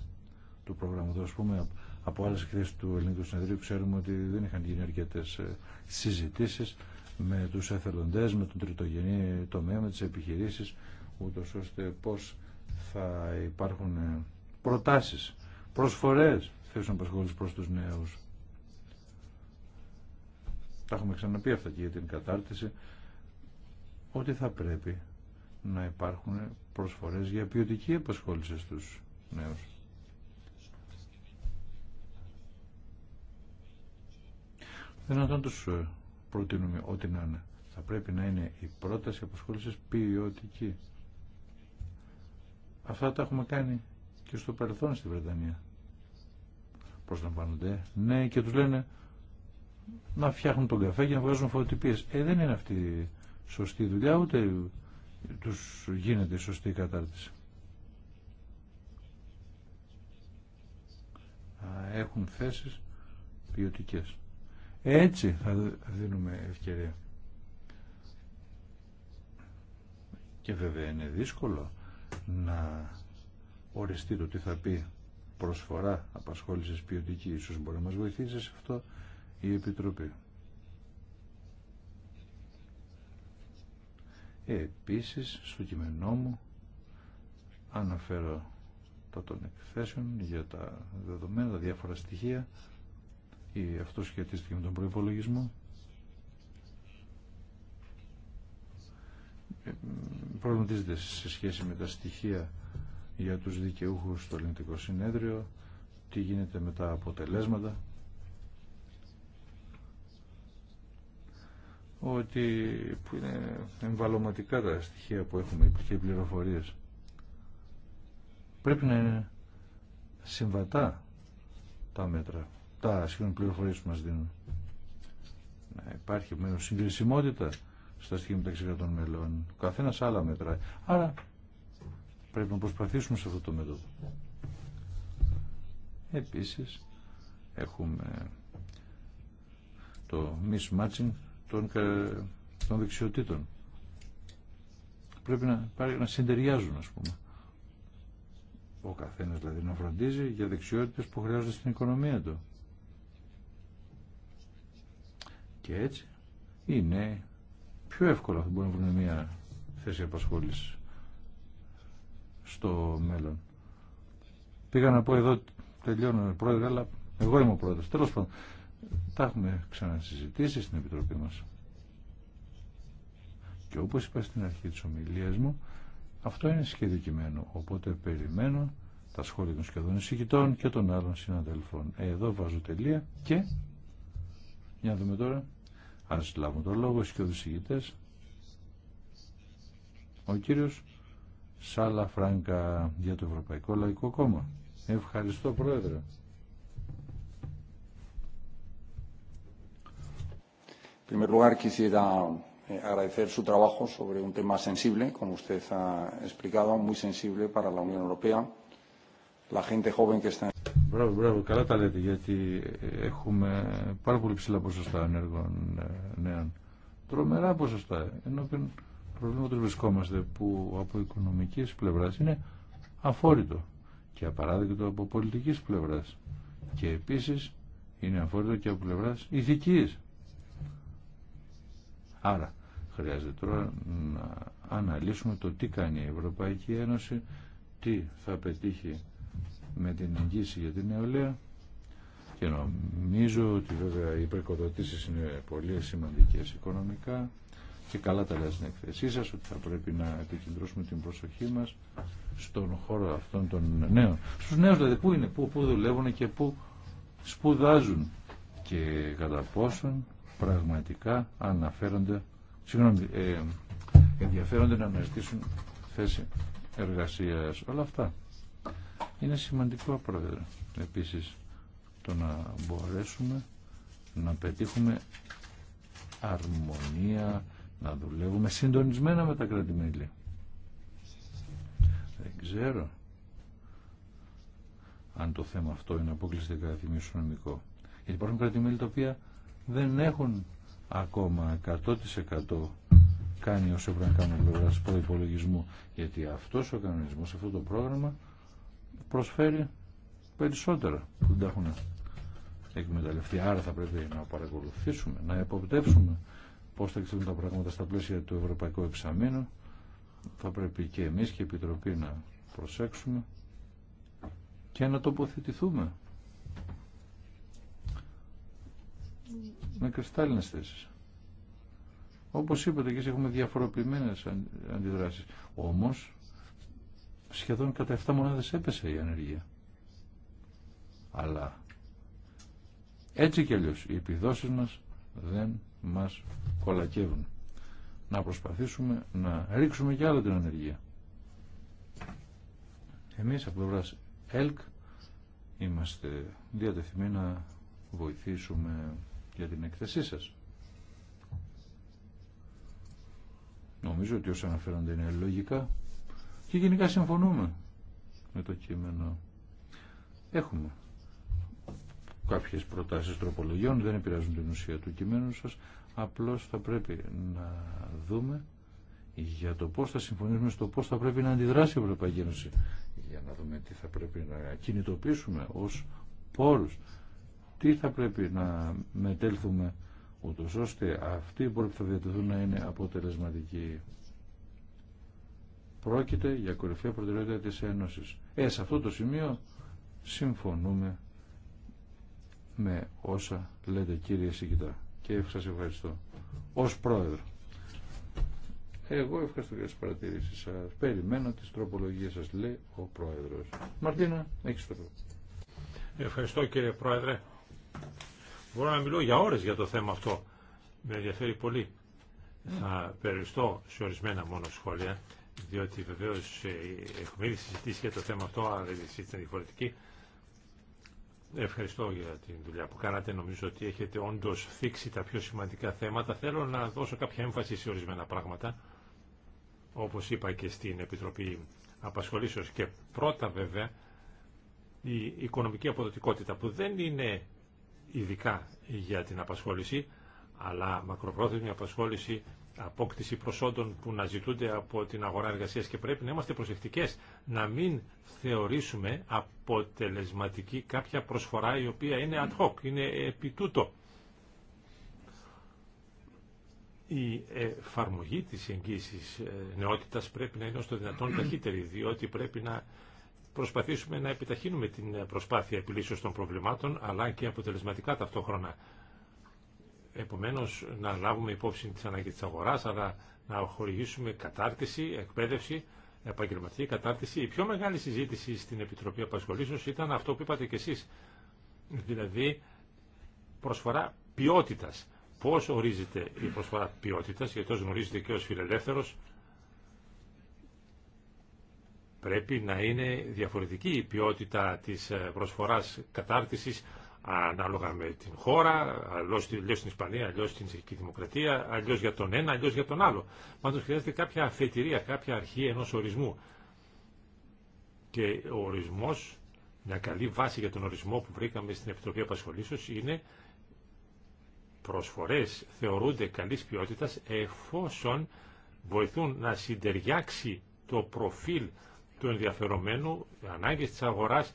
του προγράμματο. Α από άλλε εκθέσει του Ελληνικού Συνεδρίου ξέρουμε ότι δεν είχαν γίνει αρκετέ ε, συζητήσει με του εθελοντέ, με τον τριτογενή τομέα, με τι επιχειρήσει, ούτω ώστε πώ θα υπάρχουν ε, προτάσεις προσφορές θέσεων απασχόλησης προς τους νέους. Τα έχουμε ξαναπεί αυτά και για την κατάρτιση ότι θα πρέπει να υπάρχουν προσφορές για ποιοτική απασχόληση στους νέους. Δεν να τους ε, προτείνουμε ό,τι να είναι. Θα πρέπει να είναι η πρόταση απασχόλησης ποιοτική. Αυτά τα έχουμε κάνει και στο παρελθόν στην Βρετανία. να Προσλαμβάνονται, ναι, και τους λένε να φτιάχνουν τον καφέ και να βγάζουν φωτοτυπίες. Ε, δεν είναι αυτή η σωστή δουλειά, ούτε τους γίνεται η σωστή κατάρτιση. Έχουν θέσεις ποιοτικέ. Έτσι θα δίνουμε ευκαιρία. Και βέβαια είναι δύσκολο να οριστεί το τι θα πει προσφορά απασχόλησης ποιοτική. Ίσως μπορεί να μας βοηθήσει σε αυτό η Επιτροπή. Επίσης, στο κειμενό μου αναφέρω τα των εκθέσεων για τα δεδομένα, τα διάφορα στοιχεία ή αυτό σχετίστηκε με τον προϋπολογισμό. Ε, προβληματίζεται σε σχέση με τα στοιχεία για τους δικαιούχους στο Ελληνικό Συνέδριο, τι γίνεται με τα αποτελέσματα. Ότι που είναι εμβαλωματικά τα στοιχεία που έχουμε και οι πληροφορίες. Πρέπει να είναι συμβατά τα μέτρα, τα σχεδόν πληροφορίε που μας δίνουν. Να υπάρχει μέρος συγκρισιμότητα στα στοιχεία μεταξύ των μελών. Ο καθένας άλλα μέτρα. Άρα Πρέπει να προσπαθήσουμε σε αυτό το μέτωπο. Επίσης, έχουμε το mismatching των, των δεξιοτήτων. Πρέπει να, να συντεριάζουν, ας πούμε. Ο καθένας δηλαδή να φροντίζει για δεξιότητες που χρειάζονται στην οικονομία του. Και έτσι είναι πιο εύκολο θα μπορούν να βρουν μια θέση απασχόλησης στο μέλλον. Πήγα να πω εδώ, τελειώνω πρόεδρε, αλλά εγώ είμαι ο πρόεδρος. Τέλος πάντων, τα έχουμε ξανασυζητήσει στην Επιτροπή μας. Και όπως είπα στην αρχή της ομιλίας μου, αυτό είναι σχεδικημένο. Οπότε περιμένω τα σχόλια των σχεδόν εισηγητών και των άλλων συναδελφών. Εδώ βάζω τελεία και για να δούμε τώρα. Ας λάβουν το λόγο οι σχεδόν εισηγητές. Ο κύριος Σάλα Φράγκα για το Ευρωπαϊκό Λαϊκό Κόμμα. Ευχαριστώ Πρόεδρε. En primer lugar, quisiera eh, agradecer su trabajo sobre un tema sensible, como usted ha explicado, muy sensible para la Unión Europea. La gente joven que está. Μπράβο, μπράβο, καλά τα λέτε, γιατί eh, έχουμε πάρα πολύ ψηλά ποσοστά ενέργων ε, νέων. Τρομερά ποσοστά. Ενώπιν του βρισκόμαστε που από οικονομικής πλευράς είναι αφόρητο και απαράδεκτο από πολιτικής πλευράς και επίσης είναι αφόρητο και από πλευράς ηθικής. Άρα χρειάζεται τώρα να αναλύσουμε το τι κάνει η Ευρωπαϊκή Ένωση, τι θα πετύχει με την εγγύηση για την νεολαία και νομίζω ότι βέβαια οι υπερκοδοτήσεις είναι πολύ σημαντικές οικονομικά και καλά τα λέει ναι, στην εκθεσή σα ότι θα πρέπει να επικεντρώσουμε την προσοχή μας στον χώρο αυτών των νέων. Στου νέου δηλαδή πού είναι, πού, πού δουλεύουν και πού σπουδάζουν και κατά πόσον πραγματικά αναφέρονται, συγγνώμη, ε, ενδιαφέρονται να αναζητήσουν θέση εργασία. Όλα αυτά είναι σημαντικό πρόεδρε. Επίσης το να μπορέσουμε να πετύχουμε αρμονία να δουλεύουμε συντονισμένα με τα κρατημέλη. Δεν ξέρω αν το θέμα αυτό είναι αποκλειστικά δημιουργικό. Γιατί υπάρχουν κρατημέλη τα οποία δεν έχουν ακόμα 100% κάνει όσο πρέπει να κάνουν πλευρά προπολογισμού. Γιατί αυτός ο κανονισμός, αυτό το πρόγραμμα προσφέρει περισσότερα που δεν τα έχουν εκμεταλλευτεί. Άρα θα πρέπει να παρακολουθήσουμε, να υποπτεύσουμε πώς θα εξελίξουν τα πράγματα στα πλαίσια του Ευρωπαϊκού Εξαμήνου. Θα πρέπει και εμείς και η Επιτροπή να προσέξουμε και να τοποθετηθούμε με κρυστάλλινες θέσεις. Όπως είπατε και έχουμε διαφοροποιημένες αντιδράσεις. Όμως, σχεδόν κατά 7 μονάδες έπεσε η ανεργία. Αλλά έτσι κι αλλιώς οι επιδόσεις μας δεν μας κολακεύουν. Να προσπαθήσουμε να ρίξουμε και άλλο την ανεργία. Εμείς από πλευρά ΕΛΚ είμαστε διατεθειμένοι να βοηθήσουμε για την εκθεσή σας. Νομίζω ότι όσα αναφέρονται είναι λογικά και γενικά συμφωνούμε με το κείμενο. Έχουμε Κάποιε προτάσεις τροπολογιών, δεν επηρεάζουν την ουσία του κειμένου σας, απλώς θα πρέπει να δούμε για το πώ θα συμφωνήσουμε στο πώ θα πρέπει να αντιδράσει η Ευρωπαϊκή Ένωση για να δούμε τι θα πρέπει να κινητοποιήσουμε ω πόρου τι θα πρέπει να μετέλθουμε ούτως ώστε αυτοί οι που θα διατεθούν να είναι αποτελεσματικοί πρόκειται για κορυφαία προτεραιότητα της Ένωσης ε, σε αυτό το σημείο συμφωνούμε με όσα λέτε κύριε Σιγητά και σας ευχαριστώ ως πρόεδρο εγώ ευχαριστώ για τις παρατηρήσεις σας περιμένω τις τροπολογίες σας λέει ο πρόεδρος Μαρτίνα έχεις το λόγο Ευχαριστώ κύριε πρόεδρε μπορώ να μιλώ για ώρες για το θέμα αυτό με ενδιαφέρει πολύ θα περιστώ σε ορισμένα μόνο σχόλια διότι βεβαίω ε, έχουμε ήδη συζητήσει για το θέμα αυτό, αλλά η συζήτηση ήταν διαφορετική. Ευχαριστώ για την δουλειά που κάνατε. Νομίζω ότι έχετε όντω θίξει τα πιο σημαντικά θέματα. Θέλω να δώσω κάποια έμφαση σε ορισμένα πράγματα. Όπω είπα και στην Επιτροπή Απασχολήσεω και πρώτα βέβαια η οικονομική αποδοτικότητα που δεν είναι ειδικά για την απασχόληση αλλά μακροπρόθεσμη απασχόληση, απόκτηση προσόντων που να ζητούνται από την αγορά εργασίας και πρέπει να είμαστε προσεκτικές να μην θεωρήσουμε αποτελεσματική κάποια προσφορά η οποία είναι ad hoc, είναι επί τούτο. Η εφαρμογή της εγγύησης ε, νεότητας πρέπει να είναι όσο το δυνατόν ταχύτερη, διότι πρέπει να προσπαθήσουμε να επιταχύνουμε την προσπάθεια επιλύσεως των προβλημάτων, αλλά και αποτελεσματικά ταυτόχρονα. Επομένω να λάβουμε υπόψη τη ανάγκες τη αγορά, αλλά να χορηγήσουμε κατάρτιση, εκπαίδευση, επαγγελματική κατάρτιση. Η πιο μεγάλη συζήτηση στην Επιτροπή Απασχολήσεως ήταν αυτό που είπατε κι εσείς, δηλαδή προσφορά ποιότητας. Πώς ορίζεται η προσφορά ποιότητας, γιατί όσο γνωρίζετε και ω φιλελεύθερο, πρέπει να είναι διαφορετική η ποιότητα της ε, προσφοράς κατάρτισης ανάλογα με την χώρα, αλλιώ στην Ισπανία, αλλιώ στην Τσεχική Δημοκρατία, αλλιώ για τον ένα, αλλιώ για τον άλλο. Πάντω χρειάζεται κάποια αφετηρία, κάποια αρχή ενό ορισμού. Και ο ορισμό, μια καλή βάση για τον ορισμό που βρήκαμε στην Επιτροπή Απασχολήσεω είναι προσφορέ θεωρούνται καλή ποιότητα εφόσον βοηθούν να συντεριάξει το προφίλ του ενδιαφερομένου, ανάγκε τη αγορά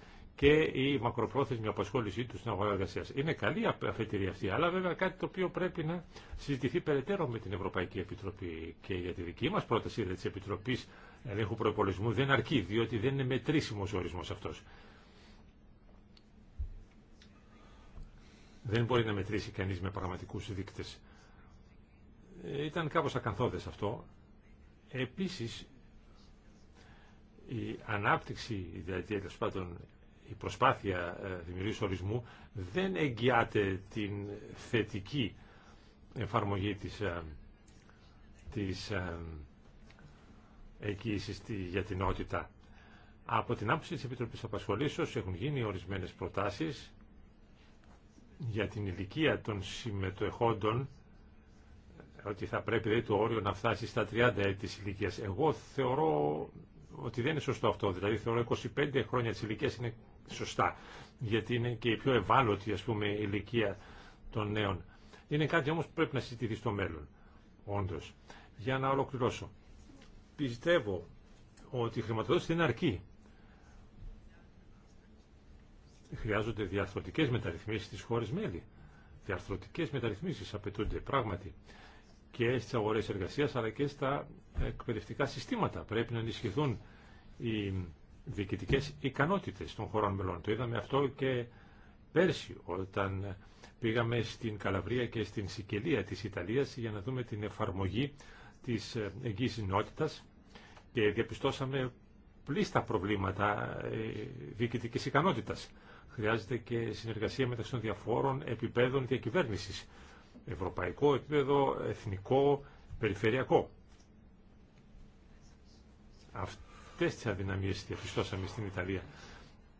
και η μακροπρόθεσμη απασχόλησή του στην αγορά εργασία. Είναι καλή αφετηρία αυτή, αλλά βέβαια κάτι το οποίο πρέπει να συζητηθεί περαιτέρω με την Ευρωπαϊκή Επιτροπή και για τη δική μα πρόταση δηλαδή τη Επιτροπή Ελέγχου Προπολισμού δεν αρκεί, διότι δεν είναι μετρήσιμο ο ορισμό αυτό. Δεν μπορεί να μετρήσει κανεί με πραγματικού δείκτε. Ε, ήταν κάπω ακαθόδε αυτό. Επίσης, η ανάπτυξη, δηλαδή τέλο πάντων η προσπάθεια ε, δημιουργής ορισμού δεν εγγυάται την θετική εφαρμογή της, ε, της ε, εγγύησης για νότητα. Από την άποψη της Επιτροπής Απασχολήσεως έχουν γίνει ορισμένες προτάσεις για την ηλικία των συμμετοχόντων ότι θα πρέπει δηλαδή, το όριο να φτάσει στα 30 έτη ηλικία. Εγώ θεωρώ ότι δεν είναι σωστό αυτό. Δηλαδή θεωρώ 25 χρόνια της ηλικίας είναι σωστά, γιατί είναι και η πιο ευάλωτη ας πούμε, ηλικία των νέων. Είναι κάτι όμως που πρέπει να συζητηθεί στο μέλλον, όντως. Για να ολοκληρώσω. Πιστεύω ότι η χρηματοδότηση δεν αρκεί. Χρειάζονται διαρθρωτικές μεταρρυθμίσεις στις χώρες μέλη. Διαρθρωτικές μεταρρυθμίσεις απαιτούνται πράγματι και στις αγορές εργασίας αλλά και στα εκπαιδευτικά συστήματα. Πρέπει να ενισχυθούν οι διοικητικές ικανότητες των χωρών μελών. Το είδαμε αυτό και πέρσι όταν πήγαμε στην Καλαβρία και στην Σικελία της Ιταλίας για να δούμε την εφαρμογή της εγγύης νότητας και διαπιστώσαμε πλήστα προβλήματα ε, διοικητικής ικανότητας. Χρειάζεται και συνεργασία μεταξύ των διαφόρων επιπέδων διακυβέρνησης. Ευρωπαϊκό επίπεδο, εθνικό, περιφερειακό. Αυτό αυτές αδυναμίε διαπιστώσαμε στην Ιταλία.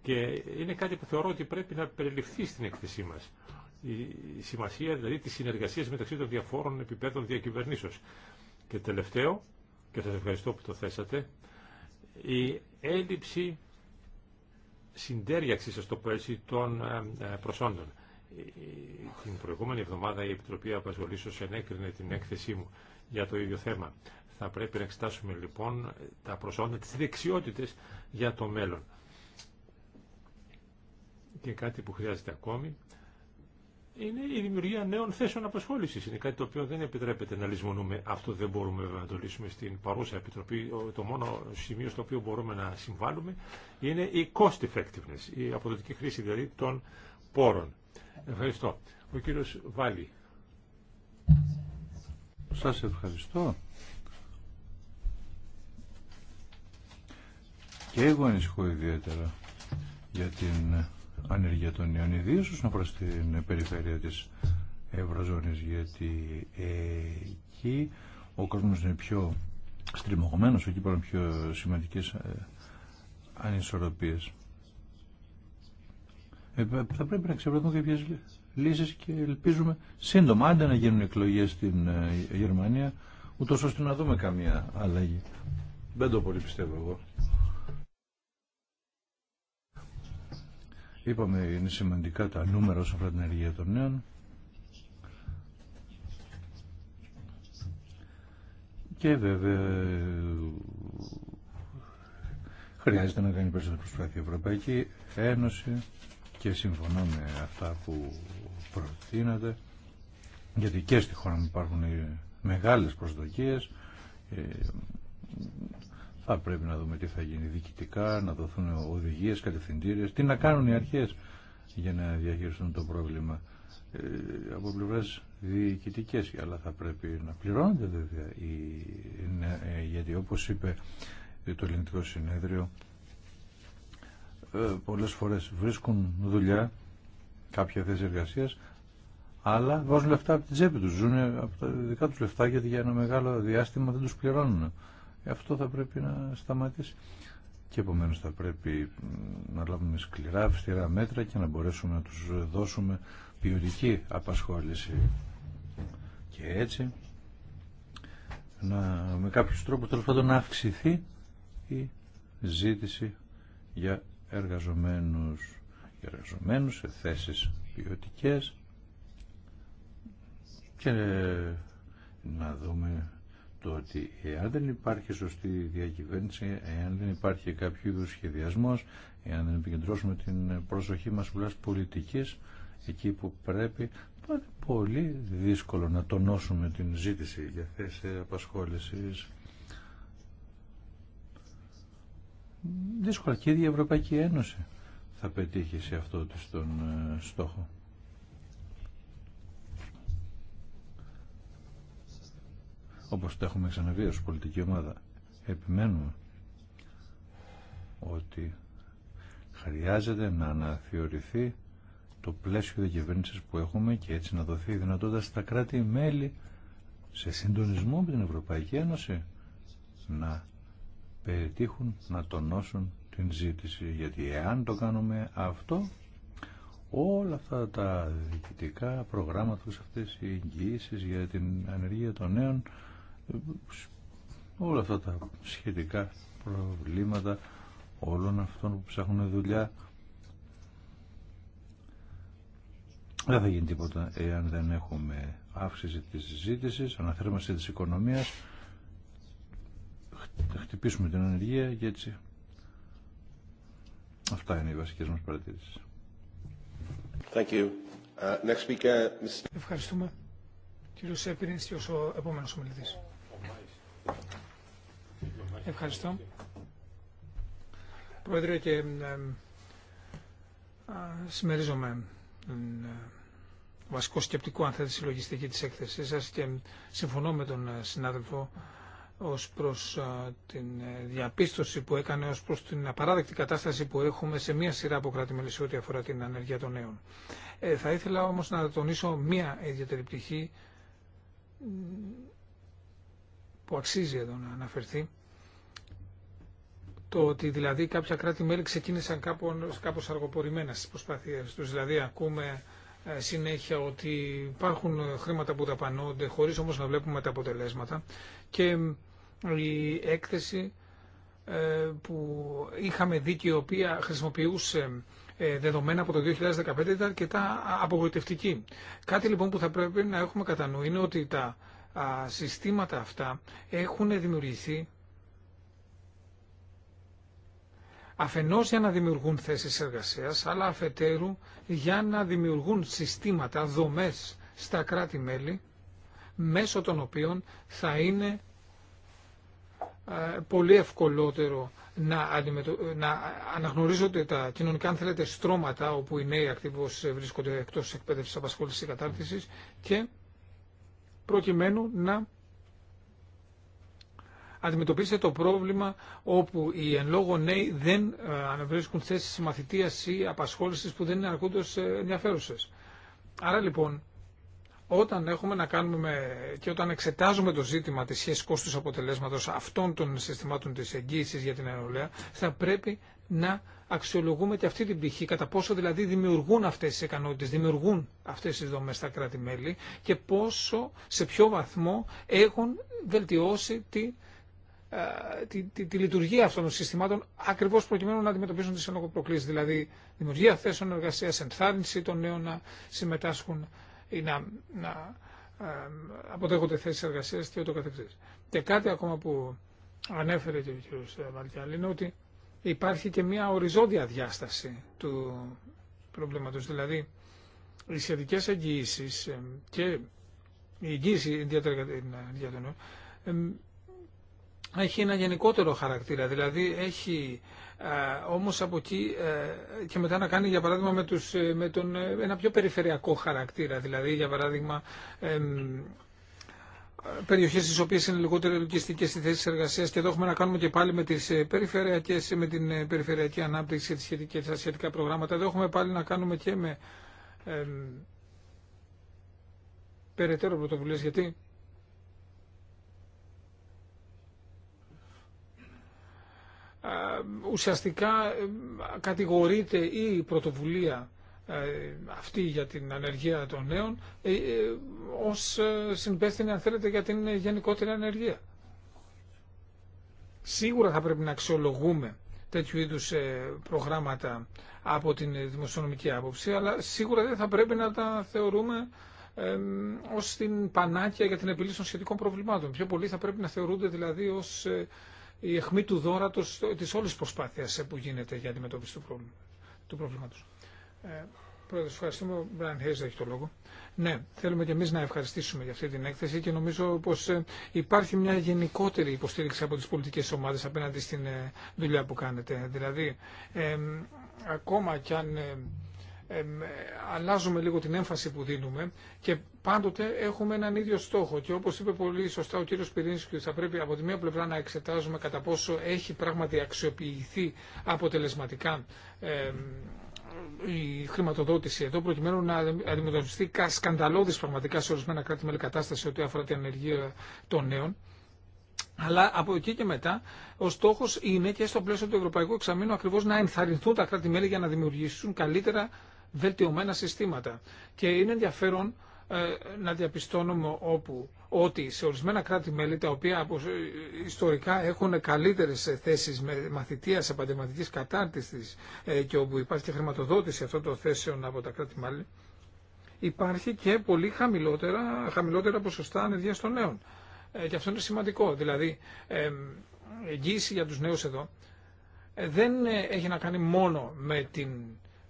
Και είναι κάτι που θεωρώ ότι πρέπει να περιληφθεί στην έκθεσή μα. Η σημασία δηλαδή τη συνεργασία μεταξύ των διαφόρων επιπέδων διακυβερνήσεω. Και τελευταίο, και σα ευχαριστώ που το θέσατε, η έλλειψη συντέριαξη, ας το πω έτσι, των ε, προσόντων. Την προηγούμενη εβδομάδα η Επιτροπή Απασχολήσεω ενέκρινε την έκθεσή μου για το ίδιο θέμα. Θα πρέπει να εξετάσουμε λοιπόν τα προσόντα, τις δεξιότητες για το μέλλον. Και κάτι που χρειάζεται ακόμη είναι η δημιουργία νέων θέσεων απασχόλησης. Είναι κάτι το οποίο δεν επιτρέπεται να λησμονούμε. Αυτό δεν μπορούμε να το λύσουμε στην παρούσα επιτροπή. Το μόνο σημείο στο οποίο μπορούμε να συμβάλλουμε είναι η cost effectiveness, η αποδοτική χρήση δηλαδή των πόρων. Ευχαριστώ. Ο κύριος Βάλλη. Σας ευχαριστώ. Και εγώ ανησυχώ ιδιαίτερα για την ανεργία των νέων, ιδίως όσον αφορά στην περιφέρεια της Ευρωζώνης, γιατί εκεί ο κόσμος είναι πιο στριμωγμένος, εκεί πάνω πιο σημαντικές ε, ανισορροπίες. Ε, θα πρέπει να ξεβρεθούν κάποιε λύσεις και ελπίζουμε σύντομα, άντε να γίνουν εκλογές στην ε, Γερμανία, ούτως ώστε να δούμε καμία αλλαγή. Δεν το πολύ πιστεύω εγώ. Είπαμε είναι σημαντικά τα νούμερα όσον αφορά την ενεργεία των νέων. Και βέβαια χρειάζεται να κάνει περισσότερη προσπάθεια η Ευρωπαϊκή Ένωση και συμφωνώ με αυτά που προτείνατε γιατί και στη χώρα μου υπάρχουν μεγάλες προσδοκίες ε, θα πρέπει να δούμε τι θα γίνει διοικητικά, να δοθούν οδηγίε κατευθυντήρε, τι να κάνουν οι αρχές για να διαχειριστούν το πρόβλημα ε, από πλευρέ διοικητικέ, αλλά θα πρέπει να πληρώνονται βέβαια ναι, ε, γιατί όπω είπε το ελληνικό συνέδριο ε, πολλές φορές βρίσκουν δουλειά κάποια θέση εργασία, αλλά βάζουν λεφτά από την τσέπη του. ζουν από τα δικά τους λεφτά γιατί για ένα μεγάλο διάστημα δεν του πληρώνουν αυτό θα πρέπει να σταματήσει. Και επομένως θα πρέπει να λάβουμε σκληρά, αυστηρά μέτρα και να μπορέσουμε να τους δώσουμε ποιοτική απασχόληση. Και έτσι, να, με κάποιους τρόπους τέλος πάντων να αυξηθεί η ζήτηση για εργαζομένους, για εργαζομένους σε θέσεις ποιοτικέ και να δούμε το ότι εάν δεν υπάρχει σωστή διακυβέρνηση, εάν δεν υπάρχει κάποιο είδου σχεδιασμό, εάν δεν επικεντρώσουμε την προσοχή μα βουλά πολιτική, εκεί που πρέπει, είναι πολύ δύσκολο να τονώσουμε την ζήτηση για θέση απασχόληση. Δύσκολα και η Ευρωπαϊκή Ένωση θα πετύχει σε αυτό τον ε, στόχο. όπως το έχουμε ξαναβεί ως πολιτική ομάδα. Επιμένουμε ότι χρειάζεται να αναθεωρηθεί το πλαίσιο διακυβέρνηση που έχουμε και έτσι να δοθεί η δυνατότητα στα κράτη-μέλη σε συντονισμό με την Ευρωπαϊκή Ένωση να πετύχουν, να τονώσουν την ζήτηση. Γιατί εάν το κάνουμε αυτό, όλα αυτά τα διοικητικά προγράμματα, αυτές οι εγγυήσεις για την ανεργία των νέων όλα αυτά τα σχετικά προβλήματα όλων αυτών που ψάχνουν δουλειά δεν θα γίνει τίποτα εάν δεν έχουμε αύξηση της συζήτηση, αναθέρμανση της οικονομίας χτυπήσουμε την ανεργία και έτσι αυτά είναι οι βασικές μας παρατηρήσεις Thank you. Uh, next speaker, Ευχαριστούμε. Κύριο Σέπιρινς και ο επόμενος ομιλητής. Ευχαριστώ. Πρόεδρε, και συμμερίζομαι βασικό σκεπτικό, αν θέλετε, συλλογιστική της έκθεσής σας και συμφωνώ με τον ε, συνάδελφο ως προς την ε, διαπίστωση που έκανε ως προς την απαράδεκτη κατάσταση που έχουμε σε μία σειρά από ό,τι αφορά την ανεργία των νέων. Ε, θα ήθελα όμως να τονίσω μία ιδιαίτερη πτυχή που αξίζει εδώ να αναφερθεί το ότι δηλαδή κάποια κράτη-μέλη ξεκίνησαν κάπως, κάπως αργοπορημένα στις προσπάθειες τους. Δηλαδή ακούμε ε, συνέχεια ότι υπάρχουν χρήματα που ταπανώνται χωρίς όμως να βλέπουμε τα αποτελέσματα και η έκθεση ε, που είχαμε δει και η οποία χρησιμοποιούσε ε, δεδομένα από το 2015 ήταν αρκετά απογοητευτική. Κάτι λοιπόν που θα πρέπει να έχουμε κατά νου είναι ότι τα συστήματα αυτά έχουν δημιουργηθεί αφενός για να δημιουργούν θέσεις εργασίας, αλλά αφετέρου για να δημιουργούν συστήματα, δομές στα κράτη-μέλη, μέσω των οποίων θα είναι ε, πολύ ευκολότερο να, να αναγνωρίζονται τα κοινωνικά, αν θέλετε, στρώματα όπου οι νέοι ακτίβως βρίσκονται εκτός εκπαίδευσης, απασχόλησης και κατάρτισης και προκειμένου να αντιμετωπίσετε το πρόβλημα όπου οι εν λόγω νέοι δεν ε, αναβρίσκουν θέσεις μαθητείας ή απασχόλησης που δεν είναι αρκούντως ε, ενδιαφέρουσες. Άρα λοιπόν, όταν έχουμε να κάνουμε και όταν εξετάζουμε το ζήτημα της σχέσης κόστους αποτελέσματος αυτών των συστημάτων της εγγύησης για την ενολέα, θα πρέπει να αξιολογούμε και αυτή την πτυχή, κατά πόσο δηλαδή δημιουργούν αυτές τις ικανότητες, δημιουργούν αυτές τις δομές στα κράτη-μέλη και πόσο, σε ποιο βαθμό έχουν βελτιώσει τη ε, τη, τη, τη, λειτουργία αυτών των συστημάτων ακριβώ προκειμένου να αντιμετωπίσουν τι ενόχο προκλήσει. Δηλαδή, δημιουργία θέσεων εργασία, ενθάρρυνση των νέων να συμμετάσχουν ή να, να ε, αποτέχονται θέσει εργασία και ούτω καθεξή. Και κάτι ακόμα που ανέφερε και ο κ. Ε, Μαρκιάλη είναι ότι υπάρχει και μια οριζόντια διάσταση του προβλήματος. Δηλαδή, οι σχετικέ εγγυήσει ε, και η εγγύηση ιδιαίτερα για τον έχει ένα γενικότερο χαρακτήρα, δηλαδή έχει ε, όμως από εκεί και μετά να κάνει για παράδειγμα με, τους, ε, με τον, ε, ένα πιο περιφερειακό χαρακτήρα, δηλαδή για παράδειγμα ε, περιοχές στις οποίες είναι λιγότερο λογιστικές οι θέσεις εργασίας και εδώ έχουμε να κάνουμε και πάλι με τις ε, περιφερειακές, με την περιφερειακή ανάπτυξη και τα σχετικά προγράμματα. Εδώ έχουμε πάλι να κάνουμε και με ε, περαιτέρω πρωτοβουλίες γιατί Ε, ουσιαστικά ε, κατηγορείται η πρωτοβουλία ε, αυτή για την ανεργία των νέων ως συμπέστηνη αν θέλετε για την γενικότερη ανεργία. Σίγουρα θα πρέπει να αξιολογούμε τέτοιου είδους προγράμματα από την δημοσιονομική άποψη, αλλά σίγουρα δεν θα πρέπει να τα θεωρούμε ως την πανάκια για την επιλύση των σχετικών προβλημάτων. Πιο πολύ θα πρέπει να θεωρούνται δηλαδή ως η αιχμή του δόρατο τη όλη προσπάθεια ε, που γίνεται για αντιμετώπιση του, πρόβλημα, του προβλήματος. Ε, Πρόεδρε, ευχαριστούμε. Ο Μπράιν έχει το λόγο. Ναι, θέλουμε και εμεί να ευχαριστήσουμε για αυτή την έκθεση και νομίζω πω ε, υπάρχει μια γενικότερη υποστήριξη από τι πολιτικέ ομάδε απέναντι στην ε, δουλειά που κάνετε. Δηλαδή, ε, ακόμα κι αν αλλάζουμε λίγο την έμφαση που δίνουμε και πάντοτε έχουμε έναν ίδιο στόχο. Και όπω είπε πολύ σωστά ο κύριο Πυρίνσκης, θα πρέπει από τη μία πλευρά να εξετάζουμε κατά πόσο έχει πράγματι αξιοποιηθεί αποτελεσματικά η χρηματοδότηση εδώ προκειμένου να αντιμετωπιστεί σκανδαλώδης πραγματικά σε ορισμένα κράτη-μέλη κατάσταση ό,τι αφορά την ανεργία των νέων. Αλλά από εκεί και μετά ο στόχο είναι και στο πλαίσιο του Ευρωπαϊκού Εξαμήνου ακριβώ να ενθαρρυνθούν τα κράτη-μέλη για να δημιουργήσουν καλύτερα βελτιωμένα συστήματα. Και είναι ενδιαφέρον ε, να διαπιστώνουμε όπου ότι σε ορισμένα κράτη-μέλη τα οποία ε, ιστορικά έχουν καλύτερες θέσεις με σε κατάρτιση κατάρτισης ε, και όπου υπάρχει και χρηματοδότηση αυτών των θέσεων από τα κράτη-μέλη υπάρχει και πολύ χαμηλότερα, χαμηλότερα ποσοστά ανεργίας των νέων. Και αυτό είναι σημαντικό. Δηλαδή, εγγύηση για τους νέους εδώ δεν έχει να κάνει μόνο με την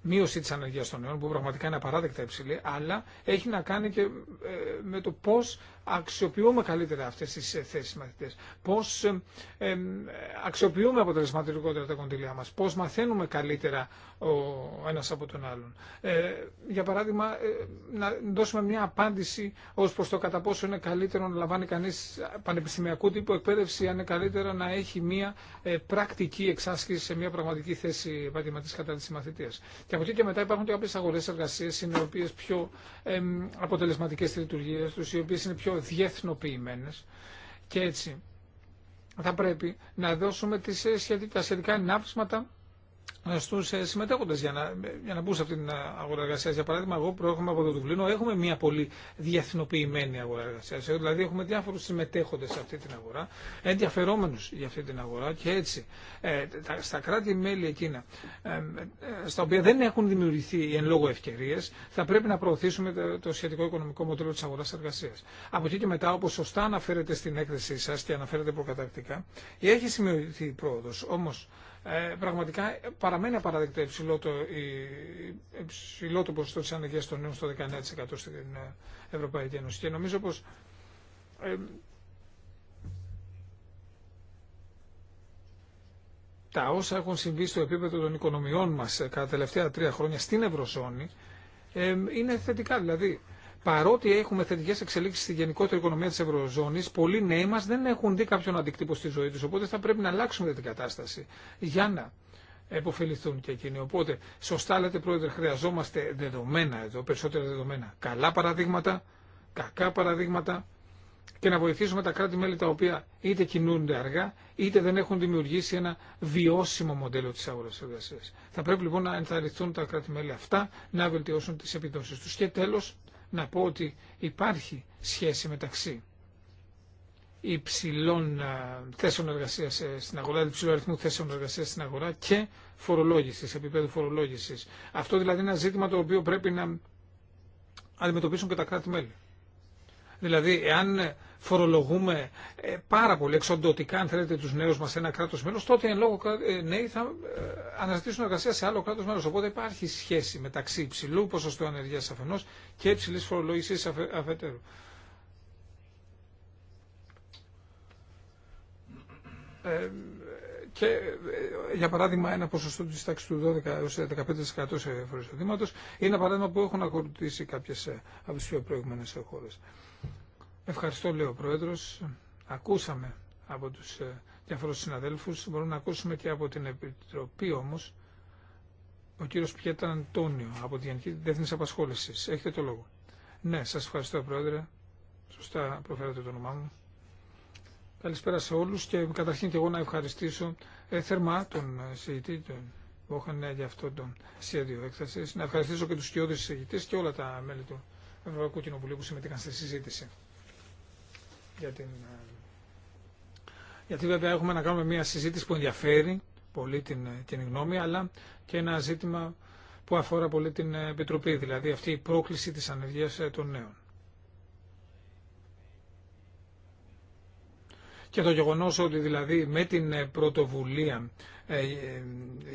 μείωση τη ανεργία των νέων που πραγματικά είναι απαράδεκτα υψηλή αλλά έχει να κάνει και ε, με το πώ αξιοποιούμε καλύτερα αυτέ τι ε, θέσει μαθητέ, πώ ε, αξιοποιούμε αποτελεσματικότερα τα κοντιλιά μα, πώ μαθαίνουμε καλύτερα ο ένας από τον άλλον για παράδειγμα να δώσουμε μια απάντηση ω προ το κατά πόσο είναι καλύτερο να λαμβάνει κανεί πανεπιστημιακού τύπου εκπαίδευση αν είναι καλύτερο να έχει μια πρακτική εξάσκηση σε μια πραγματική θέση επαγγελματή κατά τη μαθητείας και από εκεί και μετά υπάρχουν και κάποιε αγορέ εργασία, οι οποίε πιο ε, αποτελεσματικέ στη λειτουργία του, οι οποίε είναι πιο διεθνοποιημένε. Και έτσι θα πρέπει να δώσουμε τις ε, σχετικά, τα σχετικά ενάπτυσματα ε, στου ε, συμμετέχοντε για να, για να μπουν σε αυτήν την ε, αγορά εργασία. Για παράδειγμα, εγώ προέρχομαι από το Δουβλίνο, έχουμε μια πολύ διεθνοποιημένη αγορά εργασία. Δηλαδή, έχουμε διάφορου συμμετέχοντε σε αυτή την αγορά, ενδιαφερόμενου για αυτή την αγορά και έτσι τα, στα κράτη-μέλη εκείνα, στα οποία δεν έχουν δημιουργηθεί εν λόγω ευκαιρίε, θα πρέπει να προωθήσουμε το, το σχετικό οικονομικό μοντέλο τη αγορά εργασία. Από εκεί και μετά, όπω σωστά αναφέρετε στην έκθεσή σα και αναφέρετε προκαταρκτικά, έχει σημειωθεί πρόοδο. Όμω, ε, πραγματικά παραμένει απαραδεκτό υψηλό το, υψηλό το ποσοστό της ανεργίας των νέων στο 19% στην Ευρωπαϊκή Ένωση. Και νομίζω πως ε, τα όσα έχουν συμβεί στο επίπεδο των οικονομιών μας ε, κατά τα τελευταία τρία χρόνια στην Ευρωζώνη ε, είναι θετικά. Δηλαδή, παρότι έχουμε θετικέ εξελίξει στη γενικότερη οικονομία τη Ευρωζώνη, πολλοί νέοι μα δεν έχουν δει κάποιον αντικτύπο στη ζωή του. Οπότε θα πρέπει να αλλάξουμε την κατάσταση για να επωφεληθούν και εκείνοι. Οπότε, σωστά λέτε, Πρόεδρε, χρειαζόμαστε δεδομένα εδώ, περισσότερα δεδομένα. Καλά παραδείγματα, κακά παραδείγματα και να βοηθήσουμε τα κράτη-μέλη τα οποία είτε κινούνται αργά, είτε δεν έχουν δημιουργήσει ένα βιώσιμο μοντέλο τη αγορά-εργασία. Θα πρέπει λοιπόν να ενθαρρυνθούν τα κράτη-μέλη αυτά να βελτιώσουν τι επιδόσει του. Και τέλο, να πω ότι υπάρχει σχέση μεταξύ υψηλών ε, θέσεων εργασία ε, στην αγορά, υψηλού αριθμού θέσεων εργασία στην αγορά και φορολόγηση, επίπεδου φορολόγηση. Αυτό δηλαδή είναι ένα ζήτημα το οποίο πρέπει να αντιμετωπίσουν και τα κράτη-μέλη. Δηλαδή, εάν φορολογούμε ε, πάρα πολύ εξοντωτικά, αν θέλετε, του νέου μα σε ένα κράτο μέλο, τότε εν λόγω ε, νέοι θα ε, αναζητήσουν εργασία σε άλλο κράτο μέλο. Οπότε υπάρχει σχέση μεταξύ υψηλού ποσοστού ανεργία αφενό και υψηλή φορολογήση αφετέρου. Και ε, για παράδειγμα, ένα ποσοστό τη τάξη του 12 15% σε φορέ είναι ένα παράδειγμα που έχουν ακολουθήσει κάποιε ε, από τι πιο προηγούμενε χώρε. Ευχαριστώ, λέει ο Πρόεδρο. Ακούσαμε από του ε, διάφορου συναδέλφου. Μπορούμε να ακούσουμε και από την Επιτροπή όμω ο κύριο Πιέτα Αντώνιο από τη Γενική Διεθνή Απασχόληση. Έχετε το λόγο. Ναι, σα ευχαριστώ, Πρόεδρε. Σωστά προφέρατε το όνομά μου. Καλησπέρα σε όλους και καταρχήν και εγώ να ευχαριστήσω ε, θερμά τον ε, συγητή, τον Βόχαν, για αυτό το σχέδιο έκθεση. Να ευχαριστήσω και τους σκιώδεις συγητές και όλα τα μέλη του Ευρωπαϊκού Κοινοβουλίου που συμμετείχαν στη συζήτηση. Για την... Ε, γιατί βέβαια έχουμε να κάνουμε μια συζήτηση που ενδιαφέρει πολύ την, την γνώμη, αλλά και ένα ζήτημα που αφορά πολύ την Επιτροπή, δηλαδή αυτή η πρόκληση της ανεργίας των νέων. και το γεγονός ότι δηλαδή με την ε, πρωτοβουλία ε, ε,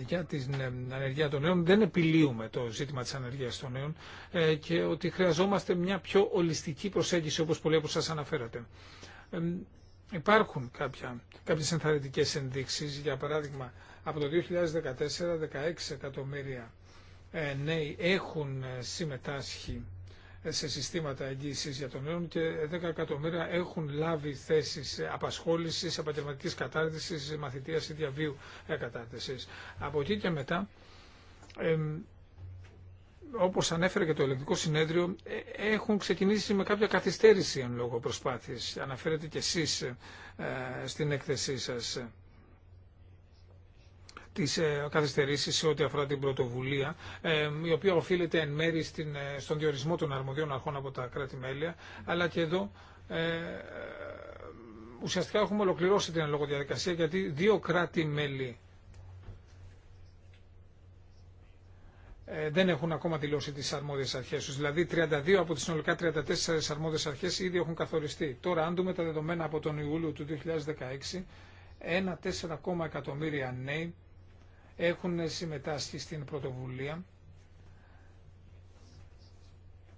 για την ανεργία των νέων δεν επιλύουμε το ζήτημα της ανεργίας των νέων και ότι χρειαζόμαστε μια πιο ολιστική προσέγγιση όπως πολλοί από σας αναφέρατε. Υπάρχουν κάποια, κάποιες ενθαρρυντικές ενδείξεις, για παράδειγμα από το 2014 16 εκατομμύρια νέοι έχουν συμμετάσχει σε συστήματα εγγύηση για τον νέο και 10 εκατομμύρια έχουν λάβει θέσεις απασχόλησης, επαγγελματική κατάρτισης, μαθητείας ή διαβίου κατάρτιση. Από εκεί και μετά, εμ, όπως ανέφερε και το ελεγκτικό συνέδριο, ε, έχουν ξεκινήσει με κάποια καθυστέρηση εν λόγω προσπάθειε. Αναφέρετε και εσεί ε, στην έκθεσή σας τις ε, καθυστερήσεις σε ό,τι αφορά την πρωτοβουλία, ε, η οποία οφείλεται εν μέρη στην, ε, στον διορισμό των αρμοδιών αρχών από τα κράτη-μέλη, αλλά και εδώ ουσιαστικά έχουμε ολοκληρώσει την λόγω διαδικασία, γιατί δύο κράτη-μέλη δεν έχουν ακόμα δηλώσει τις αρμόδιες αρχές τους. Δηλαδή 32 από τις συνολικά 34 αρμόδιες αρχές ήδη έχουν καθοριστεί. Τώρα αν δούμε τα δεδομένα από τον Ιούλιο του 2016, ένα 4,1 εκατομμύρια νέοι έχουν συμμετάσχει στην πρωτοβουλία.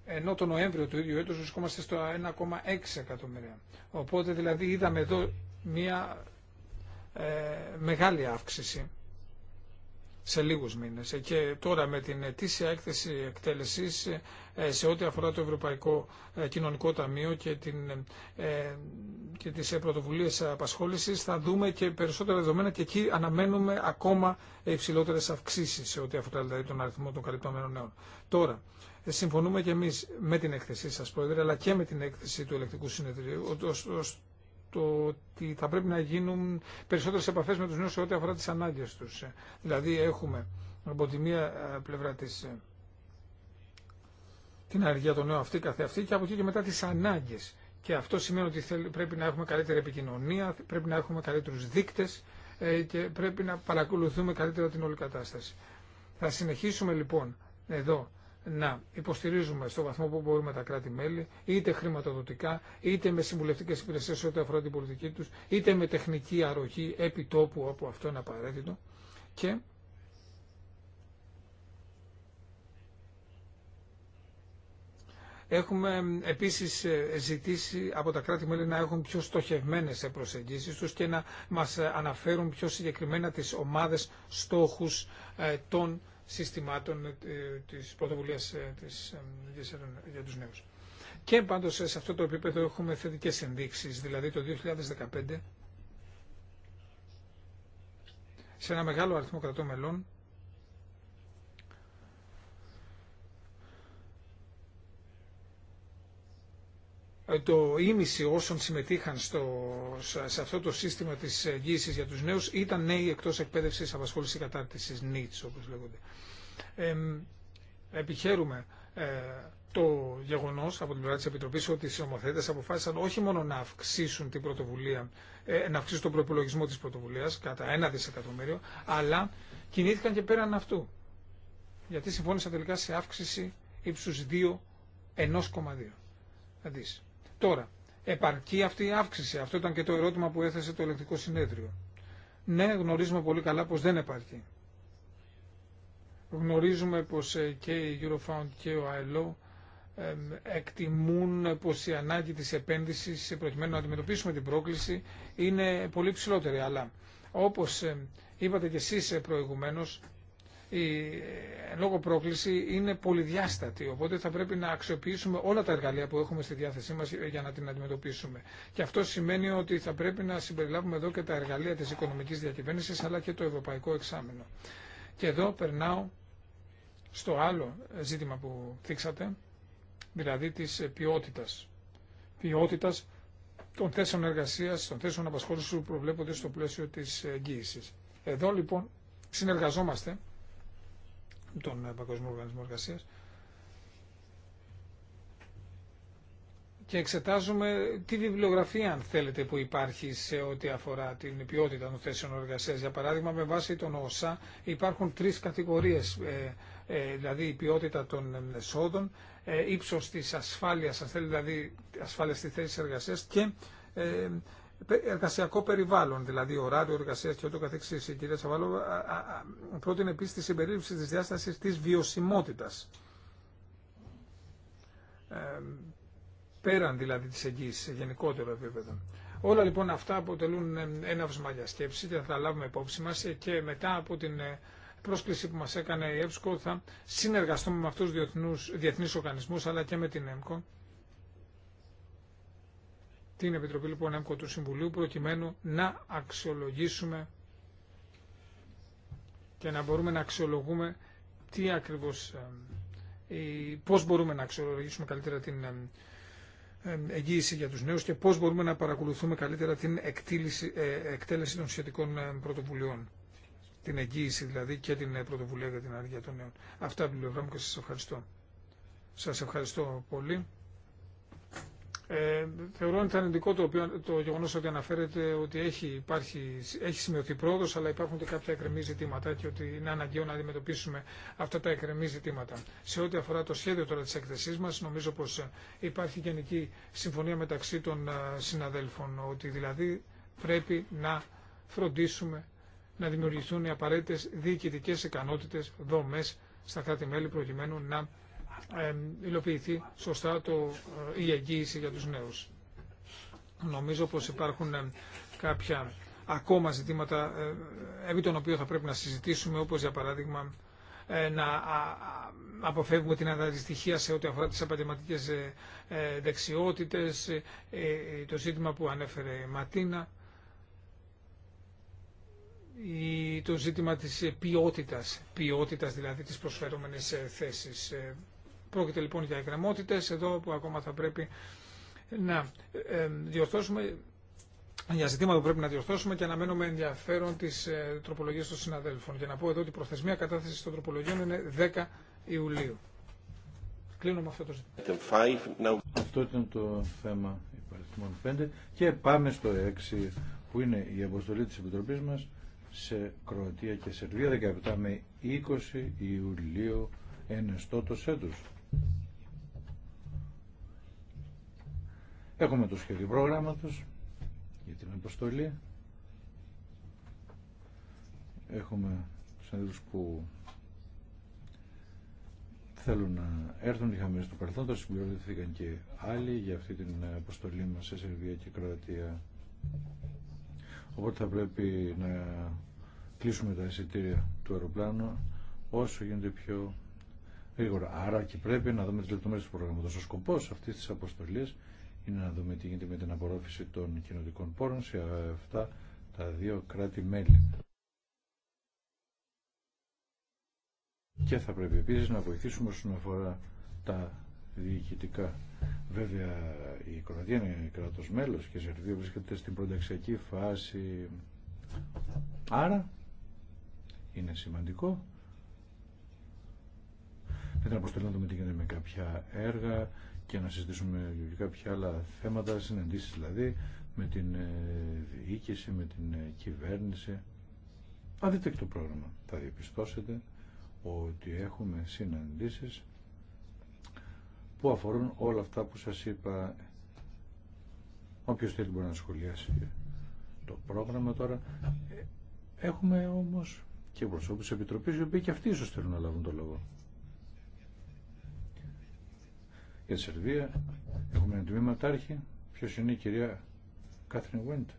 Ενώ το Νοέμβριο του ίδιου έτους βρισκόμαστε στο 1,6 εκατομμύρια. Οπότε δηλαδή είδαμε εδώ μια ε, μεγάλη αύξηση σε λίγους μήνες. Ε, και τώρα με την αιτήσια έκθεση εκτέλεσης ε, σε ό,τι αφορά το Ευρωπαϊκό ε, Κοινωνικό Ταμείο και, την, και τις πρωτοβουλίες απασχόλησης θα δούμε και περισσότερα δεδομένα και εκεί αναμένουμε ακόμα υψηλότερε αυξήσεις σε ό,τι αφορά δηλαδή, τον αριθμό των καλυπτωμένων νέων. Τώρα, συμφωνούμε και εμείς με την έκθεσή σας, Πρόεδρε, αλλά και με την έκθεση του Ελεκτικού Συνεδρίου, το ότι θα πρέπει να γίνουν περισσότερες επαφές με τους νέους σε ό,τι αφορά τις ανάγκες τους. Δηλαδή έχουμε από τη μία ε, πλευρά ε, την αργία των νέων αυτή καθεαυτή και από εκεί και μετά τις ανάγκες. Και αυτό σημαίνει ότι πρέπει να έχουμε καλύτερη επικοινωνία, πρέπει να έχουμε καλύτερους δείκτες ε, και πρέπει να παρακολουθούμε καλύτερα την όλη κατάσταση. Θα συνεχίσουμε λοιπόν εδώ να υποστηρίζουμε στο βαθμό που μπορούμε τα κράτη-μέλη, είτε χρηματοδοτικά, είτε με συμβουλευτικέ υπηρεσίε ό,τι αφορά την πολιτική του, είτε με τεχνική αρρωγή επί τόπου όπου αυτό είναι απαραίτητο. Και Έχουμε επίσης ε, ζητήσει από τα κράτη-μέλη να έχουν πιο στοχευμένες προσεγγίσεις τους και να μας αναφέρουν πιο συγκεκριμένα τις ομάδες στόχους ε, των συστημάτων ε, της πρωτοβουλίας ε, της, ε, για τους νέους. Και πάντως σε αυτό το επίπεδο έχουμε θετικές ενδείξεις, δηλαδή το 2015 σε ένα μεγάλο αριθμό κρατών μελών Ε, το ίμιση όσων συμμετείχαν στο, σε αυτό το σύστημα της εγγύησης για τους νέους ήταν νέοι εκτός εκπαίδευσης, απασχόλησης και κατάρτισης, NEETs όπως λέγονται. Ε, επιχαίρουμε το γεγονός από την πλευρά της Επιτροπής ότι οι συνομοθέτες αποφάσισαν όχι μόνο να αυξήσουν την πρωτοβουλία, ε, να αυξήσουν τον προπολογισμό της πρωτοβουλίας κατά ένα δισεκατομμύριο, αλλά κινήθηκαν και πέραν αυτού. Γιατί συμφώνησαν τελικά σε αύξηση ύψου 2, 1,2. Τώρα, επαρκεί αυτή η αύξηση. Αυτό ήταν και το ερώτημα που έθεσε το ελεκτικό συνέδριο. Ναι, γνωρίζουμε πολύ καλά πως δεν επαρκεί. Γνωρίζουμε πως ε, και η Eurofound και ο ILO εκτιμούν πως η ανάγκη της επένδυσης ε, προκειμένου να αντιμετωπίσουμε την πρόκληση είναι πολύ ψηλότερη. Αλλά όπως ε, είπατε και εσείς προηγουμένως, η ε, λόγω πρόκληση είναι πολυδιάστατη. Οπότε θα πρέπει να αξιοποιήσουμε όλα τα εργαλεία που έχουμε στη διάθεσή μα για να την αντιμετωπίσουμε. Και αυτό σημαίνει ότι θα πρέπει να συμπεριλάβουμε εδώ και τα εργαλεία τη οικονομική διακυβέρνηση αλλά και το ευρωπαϊκό εξάμεινο. Και εδώ περνάω στο άλλο ζήτημα που θίξατε, δηλαδή της ποιότητας. Ποιότητας των θέσεων εργασίας, των θέσεων απασχόλησης που προβλέπονται στο πλαίσιο της εγγύησης. Εδώ λοιπόν συνεργαζόμαστε τον ε, Παγκοσμίου Οργανισμό Εργασία. και εξετάζουμε τη βιβλιογραφία, αν θέλετε, που υπάρχει σε ό,τι αφορά την ποιότητα των θέσεων εργασία. Για παράδειγμα, με βάση τον ΩΣΑ υπάρχουν τρεις κατηγορίες, ε, ε, δηλαδή η ποιότητα των εσόδων, ύψος της ασφάλειας, αν θέλετε, δηλαδή ασφάλεια στη θέση εργασίας και εργασιακό περιβάλλον, δηλαδή ωράριο εργασία και ούτω καθεξής. Η κυρία Σαββαλό πρότεινε επίση τη συμπερίληψη τη διάσταση τη βιωσιμότητα. Ε, πέραν δηλαδή τη εγγύηση σε γενικότερο επίπεδο. Όλα λοιπόν αυτά αποτελούν βήμα για σκέψη και θα τα λάβουμε υπόψη μα και μετά από την ε, πρόσκληση που μα έκανε η ΕΠΣΚΟ θα συνεργαστούμε με αυτού του διεθνεί οργανισμού αλλά και με την ΕΜΚΟ την Επιτροπή λοιπόν ΕΜΚΟ του Συμβουλίου προκειμένου να αξιολογήσουμε και να μπορούμε να αξιολογούμε τι ακριβώς, ε, ε, πώς μπορούμε να αξιολογήσουμε καλύτερα την ε, εγγύηση για τους νέους και πώς μπορούμε να παρακολουθούμε καλύτερα την εκτέλεση των σχετικών πρωτοβουλειών. Την εγγύηση δηλαδή και την πρωτοβουλία για την αργία των νέων. Αυτά από και σας ευχαριστώ. Σας ευχαριστώ πολύ. Ε, θεωρώ ότι ήταν το, οποίο, το γεγονός ότι αναφέρεται ότι έχει, υπάρχει, έχει σημειωθεί πρόοδος αλλά υπάρχουν και κάποια εκρεμή ζητήματα και ότι είναι αναγκαίο να αντιμετωπίσουμε αυτά τα εκκρεμή ζητήματα. Σε ό,τι αφορά το σχέδιο τώρα της έκθεσής μας νομίζω πως ε, υπάρχει γενική συμφωνία μεταξύ των ε, συναδέλφων ότι δηλαδή πρέπει να φροντίσουμε να δημιουργηθούν οι απαραίτητες διοικητικές ικανότητες, δομές στα κράτη-μέλη προκειμένου να υλοποιηθεί σωστά το, ε, η εγγύηση για τους νέους. Νομίζω πως υπάρχουν κάποια ακόμα ζητήματα ε, επί των οποίων θα πρέπει να συζητήσουμε, όπως για παράδειγμα ε, να αποφεύγουμε την ανταδυστυχία σε ό,τι αφορά τις επαγγελματικέ δεξιότητες, το ζήτημα που ανέφερε η Ματίνα, το ζήτημα της ποιότητας, ποιότητας δηλαδή της προσφερόμενης θέσης. Πρόκειται λοιπόν για εκκρεμότητε, εδώ που ακόμα θα πρέπει να ε, διορθώσουμε για ζητήματα που πρέπει να διορθώσουμε και αναμένουμε ενδιαφέρον τι ε, τροπολογίε των συναδέλφων. Για να πω εδώ ότι η προθεσμία κατάθεση των τροπολογιών είναι 10 Ιουλίου. Κλείνω με αυτό το ζήτημα. Αυτό ήταν το θέμα υπαριθμών 5 και πάμε στο 6 που είναι η αποστολή της Επιτροπής μας σε Κροατία και Σερβία 17 με 20 Ιουλίου το σέντρος. Έχουμε το σχέδιο προγράμματος για την αποστολή. Έχουμε τους ανθρώπους που θέλουν να έρθουν. Είχαμε στο παρελθόν, συμπληρωθήκαν και άλλοι για αυτή την αποστολή μας σε Σερβία και Κροατία. Οπότε θα πρέπει να κλείσουμε τα εισιτήρια του αεροπλάνου όσο γίνεται πιο Άρα και πρέπει να δούμε τι λεπτομέρειε του προγράμματο. Ο σκοπό αυτή τη αποστολή είναι να δούμε τι γίνεται με την απορρόφηση των κοινωτικών πόρων σε αυτά τα δύο κράτη-μέλη. Και θα πρέπει επίση να βοηθήσουμε όσον αφορά τα διοικητικά. Βέβαια η Κροατία είναι κράτο μέλο και η Σερβία βρίσκεται στην πρωταξιακή φάση. Άρα είναι σημαντικό θα ήταν αποστολή να δούμε τι γίνεται με κάποια έργα και να συζητήσουμε για κάποια άλλα θέματα, συναντήσεις δηλαδή, με την ε, διοίκηση, με την ε, κυβέρνηση. Αν δείτε και το πρόγραμμα, θα διαπιστώσετε ότι έχουμε συναντήσεις που αφορούν όλα αυτά που σας είπα. Όποιος θέλει μπορεί να σχολιάσει το πρόγραμμα τώρα. Ε, έχουμε όμως και προσώπους Επιτροπής, οι οποίοι και αυτοί ίσως θέλουν να λάβουν το λόγο. για τη Σερβία. Έχουμε ένα τάρχη. Ποιος είναι η κυρία Κάθριν Γουέντ.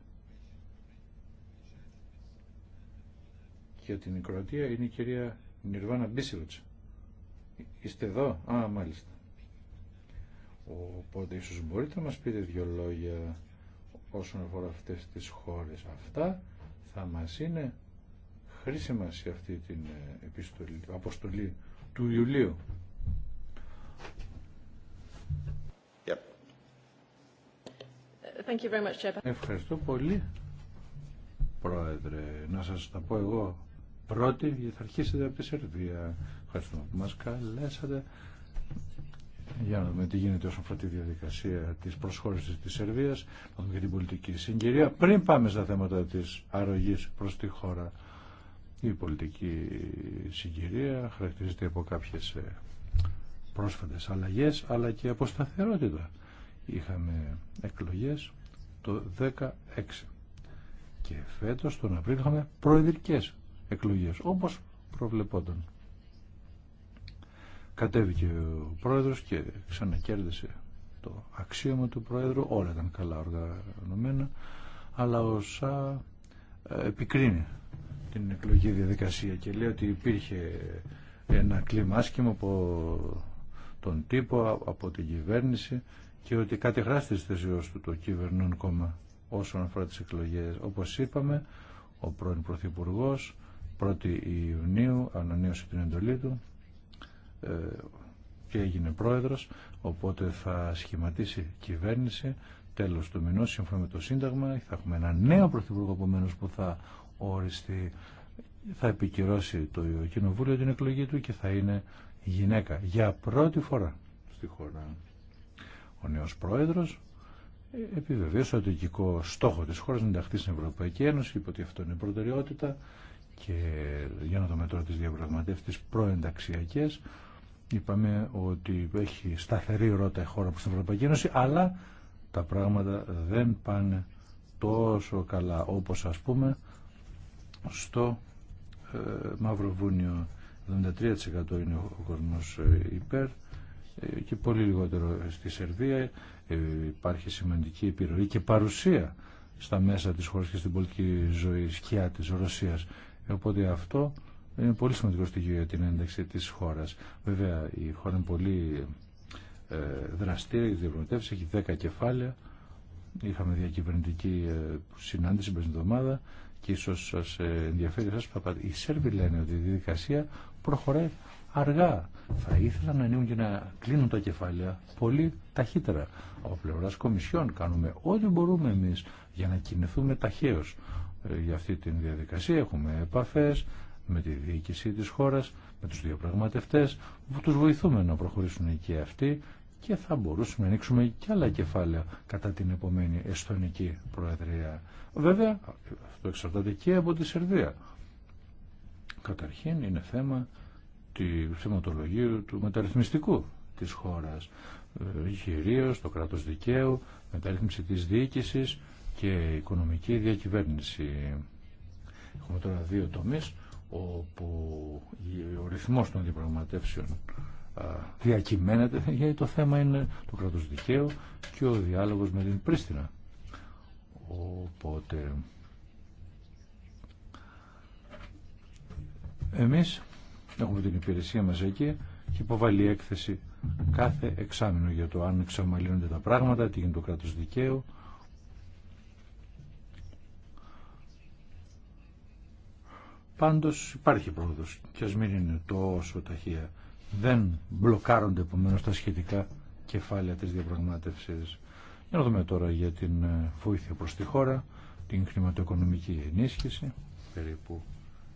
Και την Κροατία είναι η κυρία Νιρβάνα Μπίσιβιτς. Είστε εδώ. Α, μάλιστα. Οπότε ίσως μπορείτε να μας πείτε δύο λόγια όσον αφορά αυτές τις χώρες. Αυτά θα μας είναι χρήσιμα σε αυτή την ε, επιστολή, αποστολή του Ιουλίου. Ευχαριστώ πολύ, Πρόεδρε. Να σας τα πω εγώ πρώτη, γιατί θα αρχίσετε από τη Σερβία. Ευχαριστούμε που μας καλέσατε. Για να δούμε τι γίνεται όσον αφορά τη διαδικασία της προσχώρησης της Σερβίας, να δούμε και την πολιτική συγκυρία. Πριν πάμε στα θέματα της αρρωγής προς τη χώρα, η πολιτική συγκυρία χαρακτηρίζεται από κάποιες ε, πρόσφατες αλλαγές, αλλά και από σταθερότητα είχαμε εκλογές το 16 και φέτος τον Απρίλιο είχαμε προεδρικές εκλογές όπως προβλεπόταν κατέβηκε ο πρόεδρος και ξανακέρδισε το αξίωμα του πρόεδρου όλα ήταν καλά οργανωμένα αλλά ο ΣΑ ε, επικρίνει την εκλογή διαδικασία και λέει ότι υπήρχε ένα κλίμα από τον τύπο, από την κυβέρνηση και ότι κάτι χράστη τη του το κυβερνούν κόμμα όσον αφορά τι εκλογέ. Όπω είπαμε, ο πρώην Πρωθυπουργό 1η Ιουνίου ανανέωσε την εντολή του ε, και έγινε πρόεδρο, οπότε θα σχηματίσει κυβέρνηση τέλο του μηνό, σύμφωνα με το Σύνταγμα, θα έχουμε ένα νέο Πρωθυπουργό επομένω, που θα οριστεί, θα επικυρώσει το Κοινοβούλιο την εκλογή του και θα είναι γυναίκα για πρώτη φορά στη χώρα. Ο νέος πρόεδρος επιβεβαίωσε ότι οικικό στόχο της χώρας να ενταχθεί στην Ευρωπαϊκή Ένωση, είπε ότι αυτό είναι προτεραιότητα και για να δούμε τώρα τις διαπραγματεύσεις προενταξιακέ. προενταξιακές είπαμε ότι έχει σταθερή ρότα η χώρα προς την Ευρωπαϊκή Ένωση αλλά τα πράγματα δεν πάνε τόσο καλά όπως ας πούμε στο ε, Μαύρο Βούνιο 73% είναι ο κόσμος ε, υπέρ ε, και πολύ λιγότερο στη Σερβία. Ε, υπάρχει σημαντική επιρροή και παρουσία στα μέσα της χώρας και στην πολιτική ζωή σκιά της Ρωσίας. Ε, οπότε αυτό είναι πολύ σημαντικό στοιχείο για την ένταξη της χώρας. Βέβαια η χώρα είναι πολύ δραστήρια, και διαπραγματεύσει έχει 10 κεφάλαια. Είχαμε διακυβερνητική συνάντηση πριν εβδομάδα και ίσως σας ενδιαφέρει σας. Οι Σέρβοι λένε ότι η διαδικασία προχωράει αργά. Θα ήθελα να ανοίγουν και να κλείνουν τα κεφάλαια πολύ ταχύτερα. Από πλευρά Κομισιόν κάνουμε ό,τι μπορούμε εμείς για να κινηθούμε ταχαίως. Ε, για αυτή τη διαδικασία έχουμε επαφές με τη διοίκηση της χώρας, με τους διαπραγματευτέ που τους βοηθούμε να προχωρήσουν και αυτοί και θα μπορούσαμε να ανοίξουμε και άλλα κεφάλαια κατά την επόμενη Εστονική Προεδρία. Βέβαια, αυτό εξαρτάται και από τη Σερβία. Καταρχήν είναι θέμα τη θεματολογία του μεταρρυθμιστικού της χώρας ε, ρίος το κράτος δικαίου, μεταρρύθμιση της διοίκησης και οικονομική διακυβέρνηση. Έχουμε τώρα δύο τομείς όπου ο ρυθμός των διαπραγματεύσεων διακυμαίνεται γιατί το θέμα είναι το κράτος δικαίου και ο διάλογος με την Πρίστινα. Οπότε εμείς Έχουμε την υπηρεσία μας εκεί και υποβάλλει έκθεση κάθε εξάμεινο για το αν εξαμαλύνονται τα πράγματα, τι γίνεται το κράτος δικαίου. Πάντως υπάρχει πρόοδος και ας μην είναι τόσο ταχεία. Δεν μπλοκάρονται επομένω τα σχετικά κεφάλαια της διαπραγμάτευσης. Για να δούμε τώρα για την ε, βοήθεια προς τη χώρα, την χρηματοοικονομική ενίσχυση, περίπου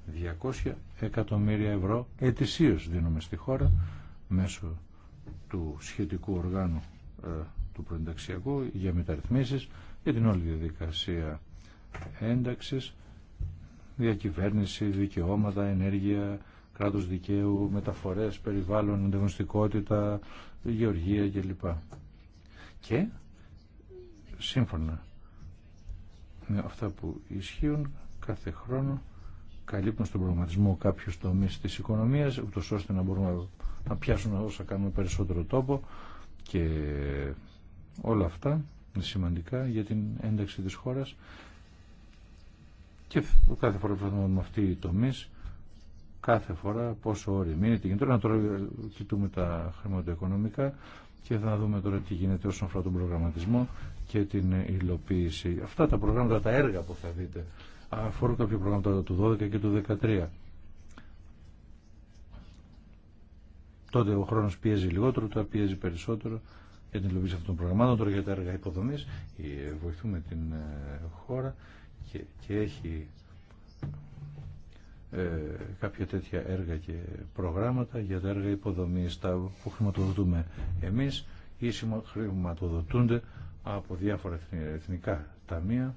200 εκατομμύρια ευρώ ετησίως δίνουμε στη χώρα μέσω του σχετικού οργάνου ε, του προενταξιακού για μεταρρυθμίσεις για την όλη διαδικασία ένταξης διακυβέρνηση, δικαιώματα, ενέργεια, κράτος δικαίου, μεταφορές, περιβάλλον, ανταγωνιστικότητα, γεωργία κλπ. Και σύμφωνα με αυτά που ισχύουν κάθε χρόνο καλύπτουν στον προγραμματισμό κάποιου τομεί τη οικονομία, ούτω ώστε να μπορούμε να πιάσουμε όσα κάνουμε περισσότερο τόπο και όλα αυτά είναι σημαντικά για την ένταξη της χώρας και κάθε φορά που θα με αυτή η τομή κάθε φορά πόσο όροι μείνει τι γίνεται. Τώρα τώρα κοιτούμε τα χρηματοοικονομικά και θα δούμε τώρα τι γίνεται όσον αφορά τον προγραμματισμό και την υλοποίηση. Αυτά τα προγράμματα, τα έργα που θα δείτε αφορούν κάποια προγράμματα του 12 και του 13. Τότε ο χρόνος πιέζει λιγότερο, τώρα πιέζει περισσότερο για την υλοποίηση αυτών των προγραμμάτων, τώρα για τα έργα υποδομής. Ε, βοηθούμε την ε, χώρα και, και έχει ε, κάποια τέτοια έργα και προγράμματα για τα έργα υποδομής τα που χρηματοδοτούμε εμείς ή χρηματοδοτούνται από διάφορα εθνικά ταμεία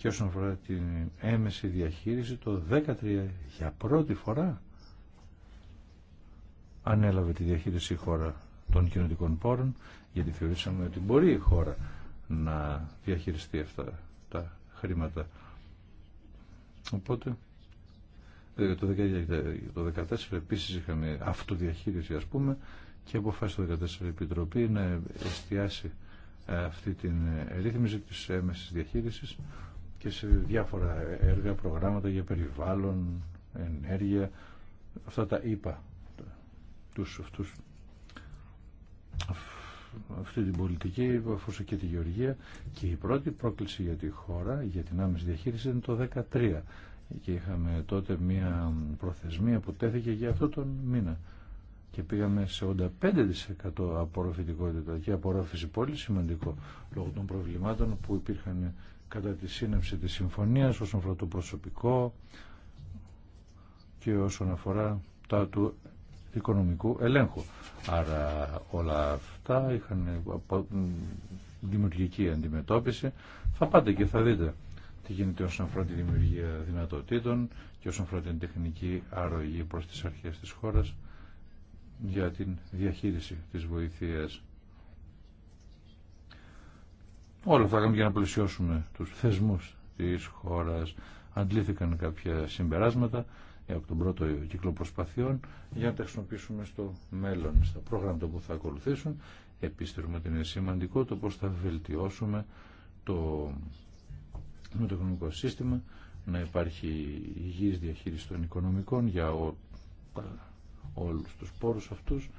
και όσον αφορά την έμεση διαχείριση, το 13 για πρώτη φορά ανέλαβε τη διαχείριση η χώρα των κοινωτικών πόρων, γιατί θεωρήσαμε ότι μπορεί η χώρα να διαχειριστεί αυτά τα χρήματα. Οπότε, το 2014 επίσης είχαμε αυτοδιαχείριση ας πούμε και αποφάσισε το 2014 η Επιτροπή να εστιάσει ε, αυτή την ε, ρύθμιση της έμεσης διαχείρισης και σε διάφορα έργα, προγράμματα για περιβάλλον, ενέργεια, αυτά τα είπα, τους, αυτούς, αυτή την πολιτική αφού και τη γεωργία και η πρώτη πρόκληση για τη χώρα για την άμεση διαχείριση ήταν το 2013 και είχαμε τότε μια προθεσμία που τέθηκε για αυτό τον μήνα και πήγαμε σε 85% απορροφητικότητα και απορρόφηση πολύ σημαντικό λόγω των προβλημάτων που υπήρχαν κατά τη σύναψη της συμφωνίας όσον αφορά το προσωπικό και όσον αφορά τα του οικονομικού ελέγχου. Άρα όλα αυτά είχαν δημιουργική αντιμετώπιση. Θα πάτε και θα δείτε τι γίνεται όσον αφορά τη δημιουργία δυνατοτήτων και όσον αφορά την τεχνική αρρωγή προς τις αρχές της χώρας για την διαχείριση της βοηθείας. Όλα αυτά κάνουμε για να πλησιώσουμε του θεσμούς τη χώρα. Αντλήθηκαν κάποια συμπεράσματα από τον πρώτο κύκλο προσπαθειών για να τα χρησιμοποιήσουμε στο μέλλον, στα πρόγραμματα που θα ακολουθήσουν. Επίστευουμε ότι είναι σημαντικό το πώ θα βελτιώσουμε το, με σύστημα, να υπάρχει υγιής διαχείριση των οικονομικών για ό, όλους τους πόρους αυτούς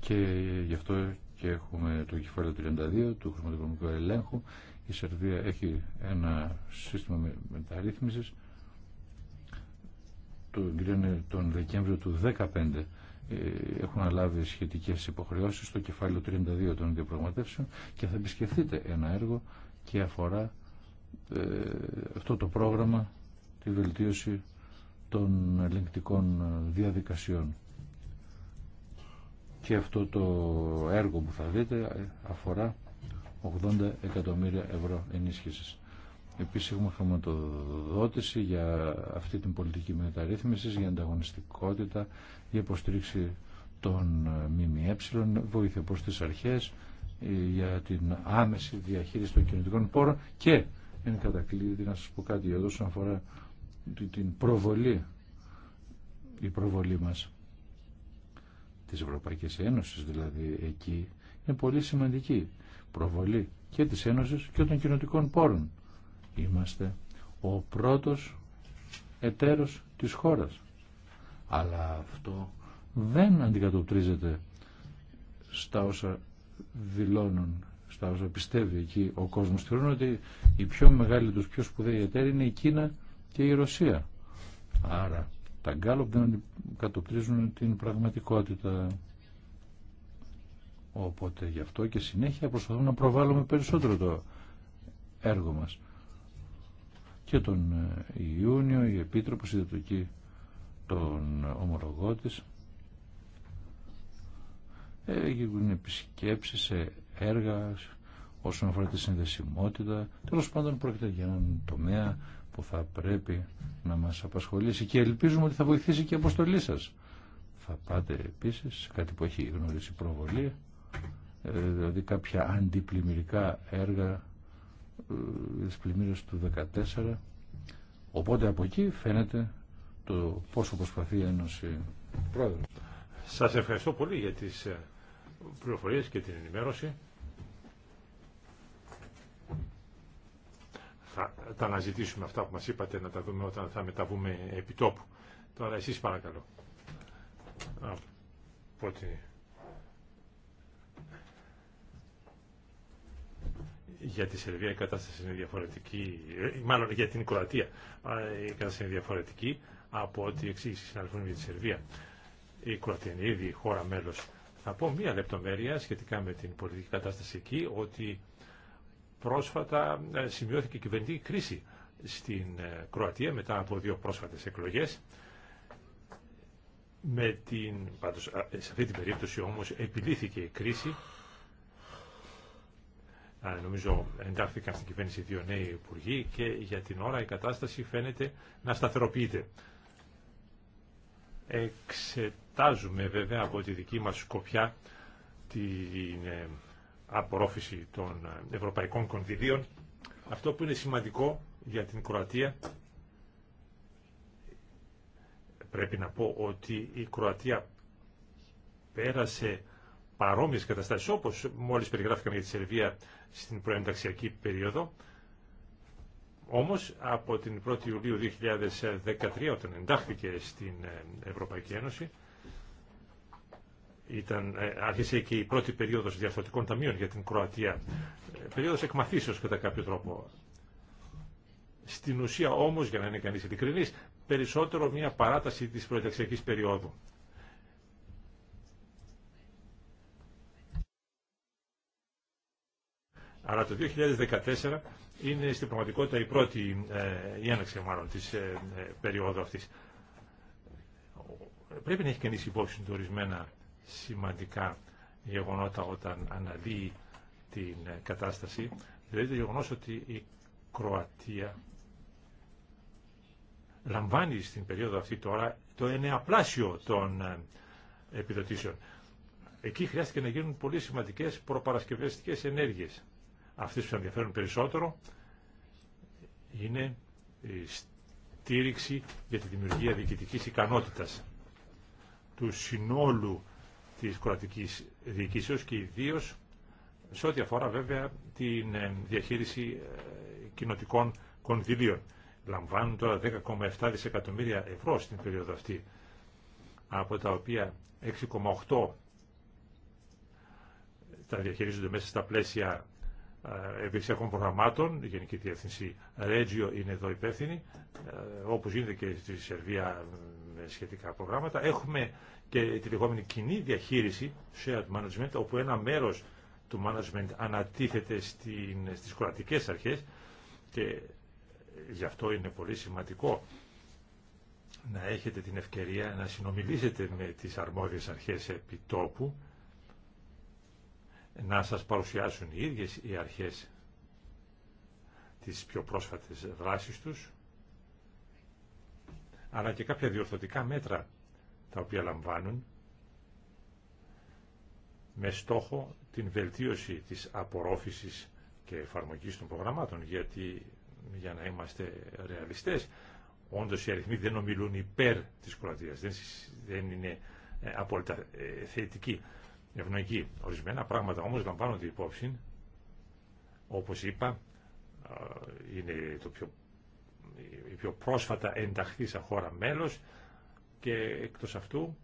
και γι' αυτό και έχουμε το κεφάλαιο 32 του χρηματοοικονομικού ελέγχου. Η Σερβία έχει ένα σύστημα μεταρρύθμισης το εγκρίνει τον Δεκέμβριο του 2015 ε, έχουν λάβει σχετικές υποχρεώσεις στο κεφάλαιο 32 των διαπραγματεύσεων και θα επισκεφθείτε ένα έργο και αφορά ε, αυτό το πρόγραμμα τη βελτίωση των ελεγκτικών διαδικασιών και αυτό το έργο που θα δείτε ε, αφορά 80 εκατομμύρια ευρώ ενίσχυσης. Επίσης έχουμε χρηματοδότηση για αυτή την πολιτική μεταρρύθμιση, για ανταγωνιστικότητα, για υποστήριξη των ε, ΜΜΕ, βοήθεια προς τις αρχές, ε, για την άμεση διαχείριση των κοινωνικών πόρων και εν κατακλείδη να σας πω κάτι εδώ αφορά την προβολή η προβολή μας της Ευρωπαϊκής Ένωσης δηλαδή εκεί είναι πολύ σημαντική προβολή και της Ένωσης και των κοινωτικών πόρων. Είμαστε ο πρώτος εταίρος της χώρας. Αλλά αυτό δεν αντικατοπτρίζεται στα όσα δηλώνουν, στα όσα πιστεύει εκεί ο κόσμος. Θεωρούν ότι η πιο μεγάλη, τους, πιο σπουδαία εταίρη είναι η Κίνα και η Ρωσία. Άρα τα γκάλωπ δεν κατοπτρίζουν την πραγματικότητα. Οπότε γι' αυτό και συνέχεια προσπαθούμε να προβάλλουμε περισσότερο το έργο μας. Και τον ε, Ιούνιο η Επίτροπος, η τον ομολογό της, Έγινε σε έργα όσον αφορά τη συνδεσιμότητα. Τέλος πάντων πρόκειται για έναν τομέα που θα πρέπει να μας απασχολήσει και ελπίζουμε ότι θα βοηθήσει και η αποστολή σας. Θα πάτε επίσης σε κάτι που έχει γνωρίσει προβολή, ε, δηλαδή κάποια αντιπλημμυρικά έργα ε, της πλημμύρας του 2014. Οπότε από εκεί φαίνεται το πόσο προσπαθεί η Ένωση Σας ευχαριστώ πολύ για τις ε, πληροφορίες και την ενημέρωση. θα τα αναζητήσουμε αυτά που μας είπατε, να τα δούμε όταν θα μεταβούμε επί τόπου. Τώρα εσείς παρακαλώ. Για τη Σερβία η κατάσταση είναι διαφορετική, ε, μάλλον για την Κροατία ε, η κατάσταση είναι διαφορετική από ό,τι εξήγησε η συνάδελφη για τη Σερβία. Η Κροατία είναι ήδη χώρα μέλος. Θα πω μία λεπτομέρεια σχετικά με την πολιτική κατάσταση εκεί, ότι πρόσφατα ε, σημειώθηκε κυβερνητική κρίση στην ε, Κροατία μετά από δύο πρόσφατες εκλογές. Με την, ε, σε αυτή την περίπτωση όμως επιλύθηκε η κρίση. Νομίζω εντάχθηκαν στην κυβέρνηση δύο νέοι υπουργοί και για την ώρα η κατάσταση φαίνεται να σταθεροποιείται. Εξετάζουμε βέβαια από τη δική μας σκοπιά την απορρόφηση των ε, ευρωπαϊκών κονδυλίων. Αυτό που είναι σημαντικό για την Κροατία πρέπει να πω ότι η Κροατία πέρασε παρόμοιες καταστάσεις όπως μόλις περιγράφηκαν για τη Σερβία στην προενταξιακή περίοδο όμως από την 1η Ιουλίου 2013 όταν εντάχθηκε στην ε, Ευρωπαϊκή Ένωση ήταν, ε, άρχισε και η πρώτη περίοδος διαφθορτικών ταμείων για την Κροατία. Ε, περίοδος εκμαθήσεως κατά κάποιο τρόπο. Στην ουσία όμως, για να είναι κανείς ειλικρινής, περισσότερο μια παράταση της προεταξιακής περίοδου. Αλλά το 2014 είναι στην πραγματικότητα η πρώτη, ε, η έναξη μάλλον της περίοδου αυτής. Πρέπει να έχει κανείς υπόψη του ορισμένα σημαντικά γεγονότα όταν αναλύει την κατάσταση, δηλαδή το γεγονός ότι η Κροατία λαμβάνει στην περίοδο αυτή τώρα το ενεαπλάσιο των ε, επιδοτήσεων. Εκεί χρειάστηκε να γίνουν πολύ σημαντικές προπαρασκευαστικές ενέργειες. Αυτές που ενδιαφέρουν περισσότερο είναι η στήριξη για τη δημιουργία διοικητικής ικανότητας του συνόλου τη κρατική διοικήσεω και ιδίω σε ό,τι αφορά βέβαια την ε, διαχείριση ε, κοινοτικών κονδυλίων. Λαμβάνουν τώρα 10,7 δισεκατομμύρια ευρώ στην περίοδο αυτή, από τα οποία 6,8 τα διαχειρίζονται μέσα στα πλαίσια ευρυσιακών προγραμμάτων, η Γενική Διεύθυνση Regio είναι εδώ υπεύθυνη, ε, όπως γίνεται και στη Σερβία με σχετικά προγράμματα. Έχουμε και τη λεγόμενη κοινή διαχείριση, shared management, όπου ένα μέρος του management ανατίθεται στην, στις κρατικές αρχές και γι' αυτό είναι πολύ σημαντικό να έχετε την ευκαιρία να συνομιλήσετε με τις αρμόδιες αρχές επιτόπου, να σας παρουσιάσουν οι ίδιες οι αρχές τις πιο πρόσφατες δράσεις τους, αλλά και κάποια διορθωτικά μέτρα τα οποία λαμβάνουν με στόχο την βελτίωση της απορρόφησης και εφαρμογής των προγραμμάτων γιατί για να είμαστε ρεαλιστές όντως οι αριθμοί δεν ομιλούν υπέρ της Κροατίας δεν, είναι ε, απόλυτα ε, θετικοί ευνοϊκοί ορισμένα πράγματα όμως λαμβάνονται υπόψη όπως είπα ε, είναι το πιο, η πιο πρόσφατα ενταχθήσα χώρα μέλος και εκτός αυτού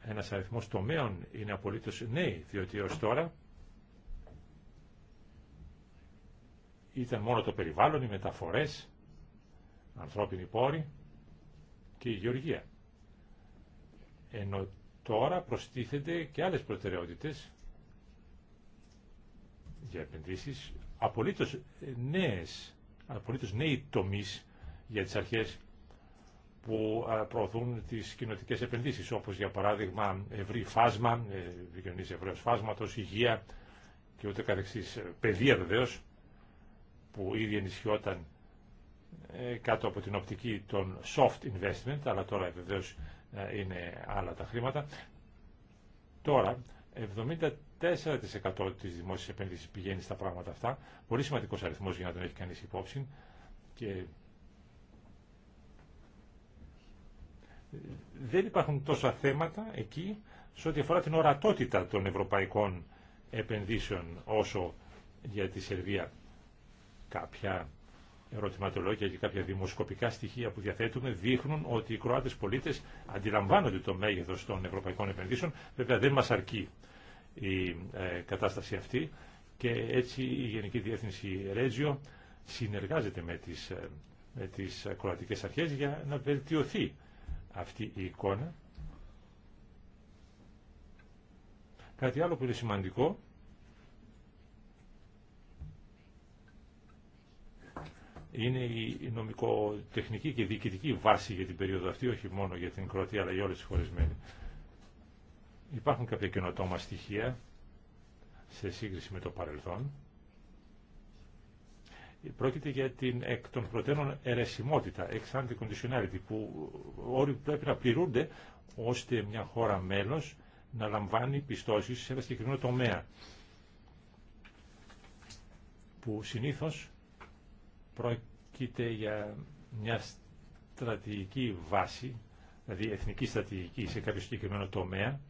ένας αριθμός τομέων είναι απολύτως νέοι, διότι έως τώρα ήταν μόνο το περιβάλλον, οι μεταφορές, ανθρώπινοι πόροι και η γεωργία. Ενώ τώρα προστίθενται και άλλες προτεραιότητες για επενδύσεις, απολύτως νέες, απολύτως νέοι τομείς για τις αρχές που προωθούν τις κοινοτικές επενδύσεις, όπως για παράδειγμα ευρύ φάσμα, ε, δικαιονής ευρέως φάσματος, υγεία και ούτε καθεξής ε, παιδεία βεβαίω, που ήδη ενισχυόταν ε, κάτω από την οπτική των soft investment, αλλά τώρα βεβαίω είναι άλλα τα χρήματα. Τώρα, 74% της δημόσιας επένδυσης πηγαίνει στα πράγματα αυτά, πολύ σημαντικός αριθμός για να τον έχει κανείς υπόψη και δεν υπάρχουν τόσα θέματα εκεί σε ό,τι αφορά την ορατότητα των ευρωπαϊκών επενδύσεων όσο για τη Σερβία. Κάποια ερωτηματολόγια και κάποια δημοσκοπικά στοιχεία που διαθέτουμε δείχνουν ότι οι Κροάτες πολίτες αντιλαμβάνονται το μέγεθος των ευρωπαϊκών επενδύσεων. Βέβαια δεν μας αρκεί η ε, κατάσταση αυτή και έτσι η Γενική Διεύθυνση Ρέτζιο συνεργάζεται με τις, ε, με τις κροατικές αρχές για να βελτιωθεί αυτή η εικόνα. Κάτι άλλο που είναι σημαντικό είναι η νομικοτεχνική και διοικητική βάση για την περίοδο αυτή, όχι μόνο για την Κροατία αλλά για όλες τις χώρες Υπάρχουν κάποια καινοτόμα στοιχεία σε σύγκριση με το παρελθόν. Πρόκειται για την εκ των προτέρων ερεσιμότητα, ex ante conditionality, που όροι πρέπει να πληρούνται ώστε μια χώρα μέλος να λαμβάνει πιστώσεις σε ένα συγκεκριμένο τομέα που συνήθως πρόκειται για μια στρατηγική βάση, δηλαδή εθνική στρατηγική σε κάποιο συγκεκριμένο τομέα,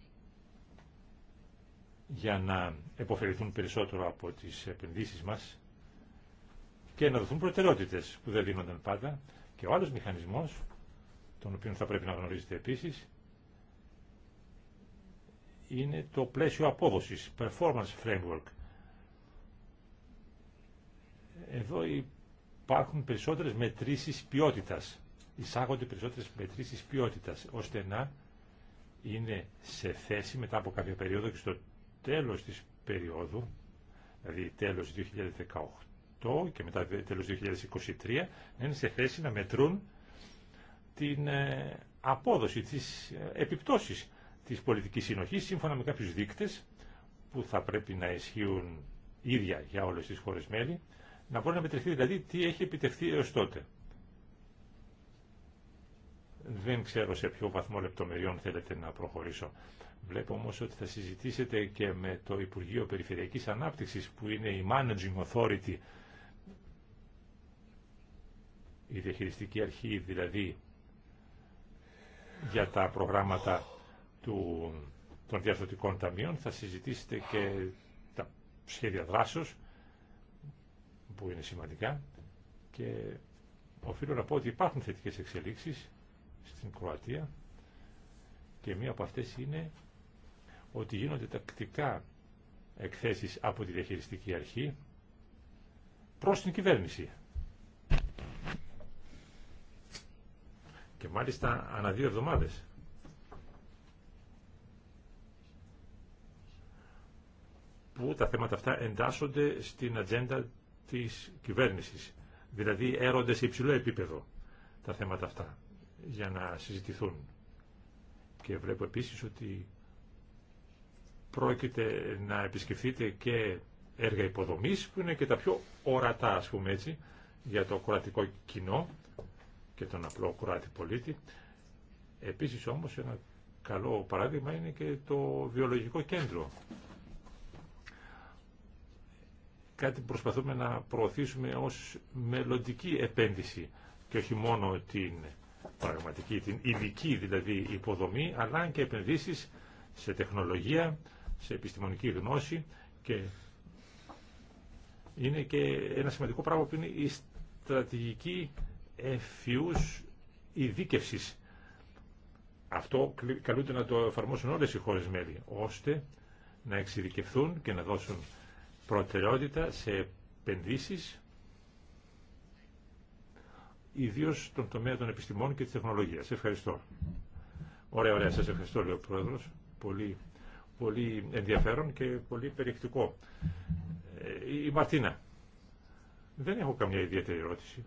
για να επωφεληθούν περισσότερο από τις επενδύσεις μας και να δοθούν προτεραιότητες που δεν δίνονταν πάντα. Και ο άλλο μηχανισμό τον οποίο θα πρέπει να γνωρίζετε επίσης, είναι το πλαίσιο απόδοση performance framework. Εδώ υπάρχουν περισσότερες μετρήσεις ποιότητας, εισάγονται περισσότερες μετρήσεις ποιότητας, ώστε να είναι σε θέση μετά από κάποια περίοδο και στο τέλο τη περίοδου, δηλαδή τέλο 2018, και μετά τέλος 2023 να είναι σε θέση να μετρούν την ε, απόδοση, της ε, επιπτώσεις της πολιτικής συνοχής σύμφωνα με κάποιους δείκτες που θα πρέπει να ισχύουν ίδια για όλες τις χώρες μέλη, να μπορεί να μετρηθεί δηλαδή τι έχει επιτευχθεί έως τότε. Δεν ξέρω σε ποιο βαθμό λεπτομεριών θέλετε να προχωρήσω. Βλέπω όμως ότι θα συζητήσετε και με το Υπουργείο Περιφερειακής Ανάπτυξης που είναι η Managing Authority η διαχειριστική αρχή δηλαδή για τα προγράμματα του, των διαφθορτικών ταμείων θα συζητήσετε και τα σχέδια δράσεως που είναι σημαντικά και οφείλω να πω ότι υπάρχουν θετικές εξελίξεις στην Κροατία και μία από αυτές είναι ότι γίνονται τακτικά εκθέσεις από τη διαχειριστική αρχή προς την κυβέρνηση και μάλιστα ανά δύο εβδομάδες. Που τα θέματα αυτά εντάσσονται στην ατζέντα της κυβέρνησης. Δηλαδή έρονται σε υψηλό επίπεδο τα θέματα αυτά για να συζητηθούν. Και βλέπω επίσης ότι πρόκειται να επισκεφθείτε και έργα υποδομής που είναι και τα πιο ορατά ας πούμε έτσι για το κρατικό κοινό και τον απλό κρατη πολίτη. Επίσης όμως ένα καλό παράδειγμα είναι και το βιολογικό κέντρο. Κάτι που προσπαθούμε να προωθήσουμε ως μελλοντική επένδυση και όχι μόνο την πραγματική, την ειδική δηλαδή υποδομή, αλλά και επενδύσεις σε τεχνολογία, σε επιστημονική γνώση και είναι και ένα σημαντικό πράγμα που είναι η στρατηγική εφιούς ειδίκευσης. Αυτό καλούνται να το εφαρμόσουν όλες οι χώρες μέλη, ώστε να εξειδικευθούν και να δώσουν προτεραιότητα σε επενδύσεις, ιδίως στον τομέα των επιστημών και της τεχνολογίας. Ευχαριστώ. Ωραία, ωραία, σας ευχαριστώ, λέει ο Πρόεδρος. Πολύ, πολύ ενδιαφέρον και πολύ περιεκτικό. Ε, η Μαρτίνα. Δεν έχω καμιά ιδιαίτερη ερώτηση.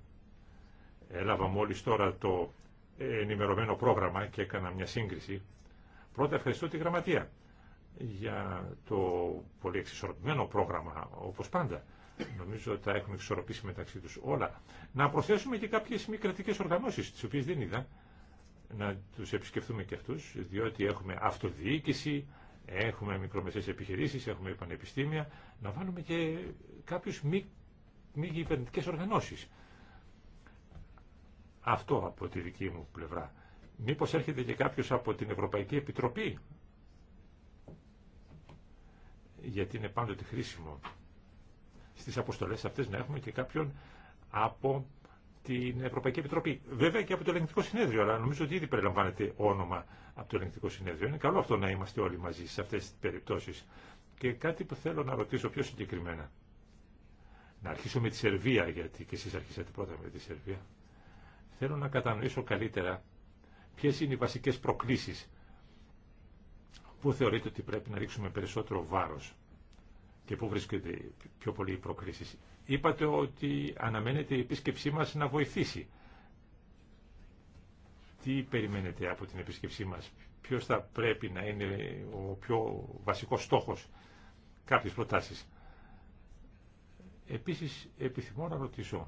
Έλαβα μόλις τώρα το ενημερωμένο πρόγραμμα και έκανα μια σύγκριση. Πρώτα ευχαριστώ τη Γραμματεία για το πολύ εξισορροπημένο πρόγραμμα, όπως πάντα. Νομίζω τα έχουμε εξισορροπήσει μεταξύ τους όλα. Να προσθέσουμε και κάποιες μη κρατικές οργανώσεις, τις οποίες δεν είδα, να τους επισκεφτούμε και αυτούς, διότι έχουμε αυτοδιοίκηση, έχουμε μικρομεσαίες επιχειρήσεις, έχουμε πανεπιστήμια, να βάλουμε και κάποιους μη, μη κυβερνητικέ οργανώσεις. Αυτό από τη δική μου πλευρά. Μήπως έρχεται και κάποιος από την Ευρωπαϊκή Επιτροπή. Γιατί είναι πάντοτε χρήσιμο στις αποστολές αυτές να έχουμε και κάποιον από την Ευρωπαϊκή Επιτροπή. Βέβαια και από το Ελεγκτικό Συνέδριο, αλλά νομίζω ότι ήδη περιλαμβάνεται όνομα από το Ελεγκτικό Συνέδριο. Είναι καλό αυτό να είμαστε όλοι μαζί σε αυτές τις περιπτώσεις. Και κάτι που θέλω να ρωτήσω πιο συγκεκριμένα. Να αρχίσω με τη Σερβία, γιατί και εσείς αρχίσατε πρώτα με τη Σερβία. Θέλω να κατανοήσω καλύτερα ποιες είναι οι βασικές προκλήσεις που θεωρείτε ότι πρέπει να ρίξουμε περισσότερο βάρος και πού βρίσκονται πιο πολύ οι προκλήσεις. Είπατε ότι αναμένεται η επίσκεψή μας να βοηθήσει. Τι περιμένετε από την επίσκεψή μας, ποιος θα πρέπει να είναι ο πιο βασικός στόχος κάποιες προτάσεις. Επίσης επιθυμώ να ρωτήσω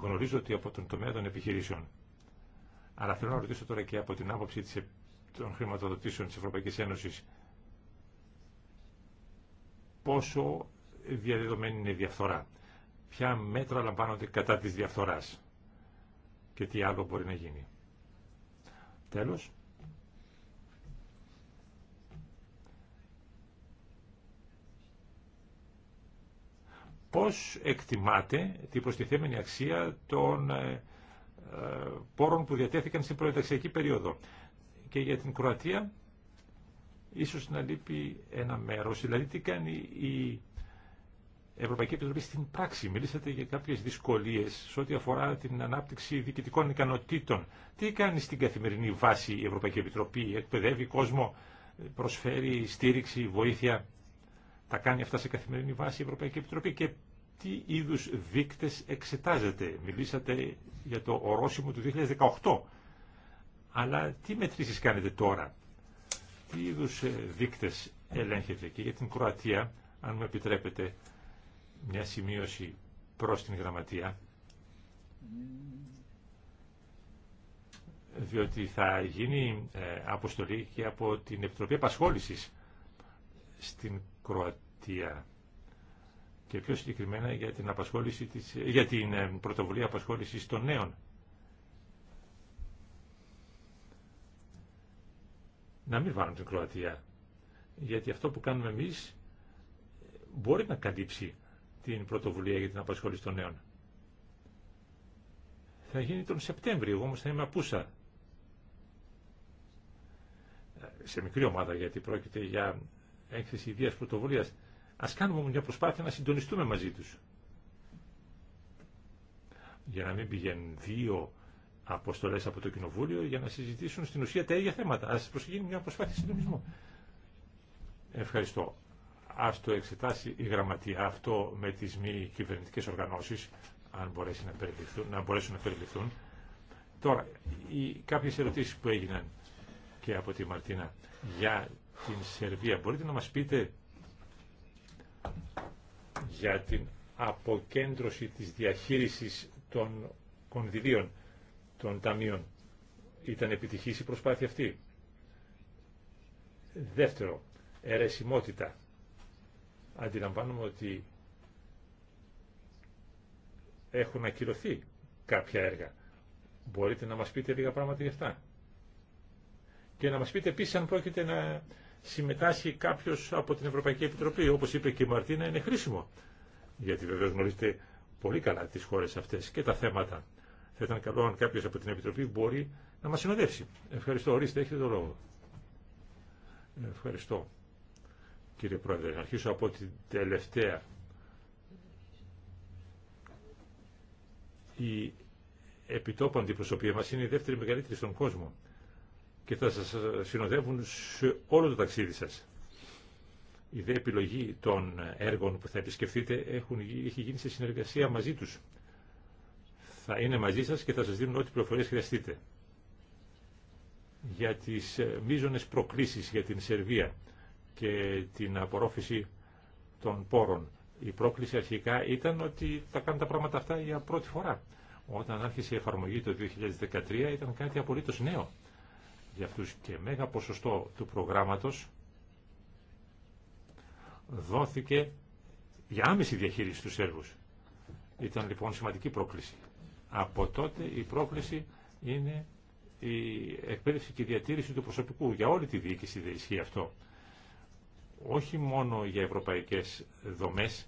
γνωρίζω ότι από τον τομέα των επιχειρήσεων. Αλλά θέλω να ρωτήσω τώρα και από την άποψη της, των χρηματοδοτήσεων της Ευρωπαϊκής Ένωσης πόσο διαδεδομένη είναι η διαφθορά. Ποια μέτρα λαμβάνονται κατά της διαφθοράς και τι άλλο μπορεί να γίνει. Τέλος, πώς εκτιμάτε την προστιθέμενη αξία των ε, ε, πόρων που διατέθηκαν στην προεταξιακή περίοδο. Και για την Κροατία, ίσως να λείπει ένα μέρος. Δηλαδή, τι κάνει η Ευρωπαϊκή Επιτροπή στην πράξη. Μιλήσατε για κάποιες δυσκολίες σε ό,τι αφορά την ανάπτυξη διοικητικών ικανοτήτων. Τι κάνει στην καθημερινή βάση η Ευρωπαϊκή Επιτροπή, εκπαιδεύει κόσμο, προσφέρει στήριξη, βοήθεια. Τα κάνει αυτά σε καθημερινή βάση η Ευρωπαϊκή Επιτροπή και τι είδους δείκτες εξετάζεται. Μιλήσατε για το ορόσημο του 2018. Αλλά τι μετρήσεις κάνετε τώρα. Τι είδους ε, δείκτες ελέγχετε. Και για την Κροατία, αν μου επιτρέπετε μια σημείωση προς την γραμματεία. Διότι θα γίνει ε, αποστολή και από την Επιτροπή Απασχόλησης στην Κροατία και πιο συγκεκριμένα για την, απασχόληση της, για την ε, πρωτοβουλία απασχόλησης των νέων. Να μην βάλουν την Κροατία, γιατί αυτό που κάνουμε εμείς ε, μπορεί να καλύψει την πρωτοβουλία για την απασχόληση των νέων. Θα γίνει τον Σεπτέμβριο, εγώ όμως θα είμαι απούσα. Ε, σε μικρή ομάδα, γιατί πρόκειται για έκθεση ιδιαίτερη πρωτοβουλία. Ας κάνουμε μια προσπάθεια να συντονιστούμε μαζί τους. Για να μην πηγαίνουν δύο αποστολέ από το Κοινοβούλιο για να συζητήσουν στην ουσία τα ίδια θέματα. Ας προσεγγίσουμε μια προσπάθεια συντονισμού. Ευχαριστώ. Α το εξετάσει η γραμματεία αυτό με τις μη κυβερνητικέ οργανώσει, αν μπορέσει να, να μπορέσουν να περιληφθούν. Τώρα, κάποιε κάποιες που έγιναν και από τη Μαρτίνα για την Σερβία. Μπορείτε να μας πείτε για την αποκέντρωση της διαχείρισης των κονδυλίων των ταμείων. Ήταν επιτυχής η προσπάθεια αυτή. Δεύτερο, αιρεσιμότητα. Αντιλαμβάνομαι ότι έχουν ακυρωθεί κάποια έργα. Μπορείτε να μας πείτε λίγα πράγματα για αυτά. Και να μας πείτε επίσης αν πρόκειται να συμμετάσχει κάποιο από την Ευρωπαϊκή Επιτροπή. Όπως είπε και η Μαρτίνα, είναι χρήσιμο. Γιατί βεβαίω γνωρίζετε πολύ καλά τι χώρε αυτές και τα θέματα. Θα ήταν καλό αν κάποιος από την Επιτροπή μπορεί να μας συνοδεύσει. Ευχαριστώ. Ορίστε, έχετε το λόγο. Ευχαριστώ. Κύριε Πρόεδρε, να αρχίσω από την τελευταία. Η επιτόπου αντιπροσωπεία μας είναι η δεύτερη μεγαλύτερη στον κόσμο και θα σας ε, συνοδεύουν σε όλο το ταξίδι σας. Η δε επιλογή των έργων που θα επισκεφτείτε έχουν, έχει γίνει σε συνεργασία μαζί τους. Θα είναι μαζί σας και θα σας δίνουν ό,τι πληροφορίες χρειαστείτε. Για τις ε, μείζονες προκλήσεις για την Σερβία και την απορρόφηση των πόρων. Η πρόκληση αρχικά ήταν ότι θα κάνουν τα πράγματα αυτά για πρώτη φορά. Όταν άρχισε η εφαρμογή το 2013 ήταν κάτι απολύτως νέο για αυτούς και μέγα ποσοστό του προγράμματος δόθηκε για άμεση διαχείριση του έργους. Ήταν λοιπόν σημαντική πρόκληση. Από τότε η πρόκληση είναι η εκπαίδευση και η διατήρηση του προσωπικού. Για όλη τη διοίκηση δεν ισχύει αυτό. Όχι μόνο για ευρωπαϊκές δομές,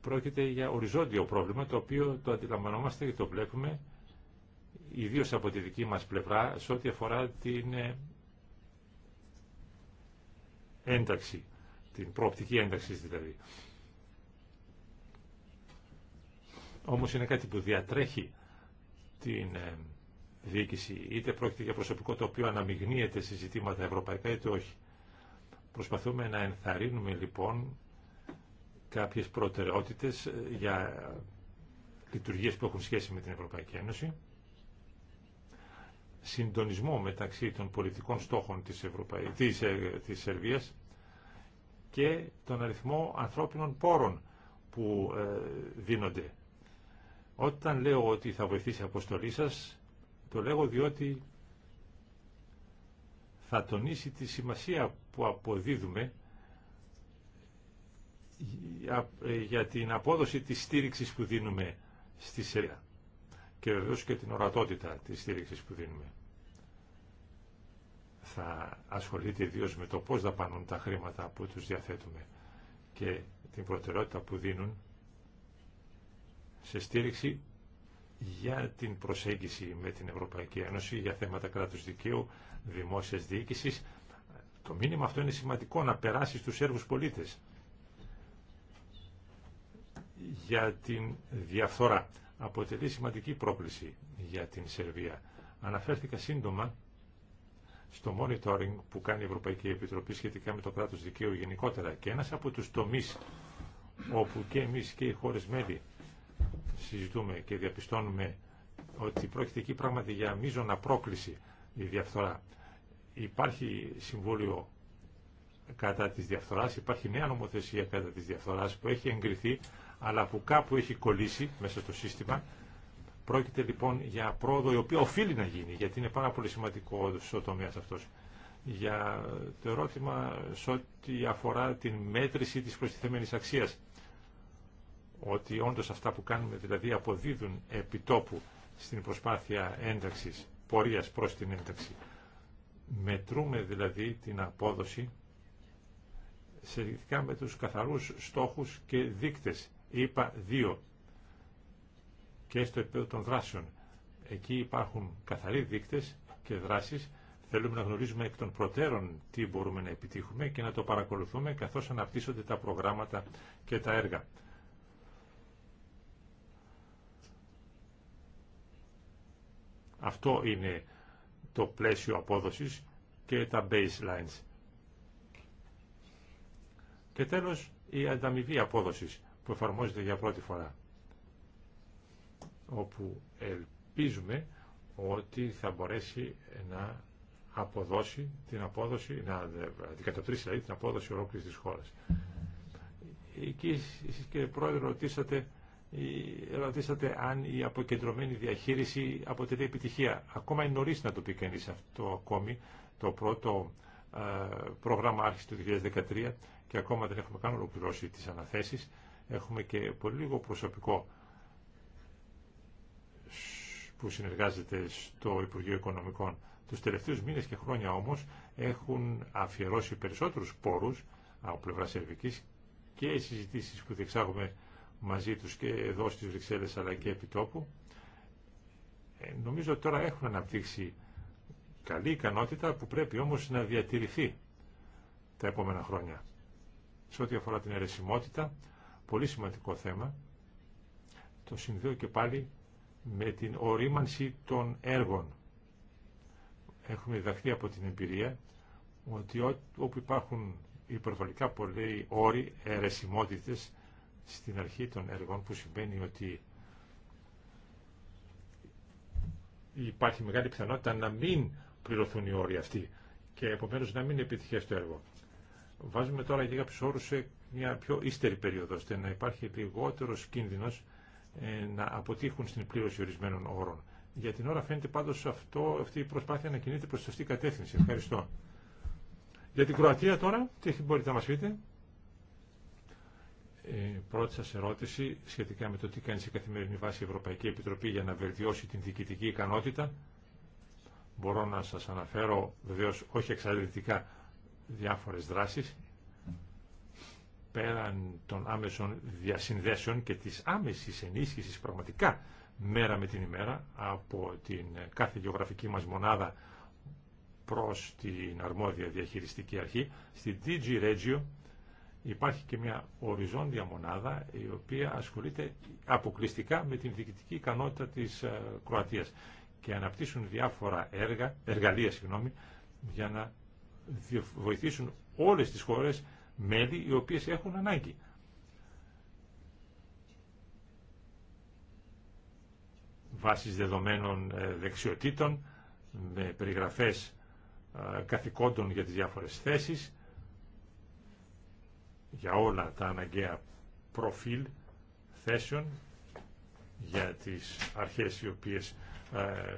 πρόκειται για οριζόντιο πρόβλημα το οποίο το αντιλαμβανόμαστε και το βλέπουμε ιδίως από τη δική μας πλευρά, σε ό,τι αφορά την ε, ένταξη, την προοπτική ένταξη δηλαδή. Όμως είναι κάτι που διατρέχει την ε, διοίκηση, είτε πρόκειται για προσωπικό το οποίο αναμειγνύεται σε ζητήματα ευρωπαϊκά είτε όχι. Προσπαθούμε να ενθαρρύνουμε λοιπόν κάποιες προτεραιότητες ε, για λειτουργίες που έχουν σχέση με την Ευρωπαϊκή Ένωση συντονισμό μεταξύ των πολιτικών στόχων της, Ευρωπαϊ... της, ε, της Σερβίας και τον αριθμό ανθρώπινων πόρων που ε, δίνονται. Όταν λέω ότι θα βοηθήσει η αποστολή σας, το λέγω διότι θα τονίσει τη σημασία που αποδίδουμε για ε, την απόδοση της στήριξης που δίνουμε στη Σερβία και βεβαίω και την ορατότητα της στήριξης που δίνουμε. Θα ασχολείται ιδίω με το πώς δαπανούν τα χρήματα που τους διαθέτουμε και την προτεραιότητα που δίνουν σε στήριξη για την προσέγγιση με την Ευρωπαϊκή Ένωση για θέματα κράτους δικαίου, δημόσιας διοίκησης. Το μήνυμα αυτό είναι σημαντικό να περάσει στους Σέρβους πολίτες για την διαφθορά αποτελεί σημαντική πρόκληση για την Σερβία. Αναφέρθηκα σύντομα στο monitoring που κάνει η Ευρωπαϊκή Επιτροπή σχετικά με το κράτος δικαίου γενικότερα και ένας από τους τομείς όπου και εμείς και οι χώρες μέλη συζητούμε και διαπιστώνουμε ότι πρόκειται εκεί πράγματι για μείζωνα πρόκληση η διαφθορά. Υπάρχει συμβούλιο κατά της διαφθοράς, υπάρχει νέα νομοθεσία κατά της διαφθοράς που έχει εγκριθεί αλλά που κάπου έχει κολλήσει μέσα στο σύστημα. Πρόκειται λοιπόν για πρόοδο η οποία οφείλει να γίνει, γιατί είναι πάρα πολύ σημαντικό ο τομέα αυτό. Για το ερώτημα σε ό,τι αφορά την μέτρηση της προστιθέμενης αξίας. Ότι όντως αυτά που κάνουμε δηλαδή αποδίδουν επιτόπου στην προσπάθεια ένταξης, πορείας προς την ένταξη. Μετρούμε δηλαδή την απόδοση σχετικά με τους καθαρούς στόχους και δείκτες ΕΙΠΑ δύο και στο επίπεδο των δράσεων. Εκεί υπάρχουν καθαροί δείκτες και δράσεις. Θέλουμε να γνωρίζουμε εκ των προτέρων τι μπορούμε να επιτύχουμε και να το παρακολουθούμε καθώς αναπτύσσονται τα προγράμματα και τα έργα. Αυτό είναι το πλαίσιο απόδοσης και τα baselines. Και τέλος η ανταμοιβή απόδοσης που εφαρμόζεται για πρώτη φορά όπου ελπίζουμε ότι θα μπορέσει να αποδώσει την απόδοση, να αντικατοπτρίσει δηλαδή την απόδοση ολόκληρης της χώρας. Εκεί εσείς κύριε Πρόεδρε ρωτήσατε, αν η αποκεντρωμένη διαχείριση αποτελεί επιτυχία. Ακόμα είναι νωρίς να το πει κανείς αυτό ακόμη. Το πρώτο ε, πρόγραμμα άρχισε το 2013 και ακόμα δεν έχουμε καν ολοκληρώσει τις αναθέσεις. Έχουμε και πολύ λίγο προσωπικό που συνεργάζεται στο Υπουργείο Οικονομικών. Τους τελευταίους μήνες και χρόνια όμως έχουν αφιερώσει περισσότερους πόρους από πλευρά Σερβικής και οι συζητήσεις που διεξάγουμε μαζί τους και εδώ στις Βρυξέλλες αλλά και επί τόπου. Ε, νομίζω τώρα έχουν αναπτύξει καλή ικανότητα που πρέπει όμως να διατηρηθεί τα επόμενα χρόνια. Σε ό,τι αφορά την αιρεσιμότητα, πολύ σημαντικό θέμα. Το συνδέω και πάλι με την ορίμανση των έργων. Έχουμε διδαχθεί από την εμπειρία ότι όπου υπάρχουν υπερβολικά πολλοί όροι αιρεσιμότητες στην αρχή των έργων που σημαίνει ότι υπάρχει μεγάλη πιθανότητα να μην πληρωθούν οι όροι αυτοί και επομένως να μην επιτυχές το έργο. Βάζουμε τώρα για κάποιους σε μια πιο ύστερη περίοδο, ώστε να υπάρχει λιγότερο κίνδυνο ε, να αποτύχουν στην πλήρωση ορισμένων όρων. Για την ώρα φαίνεται πάντω αυτή η προσπάθεια να κινείται προς σωστή κατεύθυνση. Ευχαριστώ. Για την Κροατία τώρα, τι μπορείτε να μα πείτε. Ε, πρώτη σα ερώτηση σχετικά με το τι κάνει σε καθημερινή βάση η Ευρωπαϊκή Επιτροπή για να βελτιώσει την διοικητική ικανότητα. Μπορώ να σα αναφέρω βεβαίω όχι εξαρτητικά διάφορε δράσει πέραν των άμεσων διασυνδέσεων και της άμεσης ενίσχυσης πραγματικά μέρα με την ημέρα από την κάθε γεωγραφική μας μονάδα προς την αρμόδια διαχειριστική αρχή. Στη DG Regio υπάρχει και μια οριζόντια μονάδα η οποία ασχολείται αποκλειστικά με την διοικητική ικανότητα της ε, Κροατίας και αναπτύσσουν διάφορα έργα, εργαλεία συγγνώμη, για να βοηθήσουν όλες τις χώρες μέλη οι οποίες έχουν ανάγκη. Βάσεις δεδομένων ε, δεξιοτήτων, με περιγραφές ε, καθηκόντων για τις διάφορες θέσεις, για όλα τα αναγκαία προφίλ θέσεων, για τις αρχές οι οποίες ε,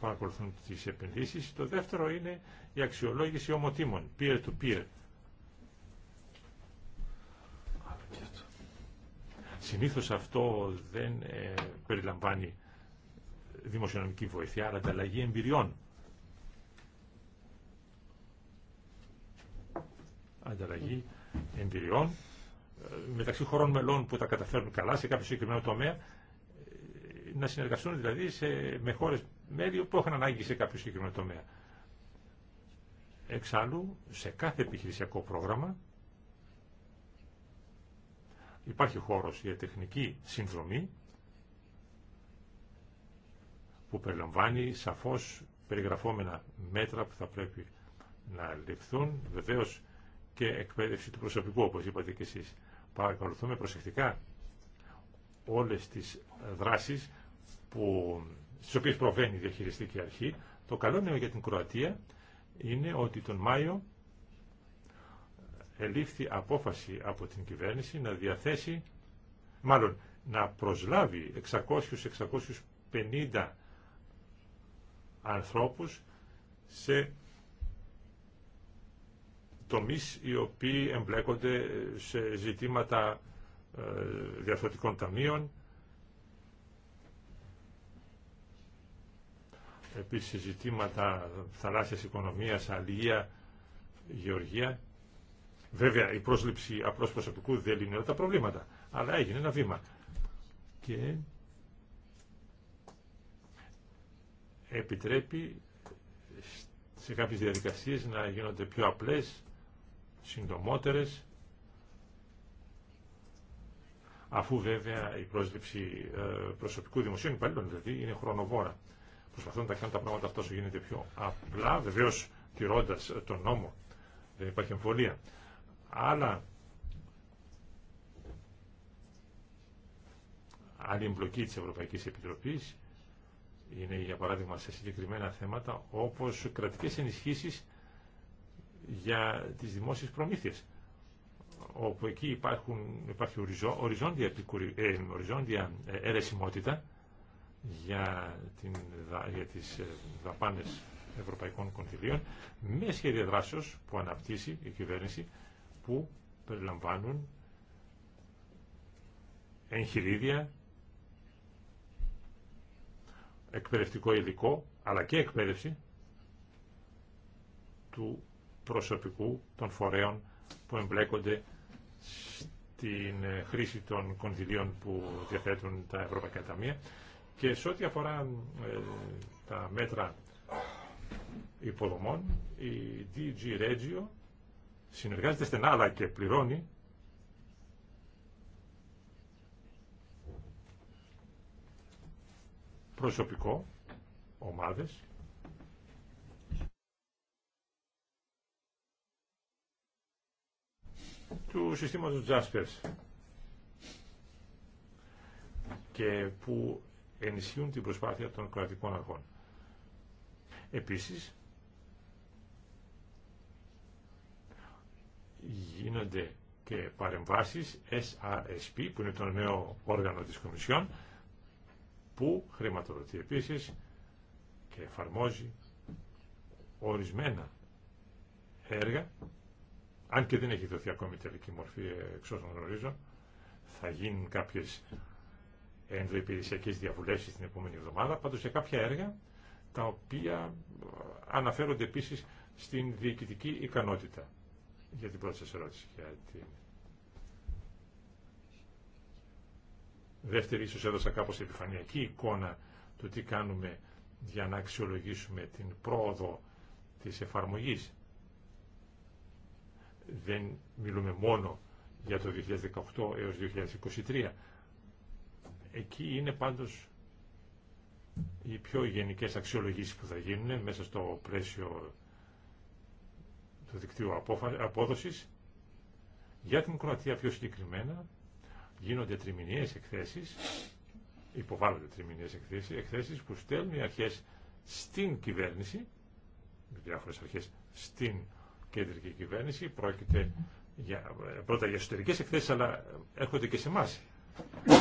παρακολουθούν τις επενδύσεις. Το δεύτερο είναι η αξιολόγηση ομοτήμων, peer-to-peer. -peer. Συνήθως αυτό δεν ε, περιλαμβάνει δημοσιονομική βοήθεια, αλλά ανταλλαγή εμπειριών. Ανταλλαγή εμπειριών ε, μεταξύ χωρών μελών που τα καταφέρνουν καλά σε κάποιο συγκεκριμένο τομέα, ε, να συνεργαστούν δηλαδή σε, με χώρε μέλη που έχουν ανάγκη σε κάποιο συγκεκριμένο τομέα. Εξάλλου, σε κάθε επιχειρησιακό πρόγραμμα υπάρχει χώρος για τεχνική συνδρομή που περιλαμβάνει σαφώς περιγραφόμενα μέτρα που θα πρέπει να ληφθούν, βεβαίως και εκπαίδευση του προσωπικού, όπως είπατε και εσείς. Παρακολουθούμε προσεκτικά όλες τις δράσεις που, στις οποίες προβαίνει η διαχειριστική αρχή. Το καλό νέο για την Κροατία είναι ότι τον Μάιο ελήφθη απόφαση από την κυβέρνηση να διαθέσει, μάλλον να προσλάβει 600-650 ανθρώπους σε τομείς οι οποίοι εμπλέκονται σε ζητήματα ε, διαφορετικών ταμείων. Επίσης ζητήματα θαλάσσιας οικονομίας, αλληλεία, γεωργία Βέβαια η πρόσληψη απλώ προσωπικού δεν λύνει όλα τα προβλήματα, αλλά έγινε ένα βήμα. Και επιτρέπει σε κάποιες διαδικασίες να γίνονται πιο απλές, συντομότερες, αφού βέβαια η πρόσληψη ε, προσωπικού δημοσίων υπαλλήλων δηλαδή είναι χρονοβόρα. Προσπαθούν να κάνουν τα πράγματα αυτό όσο γίνεται πιο απλά, βεβαίω τηρώντα τον νόμο. Δεν υπάρχει εμβολία άλλα άλλη εμπλοκή της Ευρωπαϊκής Επιτροπής είναι για παράδειγμα σε συγκεκριμένα θέματα όπως κρατικές ενισχύσεις για τις δημόσιες προμήθειες όπου εκεί υπάρχουν, υπάρχει ε, οριζόντια, ε, οριζόντια αιρεσιμότητα για, την, για τις ε, δαπάνες ευρωπαϊκών κονδυλίων με σχέδια δράσεως που αναπτύσσει η κυβέρνηση που περιλαμβάνουν εγχειρίδια, εκπαιδευτικό υλικό, αλλά και εκπαίδευση του προσωπικού των φορέων που εμπλέκονται στην ε, χρήση των κονδυλίων που διαθέτουν τα Ευρωπαϊκά Ταμεία. Και σε ό,τι αφορά ε, τα μέτρα υποδομών, η DG Regio συνεργάζεται στενά αλλά και πληρώνει προσωπικό, ομάδες, του συστήματος Jaspers και που ενισχύουν την προσπάθεια των κρατικών αρχών. Επίσης, γίνονται και παρεμβάσεις SRSP που είναι το νέο όργανο της Κομισιόν που χρηματοδοτεί επίσης και εφαρμόζει ορισμένα έργα αν και δεν έχει δοθεί ακόμη τελική μορφή εξ όσων γνωρίζω θα γίνουν κάποιες ενδοϊπηρεσιακές διαβουλεύσεις την επόμενη εβδομάδα πάντως σε κάποια έργα τα οποία αναφέρονται επίσης στην διοικητική ικανότητα για την πρώτη σας ερώτηση. Για Δεύτερη, ίσως έδωσα κάπως επιφανειακή εικόνα του τι κάνουμε για να αξιολογήσουμε την πρόοδο της εφαρμογής. Δεν μιλούμε μόνο για το 2018 έως 2023. Εκεί είναι πάντως οι πιο γενικές αξιολογήσεις που θα γίνουν μέσα στο πλαίσιο του δικτύου απόδοσης. Για την Κροατία πιο συγκεκριμένα γίνονται τριμηνίες εκθέσεις, υποβάλλονται τριμηνίες εκθέσεις, εκθέσεις που στέλνουν οι αρχές στην κυβέρνηση, διάφορες αρχές στην κεντρική κυβέρνηση, πρόκειται για, πρώτα για εσωτερικές εκθέσεις, αλλά έρχονται και σε εμά.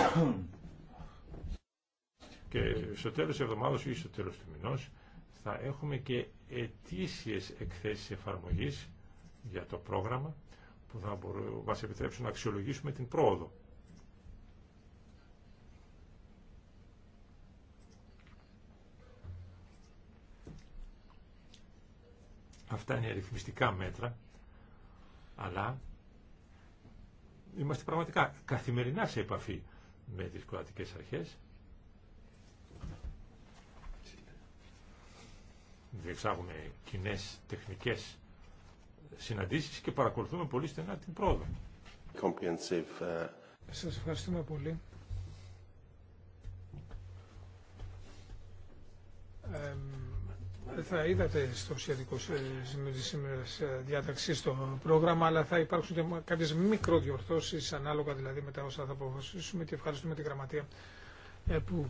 και στο τέλος της εβδομάδας ή στο τέλος του μηνός θα έχουμε και ετήσιες εκθέσεις εφαρμογής για το πρόγραμμα που θα μας επιτρέψουν να αξιολογήσουμε την πρόοδο. Αυτά είναι αριθμιστικά μέτρα, αλλά είμαστε πραγματικά καθημερινά σε επαφή με τις κρατικές αρχές διεξάγουμε κοινέ τεχνικέ συναντήσει και παρακολουθούμε πολύ στενά την πρόοδο. Σα ε, Σας ευχαριστούμε πολύ. Ε, θα είδατε στο σχετικό σήμερα διάταξη στο πρόγραμμα, αλλά θα υπάρξουν και κάποιε μικροδιορθώσει ανάλογα δηλαδή με τα όσα θα αποφασίσουμε και ευχαριστούμε τη γραμματεία ε, που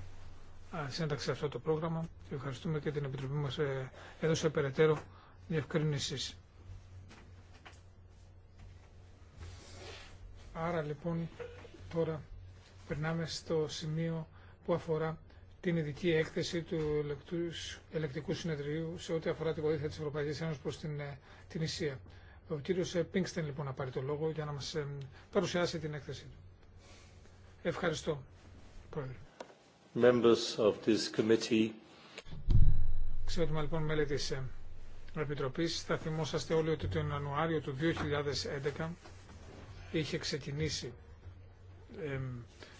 σύνταξε αυτό το πρόγραμμα και ευχαριστούμε και την Επιτροπή μας ε, έδωσε περαιτέρω διευκρίνησης. Άρα λοιπόν τώρα περνάμε στο σημείο που αφορά την ειδική έκθεση του ελεκτικού συνεδρίου σε ό,τι αφορά τη βοήθεια της Ευρωπαϊκής Ένωσης προς την, ε, την Ισία. Ο κύριος ε, Πίνξτεν λοιπόν να πάρει το λόγο για να μας παρουσιάσει την έκθεση του. Ευχαριστώ, Πρόεδρε members of this committee. Ξέρουμε λοιπόν μέλη της ε, Επιτροπής, θα θυμόσαστε όλοι ότι τον Ιανουάριο του 2011 είχε ξεκινήσει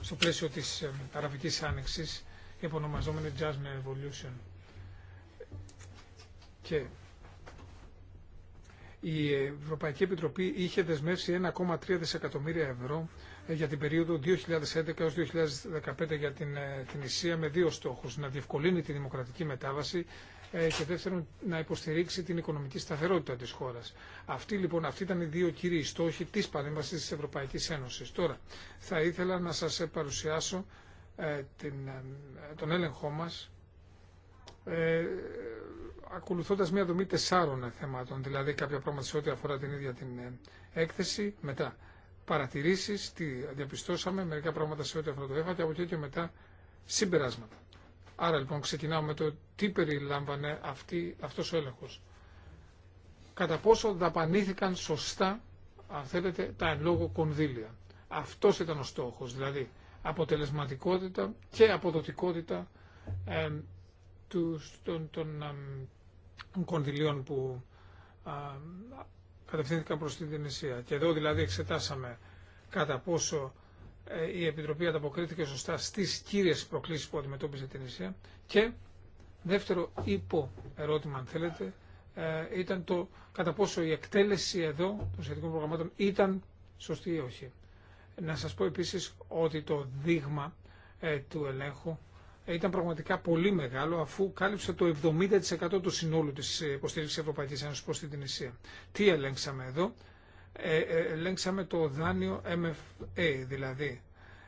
στο πλαίσιο της ε, Αραβικής Άνοιξης η Evolution, Jasmine Revolution. Και η Ευρωπαϊκή Επιτροπή είχε δεσμεύσει 1,3 δισεκατομμύρια ευρώ ε, για την περίοδο 2011 έως 2015 για την, ε, την Ισία με δύο στόχους. Να διευκολύνει τη δημοκρατική μετάβαση ε, και δεύτερον να υποστηρίξει την οικονομική σταθερότητα της χώρας. Αυτοί λοιπόν, αυτοί ήταν οι δύο κύριοι στόχοι της παρέμβασης της Ευρωπαϊκής Ένωσης. Τώρα θα ήθελα να σας παρουσιάσω την, τον έλεγχό μας ε, ακολουθώντα μια δομή τεσσάρων θεμάτων, δηλαδή κάποια πράγματα σε ό,τι αφορά την ίδια την έκθεση, μετά παρατηρήσεις, τι διαπιστώσαμε, μερικά πράγματα σε ό,τι αφορά το ΕΦΑ και από εκεί και μετά συμπεράσματα. Άρα λοιπόν ξεκινάμε με το τι περιλάμβανε αυτή, αυτός ο έλεγχος. Κατά πόσο δαπανήθηκαν σωστά, αν θέλετε, τα εν λόγω κονδύλια. Αυτός ήταν ο στόχος, δηλαδή αποτελεσματικότητα και αποδοτικότητα του, των, των, κονδυλίων που κατευθύνθηκαν προς την Τινησία. Και εδώ δηλαδή εξετάσαμε κατά πόσο ε, η Επιτροπή ανταποκρίθηκε σωστά στις κύριες προκλήσεις που αντιμετώπιζε την Ισία και δεύτερο υπό ερώτημα αν θέλετε ε, ήταν το κατά πόσο η εκτέλεση εδώ των σχετικών προγραμμάτων ήταν σωστή ή όχι. Να σας πω επίσης ότι το δείγμα ε, του ελέγχου ήταν πραγματικά πολύ μεγάλο αφού κάλυψε το 70% του συνόλου της ε, υποστήριξης Ευρωπαϊκής Ένωσης προς την Ισία. Τι ελέγξαμε εδώ. Ε, ε, ελέγξαμε το δάνειο MFA, δηλαδή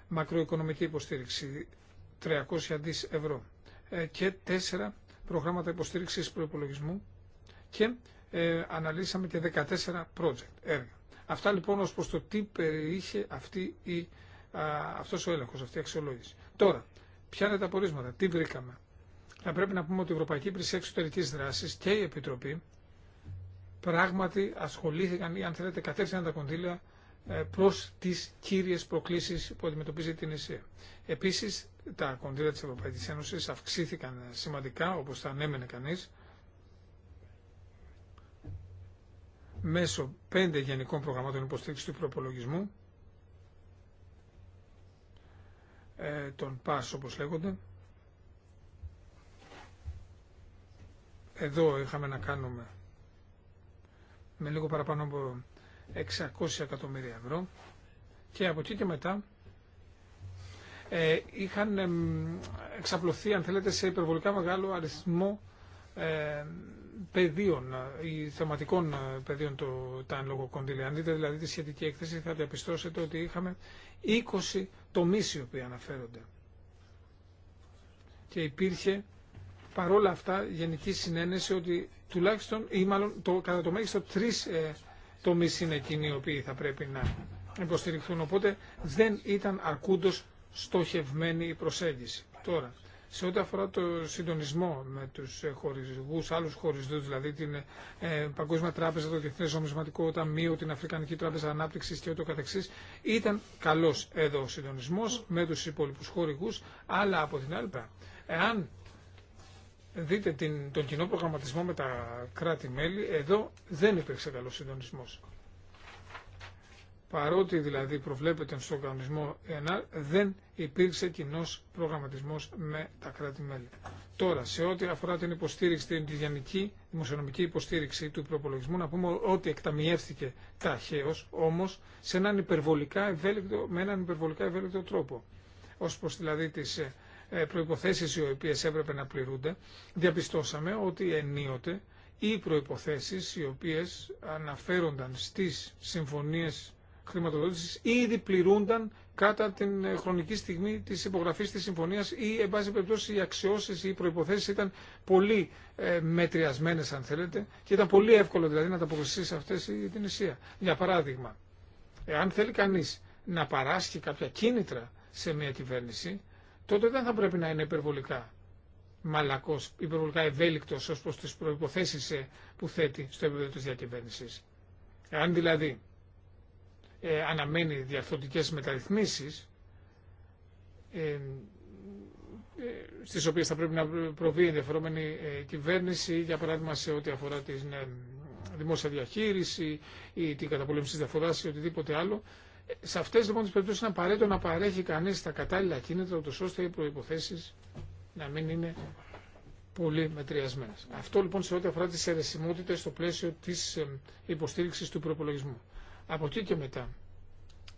μακροοικονομική υποστήριξη, 300 δις ευρώ και τέσσερα προγράμματα υποστήριξης προϋπολογισμού και ε, αναλύσαμε και 14 project έργα. Αυτά λοιπόν ως προς το τι περιείχε αυτή η, αυτός ο έλεγχος, αυτή η αξιολόγηση. Τώρα, Ποια είναι τα πορίσματα, τι βρήκαμε. Θα πρέπει να πούμε ότι η Ευρωπαϊκή Υπηρεσία Εξωτερική Δράση και η Επιτροπή πράγματι ασχολήθηκαν ή αν θέλετε κατεύθυναν τα κονδύλια ε, προ τι κύριε προκλήσει που αντιμετωπίζει την ΕΣΕ. Επίση, τα κονδύλια τη Ευρωπαϊκή Ένωση αυξήθηκαν σημαντικά, όπω θα ανέμενε κανεί, μέσω πέντε γενικών προγραμμάτων υποστήριξη του προπολογισμού Ε, των ΠΑΣ όπως λέγονται. Εδώ είχαμε να κάνουμε με λίγο παραπάνω από 600 εκατομμύρια ευρώ και από εκεί και μετά ε, είχαν εξαπλωθεί αν θέλετε σε υπερβολικά μεγάλο αριθμό ε, πεδίων ε, ή θεματικών ε, πεδίων το, τα εν λόγω κονδύλια. Αν δείτε δηλαδή τη σχετική έκθεση θα διαπιστώσετε ότι είχαμε 20 τομείς οι οποίοι αναφέρονται. Και υπήρχε παρόλα αυτά γενική συνένεση ότι τουλάχιστον ή μάλλον το, κατά το μέγιστο τρεις ε, τομείς είναι εκείνοι οι οποίοι θα πρέπει να υποστηριχθούν. Οπότε δεν ήταν αρκούντος στοχευμένη η προσέγγιση. Τώρα, σε ό,τι αφορά το συντονισμό με τους ε, χορηγούς, άλλους χορηγούς, δηλαδή την ε, Παγκόσμια Τράπεζα, το Διεθνέ Νομισματικό Ταμείο, την Αφρικανική Τράπεζα Ανάπτυξης και ούτω καθεξή, ήταν καλός εδώ ο συντονισμός με τους υπόλοιπου χορηγού, αλλά από την άλλη εάν δείτε την, τον κοινό προγραμματισμό με τα κράτη-μέλη, εδώ δεν υπήρξε καλό συντονισμό παρότι δηλαδή προβλέπεται στον κανονισμό ΕΝΑΡ, δεν υπήρξε κοινό προγραμματισμό με τα κράτη-μέλη. Τώρα, σε ό,τι αφορά την υποστήριξη, την γενική δημοσιονομική υποστήριξη του προπολογισμού, να πούμε ότι εκταμιεύθηκε ταχαίω, όμω σε έναν υπερβολικά ευέλικτο, με έναν υπερβολικά ευέλικτο τρόπο. Ω προ δηλαδή τι ε, προποθέσει οι οποίε έπρεπε να πληρούνται, διαπιστώσαμε ότι ενίοτε οι προϋποθέσεις οι οποίες αναφέρονταν στις συμφωνίες χρηματοδότησης ήδη πληρούνταν κατά την χρονική στιγμή της υπογραφής της συμφωνίας ή, εν πάση περιπτώσει, οι αξιώσεις ή οι προϋποθέσεις ήταν πολύ ε, μετριασμένες, αν θέλετε, και ήταν πολύ εύκολο δηλαδή να τα αποκλειστεί σε αυτές η την Για παράδειγμα, εάν θέλει κανείς να παράσχει κάποια κίνητρα σε μια κυβέρνηση, τότε δεν θα πρέπει να είναι υπερβολικά μαλακός, υπερβολικά ευέλικτος ως προς τις προϋποθέσεις ε, που θέτει στο επίπεδο της διακυβέρνηση. Εάν δηλαδή ε, αναμένει διαρθρωτικές μεταρρυθμίσεις ε, ε, στις οποίες θα πρέπει να προβεί η ενδιαφερόμενη ε, κυβέρνηση, για παράδειγμα σε ό,τι αφορά την ε, δημόσια διαχείριση ή την καταπολέμηση της διαφοράς ή οτιδήποτε άλλο. Σε αυτές λοιπόν τις περιπτώσεις είναι απαραίτητο να παρέχει κανεί τα κατάλληλα κίνητρα, ούτως ώστε οι προϋποθέσεις να μην είναι πολύ μετριασμένες. Αυτό λοιπόν σε ό,τι αφορά τις αιρεσιμότητε στο πλαίσιο της υποστήριξης του προπολογισμού. Από εκεί και μετά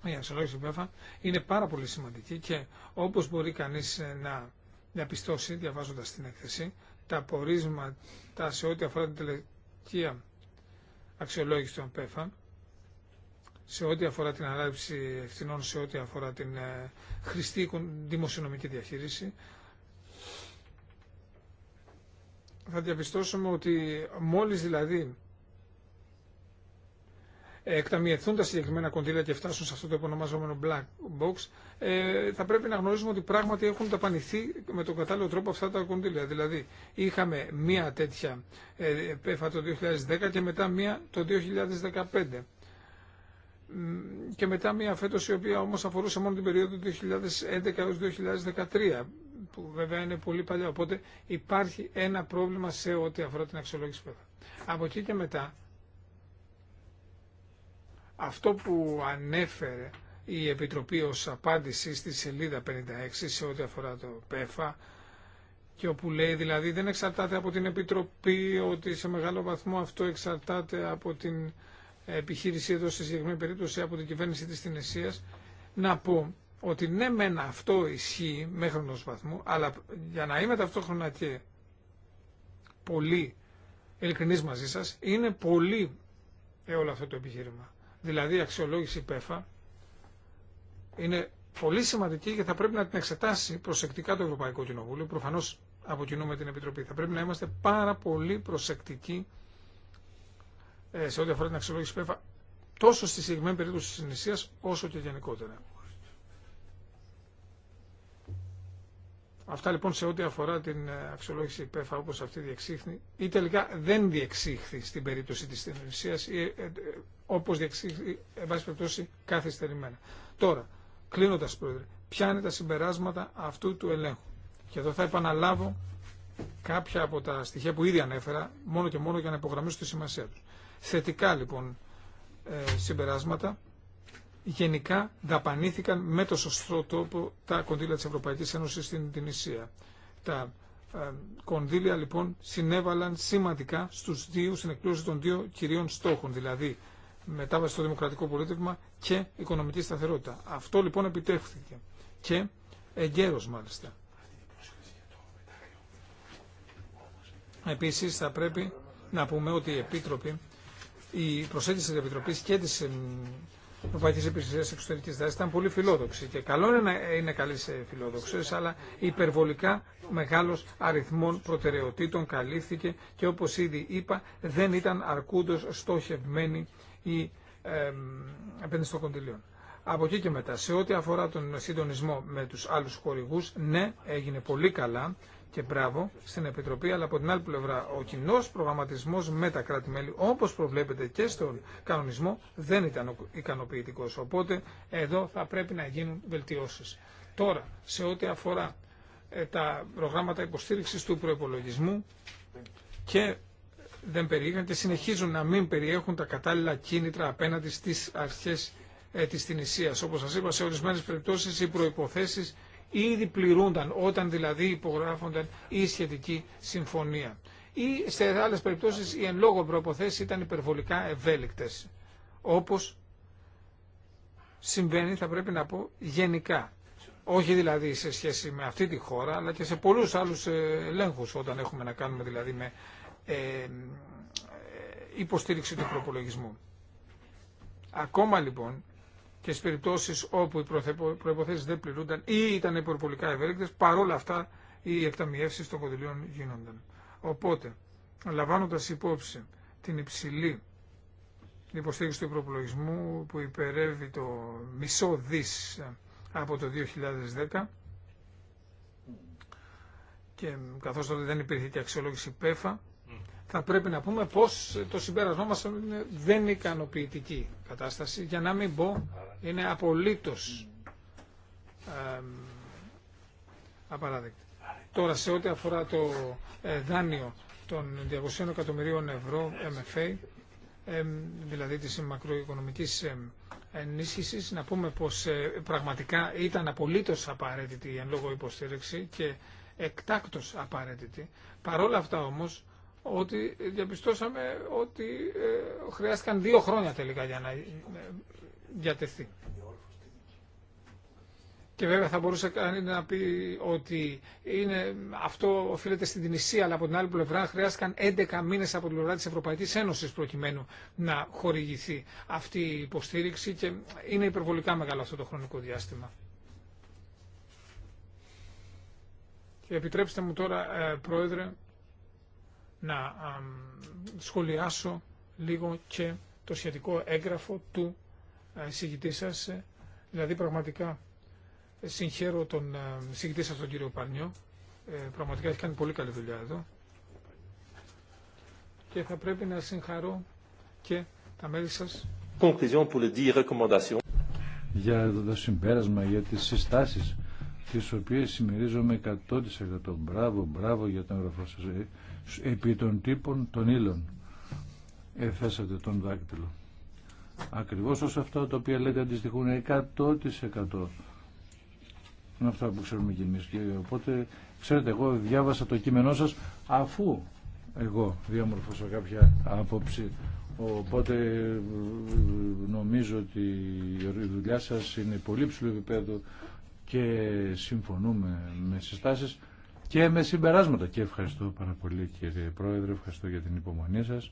η αξιολόγηση του είναι πάρα πολύ σημαντική και όπως μπορεί κανείς ε, να διαπιστώσει διαβάζοντας την έκθεση, τα πορίσματα σε ό,τι αφορά την τελευταία αξιολόγηση των ΠΕΦΑ, σε ό,τι αφορά την ανάληψη ευθυνών, σε ό,τι αφορά την ε, χρηστή δημοσιονομική διαχείριση, θα διαπιστώσουμε ότι μόλις δηλαδή εκταμιευθούν τα συγκεκριμένα κονδύλια και φτάσουν σε αυτό το επωνομαζόμενο black box, ε, θα πρέπει να γνωρίζουμε ότι πράγματι έχουν ταπανηθεί με τον κατάλληλο τρόπο αυτά τα κονδύλια. Δηλαδή, είχαμε μία τέτοια ε, πέφα το 2010 και μετά μία το 2015 και μετά μια φέτος η οποία όμως αφορούσε μόνο την περίοδο 2011 έως 2013 που βέβαια είναι πολύ παλιά οπότε υπάρχει ένα πρόβλημα σε ό,τι αφορά την αξιολόγηση πέφα. Από εκεί και μετά αυτό που ανέφερε η Επιτροπή ως απάντηση στη σελίδα 56 σε ό,τι αφορά το ΠΕΦΑ και όπου λέει δηλαδή δεν εξαρτάται από την Επιτροπή ότι σε μεγάλο βαθμό αυτό εξαρτάται από την επιχείρηση εδώ στη συγκεκριμένη περίπτωση από την κυβέρνηση της Τινεσίας να πω ότι ναι μεν αυτό ισχύει μέχρι ενός βαθμού αλλά για να είμαι ταυτόχρονα και πολύ ειλικρινής μαζί σας είναι πολύ ε, όλο αυτό το επιχείρημα δηλαδή η αξιολόγηση ΠΕΦΑ, είναι πολύ σημαντική και θα πρέπει να την εξετάσει προσεκτικά το Ευρωπαϊκό Κοινοβούλιο. Προφανώ από κοινού την Επιτροπή. Θα πρέπει να είμαστε πάρα πολύ προσεκτικοί ε, σε ό,τι αφορά την αξιολόγηση ΠΕΦΑ, τόσο στη συγκεκριμένη περίπτωση τη νησία, όσο και γενικότερα. Αυτά λοιπόν σε ό,τι αφορά την ε, αξιολόγηση ΠΕΦΑ όπως αυτή διεξήχθη ή τελικά δεν διεξήχθη στην περίπτωση της ε, όπως διεξήχθη, εν πάση περιπτώσει, Τώρα, κλείνοντας, Πρόεδρε, ποια είναι τα συμπεράσματα αυτού του ελέγχου. Και εδώ θα επαναλάβω κάποια από τα στοιχεία που ήδη ανέφερα, μόνο και μόνο για να υπογραμμίσω τη σημασία τους. Θετικά, λοιπόν, ε, συμπεράσματα, γενικά δαπανήθηκαν με το σωστό τόπο τα κονδύλια της Ευρωπαϊκής Ένωσης στην Τινησία. Τα ε, κονδύλια λοιπόν συνέβαλαν σημαντικά στους δύο, στην εκπλήρωση των δύο κυρίων στόχων, δηλαδή μετάβαση στο δημοκρατικό πολίτευμα και οικονομική σταθερότητα. Αυτό λοιπόν επιτεύχθηκε και εγκαίρως μάλιστα. Επίσης θα πρέπει να πούμε ότι η Επίτροπη, η προσέγγιση της Επιτροπής και της Ευρωπαϊκή Υπηρεσία Εξωτερική Δράση ήταν πολύ φιλόδοξη και καλό είναι να είναι καλή σε φιλόδοξε, αλλά υπερβολικά μεγάλο αριθμών προτεραιοτήτων καλύφθηκε και όπω ήδη είπα δεν ήταν αρκούντο στοχευμένη η επένδυση των κοντιλίων. Από εκεί και μετά, σε ό,τι αφορά τον συντονισμό με του άλλου χορηγού, ναι, έγινε πολύ καλά και μπράβο στην Επιτροπή, αλλά από την άλλη πλευρά ο κοινό προγραμματισμό με τα κράτη-μέλη, όπω προβλέπεται και στον κανονισμό, δεν ήταν ικανοποιητικό. Οπότε εδώ θα πρέπει να γίνουν βελτιώσει. Τώρα, σε ό,τι αφορά ε, τα προγράμματα υποστήριξη του προπολογισμού και δεν περιείχαν και συνεχίζουν να μην περιέχουν τα κατάλληλα κίνητρα απέναντι στις αρχές ε, της θυνησίας. Όπως σας είπα, σε ορισμένες περιπτώσεις οι προϋποθέσεις ήδη πληρούνταν όταν δηλαδή υπογράφονταν η σχετική συμφωνία. Ή σε άλλες περιπτώσεις οι εν λόγω προϋποθέσεις ήταν υπερβολικά ευέλικτες. Όπως συμβαίνει, θα πρέπει να πω, γενικά. Όχι δηλαδή σε σχέση με αυτή τη χώρα, αλλά και σε πολλούς άλλους ε, ελέγχους όταν έχουμε να κάνουμε δηλαδή με ε, ε, υποστήριξη του προπολογισμού. Ακόμα λοιπόν και στις περιπτώσεις όπου οι προϋποθέσεις δεν πληρούνταν ή ήταν υπερβολικά ευέλικτες, παρόλα αυτά οι εκταμιεύσεις των κονδυλίων γίνονταν. Οπότε, λαμβάνοντα υπόψη την υψηλή υποστήριξη του προπολογισμού που υπερεύει το μισό δις από το 2010 και καθώς τότε δεν υπήρχε και αξιολόγηση ΠΕΦΑ, θα πρέπει να πούμε πως το συμπέρασμά μας δεν ικανοποιητική κατάσταση για να μην πω είναι απολύτως ε, απαράδεκτη. Τώρα σε ό,τι αφορά το ε, δάνειο των 200 εκατομμυρίων ευρώ MFA, δηλαδή της μακροοικονομικής ενίσχυσης, να πούμε πως ε, πραγματικά ήταν απολύτως απαραίτητη η εν λόγω υποστήριξη και εκτάκτως απαραίτητη. Παρόλα αυτά όμως, ότι διαπιστώσαμε ότι ε, χρειάστηκαν δύο χρόνια τελικά για να ε, διατεθεί. Και βέβαια θα μπορούσε κανεί να πει ότι είναι, αυτό οφείλεται στην Τινησία, αλλά από την άλλη πλευρά χρειάστηκαν 11 μήνε από την πλευρά τη Ευρωπαϊκή Ένωση προκειμένου να χορηγηθεί αυτή η υποστήριξη και είναι υπερβολικά μεγάλο αυτό το χρονικό διάστημα. Και επιτρέψτε μου τώρα, ε, Πρόεδρε, να σχολιάσω λίγο και το σχετικό έγγραφο του ε, συγκητή σας. Ε, δηλαδή πραγματικά ε, συγχαίρω τον συγκητή σας τον κύριο Παρνιό. Πραγματικά έχει κάνει πολύ καλή δουλειά εδώ. Και θα πρέπει να συγχαρώ και τα μέλη σας. Για το συμπέρασμα, για τις συστάσεις τις οποίες συμμερίζομαι 100% μπράβο, μπράβο για τον έγγραφο σας επί των τύπων των ύλων. Εφέσατε τον δάκτυλο. Ακριβώς ως αυτά τα οποία λέτε αντιστοιχούν 100% είναι αυτά που ξέρουμε κι εμείς. οπότε, ξέρετε, εγώ διάβασα το κείμενό σας αφού εγώ διαμορφώσα κάποια άποψη. Οπότε νομίζω ότι η δουλειά σας είναι πολύ ψηλό επίπεδο και συμφωνούμε με συστάσεις και με συμπεράσματα. Και ευχαριστώ πάρα πολύ κύριε Πρόεδρε, ευχαριστώ για την υπομονή σας.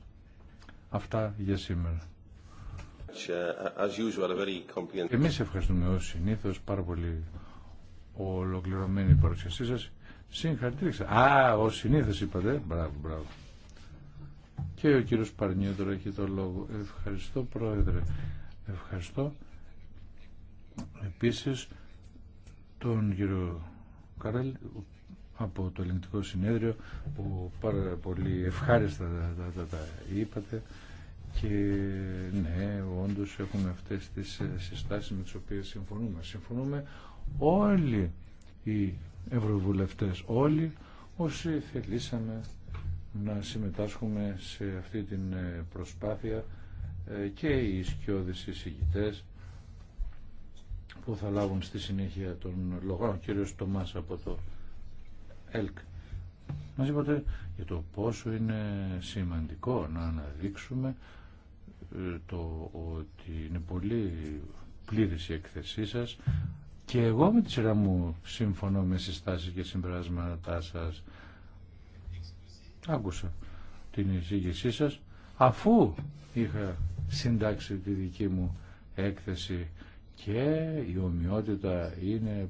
Αυτά για σήμερα. Εμείς ευχαριστούμε ως συνήθως πάρα πολύ ολοκληρωμένη παρουσιασή σας. Συγχαρητήρια. Α, ως συνήθως είπατε. Μπράβο, μπράβο. Και ο κύριος Παρνιό έχει το λόγο. Ευχαριστώ Πρόεδρε. Ευχαριστώ. Επίσης τον κύριο Καρέλ, από το Ελληνικό Συνέδριο που πάρα πολύ ευχάριστα τα, είπατε και ναι, όντως έχουμε αυτές τις συστάσεις με τις οποίες συμφωνούμε. Συμφωνούμε όλοι οι ευρωβουλευτές, όλοι όσοι θελήσαμε να συμμετάσχουμε σε αυτή την ε, προσπάθεια ε, και οι ισχυώδεις εισηγητές που θα λάβουν στη συνέχεια τον λογό ο κύριος Τομάς από το ΕΛΚ. Μας είπατε για το πόσο είναι σημαντικό να αναδείξουμε ε, το ότι είναι πολύ πλήρης η εκθεσή σας και εγώ με τη σειρά μου συμφωνώ με συστάσεις και συμπεράσματά σας. Άκουσα την εισήγησή σας αφού είχα συντάξει τη δική μου έκθεση και η ομοιότητα είναι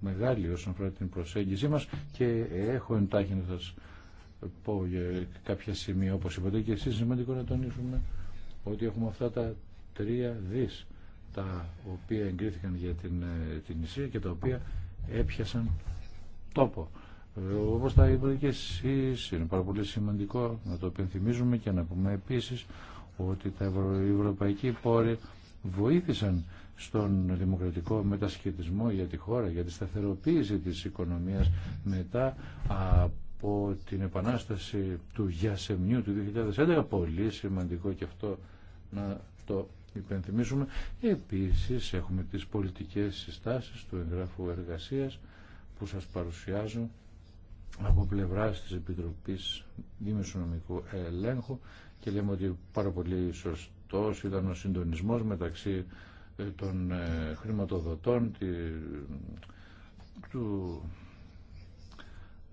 μεγάλη όσον αφορά την προσέγγιση μας και έχω εντάχει να σας πω για κάποια σημεία όπως είπατε και εσείς σημαντικό να τονίσουμε ότι έχουμε αυτά τα τρία δις τα οποία εγκρίθηκαν για την, ε, την νησία και τα οποία έπιασαν τόπο. Ε, όπως τα είπατε και εσείς, είναι πάρα πολύ σημαντικό να το πενθυμίζουμε και να πούμε επίσης ότι τα ευρωπαϊκοί πόροι βοήθησαν στον δημοκρατικό μετασχετισμό για τη χώρα, για τη σταθεροποίηση της οικονομίας μετά από την επανάσταση του Γιασεμνιού του 2011. Πολύ σημαντικό και αυτό να το υπενθυμίσουμε. Επίσης έχουμε τις πολιτικές συστάσεις του εγγράφου εργασίας που σας παρουσιάζω από πλευράς της Επιτροπής Δημοσιονομικού Ελέγχου και λέμε ότι πάρα πολύ σωστός ήταν ο συντονισμός μεταξύ των ε, χρηματοδοτών του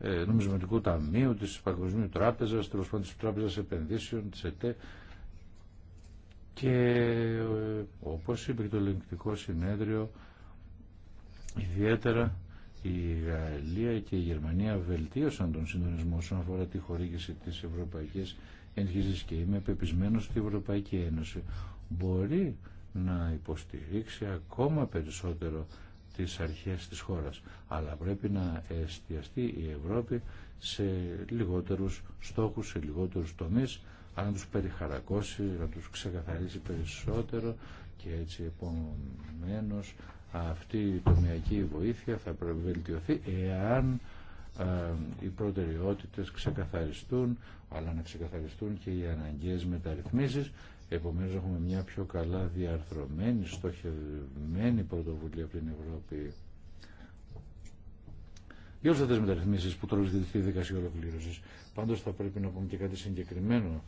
ε, νομισματικού ταμείου, της Παγκοσμίου Τράπεζας, τέλος πάντων της Τράπεζας Επενδύσεων, της ΕΤΕ και ε, όπως είπε και το ελεγκτικό συνέδριο ιδιαίτερα η Γαλλία και η Γερμανία βελτίωσαν τον συντονισμό όσον αφορά τη χορήγηση της Ευρωπαϊκής Ένωσης και είμαι πεπισμένος ότι η Ευρωπαϊκή Ένωση μπορεί να υποστηρίξει ακόμα περισσότερο τις αρχές της χώρας. Αλλά πρέπει να εστιαστεί η Ευρώπη σε λιγότερους στόχους, σε λιγότερους τομείς, αλλά να τους περιχαρακώσει, να τους ξεκαθαρίσει περισσότερο και έτσι επομένως αυτή η τομιακή βοήθεια θα βελτιωθεί εάν ε, οι προτεραιότητες ξεκαθαριστούν, αλλά να ξεκαθαριστούν και οι αναγκαίες μεταρρυθμίσεις Επομένως έχουμε μια πιο καλά διαρθρωμένη, στοχευμένη πρωτοβουλία από την Ευρώπη. Για όλε αυτέ τι μεταρρυθμίσει που τώρα ζητηθεί η δικασία ολοκλήρωση, πάντω θα πρέπει να πούμε και κάτι συγκεκριμένο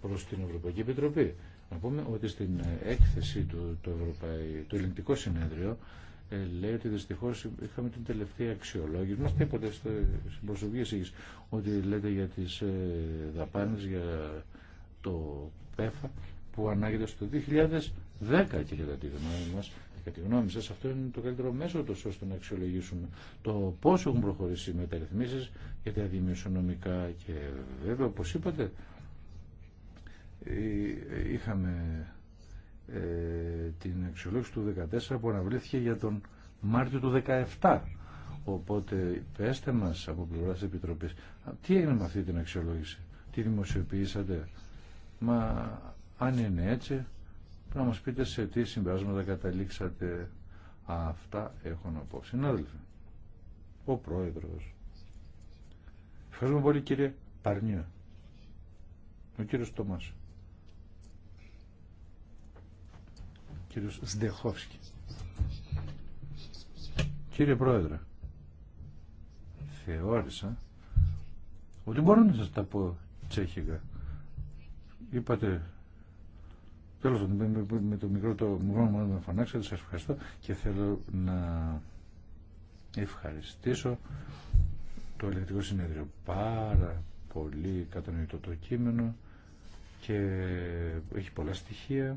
προ την Ευρωπαϊκή Επιτροπή. Να πούμε ότι στην έκθεση του το, Ευρωπαϊ... το Ελληνικό Συνέδριο ε, λέει ότι δυστυχώ είχαμε την τελευταία αξιολόγηση. Μα τίποτα στην προσωπική εισήγηση. Ότι λέτε για τι ε, δαπάνε, για το ΠΕΦΑ που ανάγεται στο 2010 και κατά τη γνώμη μα. κατά τη γνώμη σα αυτό είναι το καλύτερο μέσο τόσο ώστε να αξιολογήσουμε το πώ έχουν προχωρήσει οι μεταρρυθμίσει και τα δημοσιονομικά και βέβαια όπω είπατε ε, είχαμε ε, την αξιολόγηση του 2014 που αναβλήθηκε για τον Μάρτιο του 2017 οπότε πέστε μα από πλευρά τη Επιτροπή, τι έγινε με αυτή την αξιολόγηση τι δημοσιοποιήσατε μα αν είναι έτσι, να μας πείτε σε τι συμπεράσματα καταλήξατε. Αυτά έχω να πω. Συνάδελφοι, ο Πρόεδρος. Ευχαριστούμε πολύ κύριε Παρνία. Ο κύριος Τόμας. Κύριος Σντεχόφσκι. Κύριε Πρόεδρε, θεώρησα ότι μπορώ να σας τα πω τσέχικα. Είπατε Τέλος, με το μικρό το μόνο που με φανάξατε, σας ευχαριστώ και θέλω να ευχαριστήσω το ελεκτικό συνέδριο. Πάρα πολύ κατανοητό το κείμενο και έχει πολλά στοιχεία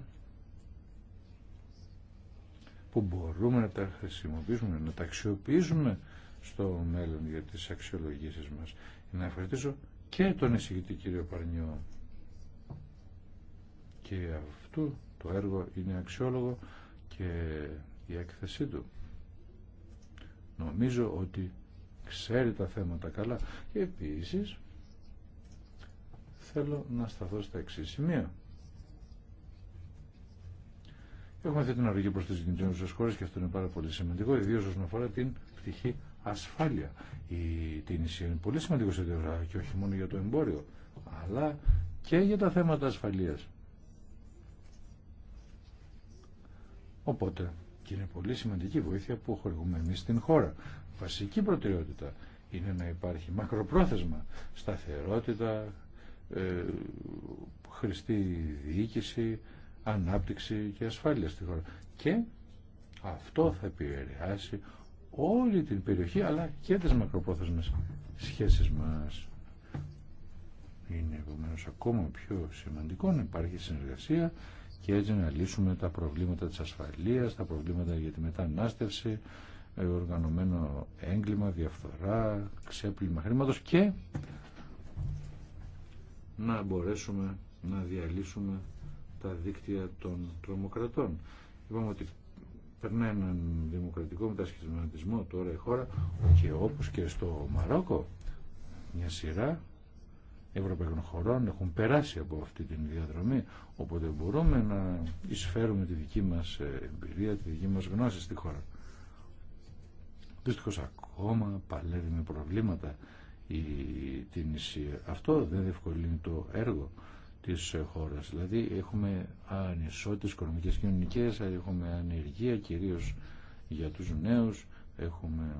που μπορούμε να τα χρησιμοποιήσουμε, να τα αξιοποιήσουμε στο μέλλον για τις αξιολογήσεις μας. Να ευχαριστήσω και τον εισηγητή κύριο Παρνιό και το έργο είναι αξιόλογο και η έκθεσή του. Νομίζω ότι ξέρει τα θέματα καλά και επίσης θέλω να σταθώ στα εξή σημεία. Έχουμε αυτή την αρρωγή προς τις γενικέ χώρες και αυτό είναι πάρα πολύ σημαντικό, ιδίως όσον αφορά την πτυχή ασφάλεια. Η τίνηση είναι πολύ σημαντικό σε και όχι μόνο για το εμπόριο, αλλά και για τα θέματα ασφαλείας. Οπότε, και είναι πολύ σημαντική βοήθεια που χορηγούμε εμείς στην χώρα. Βασική προτεραιότητα είναι να υπάρχει μακροπρόθεσμα σταθερότητα, ε, χρηστή διοίκηση, ανάπτυξη και ασφάλεια στη χώρα. Και αυτό θα επηρεάσει όλη την περιοχή αλλά και τις μακροπρόθεσμες σχέσεις μας. Είναι επομένως ακόμα πιο σημαντικό να υπάρχει συνεργασία και έτσι να λύσουμε τα προβλήματα της ασφαλείας, τα προβλήματα για τη μετανάστευση, ε, οργανωμένο έγκλημα, διαφθορά, ξέπλυμα χρήματος και να μπορέσουμε να διαλύσουμε τα δίκτυα των τρομοκρατών. Είπαμε ότι περνάει έναν δημοκρατικό μετασχηματισμό τώρα η χώρα και όπως και στο Μαρόκο μια σειρά ευρωπαϊκών χωρών έχουν περάσει από αυτή την διαδρομή οπότε μπορούμε να εισφέρουμε τη δική μας ε, εμπειρία, τη δική μας γνώση στη χώρα. Δυστυχώς ακόμα παλεύει με προβλήματα η νησία. Αυτό δεν διευκολύνει το έργο της ε, χώρας. Δηλαδή έχουμε ανισότητες οικονομικές και κοινωνικές, έχουμε ανεργία κυρίως για τους νέους, έχουμε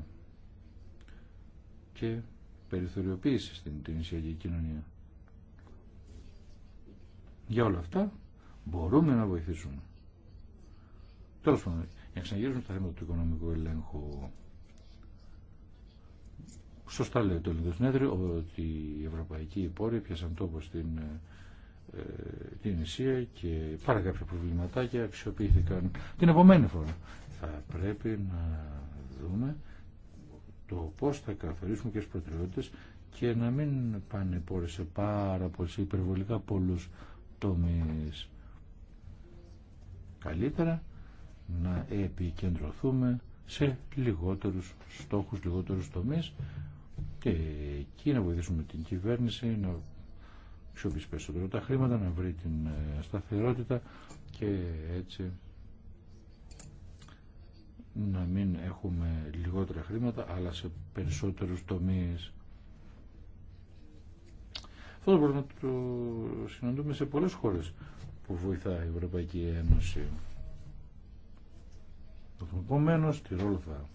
και περιθωριοποίηση στην Τινησιακή κοινωνία. Για όλα αυτά μπορούμε να βοηθήσουμε. Τέλος πάντων, για να ξαναγυρίσουμε τα θέματα του οικονομικού ελέγχου, σωστά λέει το Ελληνικό Συνέδριο ότι οι ευρωπαϊκοί υπόροι πιάσαν τόπο στην ε, ε, την Ισία και πάρα κάποια προβληματάκια αξιοποιήθηκαν την επόμενη φορά. Θα πρέπει να δούμε το πώς θα καθορίσουμε και τις προτεραιότητες και να μην πάνε πόρε σε πάρα πολλές υπερβολικά πολλούς τομείς. Καλύτερα να επικεντρωθούμε σε λιγότερους στόχους, λιγότερους τομείς και εκεί να βοηθήσουμε την κυβέρνηση να αξιοποιήσει περισσότερο τα χρήματα, να βρει την ε, σταθερότητα και έτσι να μην έχουμε λιγότερα χρήματα αλλά σε περισσότερους τομείς. Αυτό το να το συναντούμε σε πολλές χώρες που βοηθά η Ευρωπαϊκή Ένωση. Επομένως, τη ρόλο θα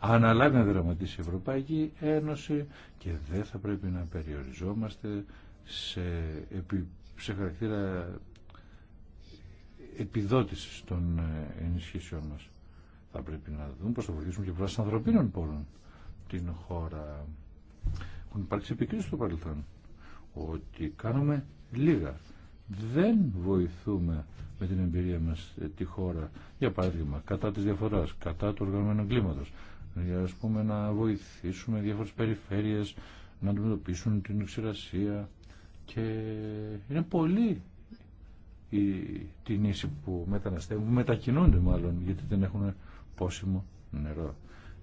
αναλάβει να δραματίσει η Ευρωπαϊκή Ένωση και δεν θα πρέπει να περιοριζόμαστε σε, χαρακτήρα επιδότησης των ε, ενισχύσεων μας. Θα πρέπει να δούμε πώς θα βοηθήσουμε και πλάσεις ανθρωπίνων πόλων την χώρα. Έχουν υπάρξει επικρίσεις στο παρελθόν ότι κάνουμε λίγα. Δεν βοηθούμε με την εμπειρία μας ε, τη χώρα, για παράδειγμα, κατά της διαφοράς, κατά του οργανωμένου κλίματος, για ας να βοηθήσουμε διάφορες περιφέρειες να αντιμετωπίσουν την εξηρασία και είναι πολύ η την που μεταναστεύουν, μετακινούνται μάλλον γιατί δεν έχουν πόσιμο νερό.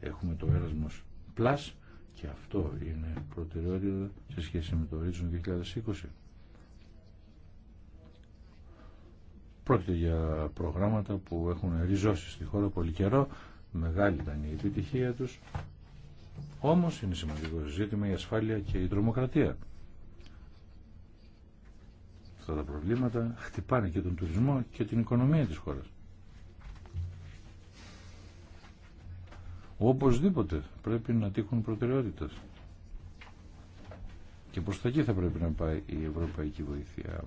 Έχουμε το Erasmus Plus και αυτό είναι προτεραιότητα σε σχέση με το Horizon 2020. Πρόκειται για προγράμματα που έχουν ριζώσει στη χώρα πολύ καιρό, μεγάλη ήταν η επιτυχία τους, όμως είναι σημαντικό ζήτημα η ασφάλεια και η τρομοκρατία. Αυτά τα προβλήματα χτυπάνε και τον τουρισμό και την οικονομία της χώρας. Οπωσδήποτε πρέπει να τύχουν προτεραιότητες. Και προς τα εκεί θα πρέπει να πάει η ευρωπαϊκή βοήθεια.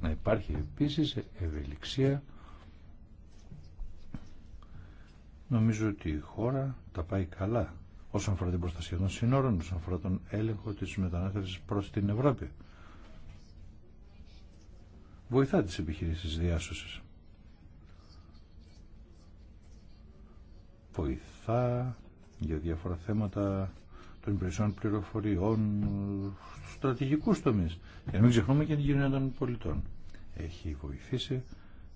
Να υπάρχει επίσης ευελιξία. Νομίζω ότι η χώρα τα πάει καλά όσον αφορά την προστασία των συνόρων, όσον αφορά τον έλεγχο της μετανάστευσης προς την Ευρώπη. Βοηθά τις επιχειρήσεις διάσωσης. βοηθά για διάφορα θέματα των υπηρεσιών πληροφοριών, στρατηγικούς τομείς. Για να μην ξεχνούμε και την κοινωνία των πολιτών. Έχει βοηθήσει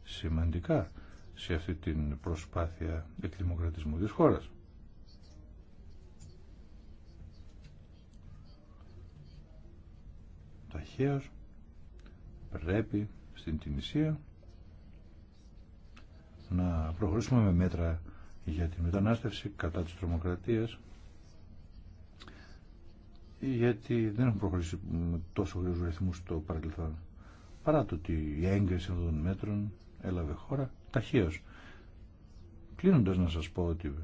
σημαντικά σε αυτή την προσπάθεια εκδημοκρατισμού της χώρας. Ταχαίως πρέπει στην Τινησία να προχωρήσουμε με μέτρα για τη μετανάστευση κατά της τρομοκρατίας γιατί δεν έχουν προχωρήσει με τόσο γρήγορους ρυθμού στο παρελθόν παρά το ότι η έγκριση αυτών των μέτρων έλαβε χώρα ταχαίως. Κλείνοντας να σας πω ότι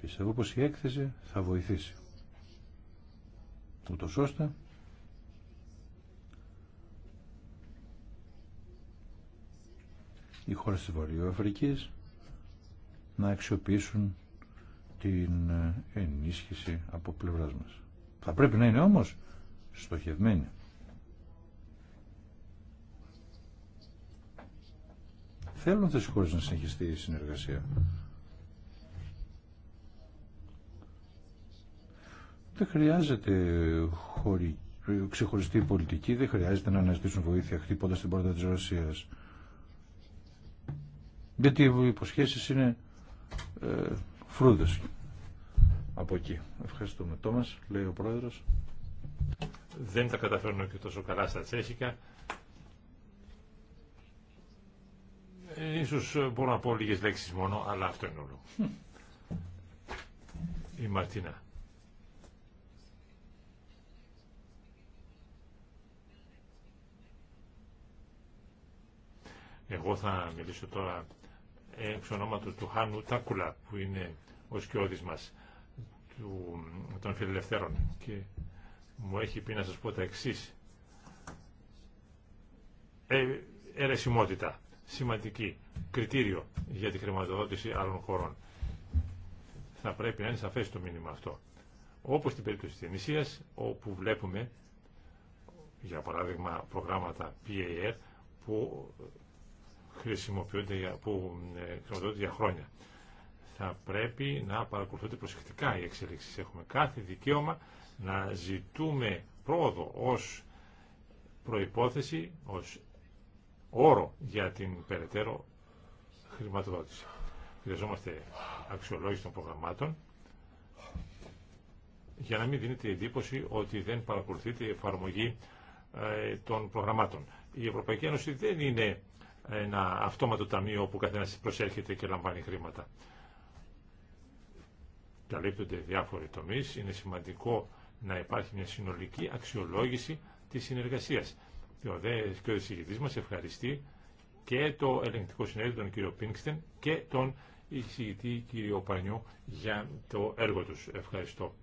πιστεύω πως η έκθεση θα βοηθήσει. Ούτως ώστε οι χώρες της Βορειοαφρικής να αξιοποιήσουν την ε, ενίσχυση από πλευράς μας. Θα πρέπει να είναι όμως στοχευμένη. Θέλουν τις χώρες να συνεχιστεί η συνεργασία. Δεν χρειάζεται χωρί ξεχωριστή πολιτική, δεν χρειάζεται να αναζητήσουν βοήθεια χτύποντας την πόρτα της Ρωσίας. Γιατί οι υποσχέσεις είναι ε, φρούδες από εκεί. Ευχαριστούμε. Τόμας, λέει ο πρόεδρος. Δεν τα καταφέρνω και τόσο καλά στα τσέχικα. Ε, ίσως μπορώ να πω λίγες λέξεις μόνο, αλλά αυτό είναι όλο. Η Μαρτίνα. Εγώ θα μιλήσω τώρα εξ ονόματος του Χάνου Τάκουλα που είναι ο σκιώδης μας του, των φιλελευθέρων και μου έχει πει να σας πω τα εξής ε, ερεσιμότητα σημαντική κριτήριο για τη χρηματοδότηση άλλων χωρών θα πρέπει να είναι σαφές το μήνυμα αυτό όπως στην περίπτωση της Ενησίας όπου βλέπουμε για παράδειγμα προγράμματα PAR που χρησιμοποιούνται, που ε, χρηματοδοτούνται για χρόνια. Θα πρέπει να παρακολουθούνται προσεκτικά οι εξελίξεις. Έχουμε κάθε δικαίωμα να ζητούμε πρόοδο ως προϋπόθεση, ως όρο για την περαιτέρω χρηματοδότηση. Χρειαζόμαστε αξιολόγηση των προγραμμάτων για να μην δίνεται εντύπωση ότι δεν παρακολουθείται η εφαρμογή ε, των προγραμμάτων. Η Ευρωπαϊκή Ένωση δεν είναι ένα αυτόματο ταμείο όπου καθένας προσέρχεται και λαμβάνει χρήματα. Καλύπτονται διάφοροι τομεί. Είναι σημαντικό να υπάρχει μια συνολική αξιολόγηση της συνεργασίας. Και ο δε μα ευχαριστεί και το ελεγκτικό συνέδριο τον κύριο Πίνξτεν και τον εισηγητή κύριο Πανιού για το έργο τους. Ευχαριστώ.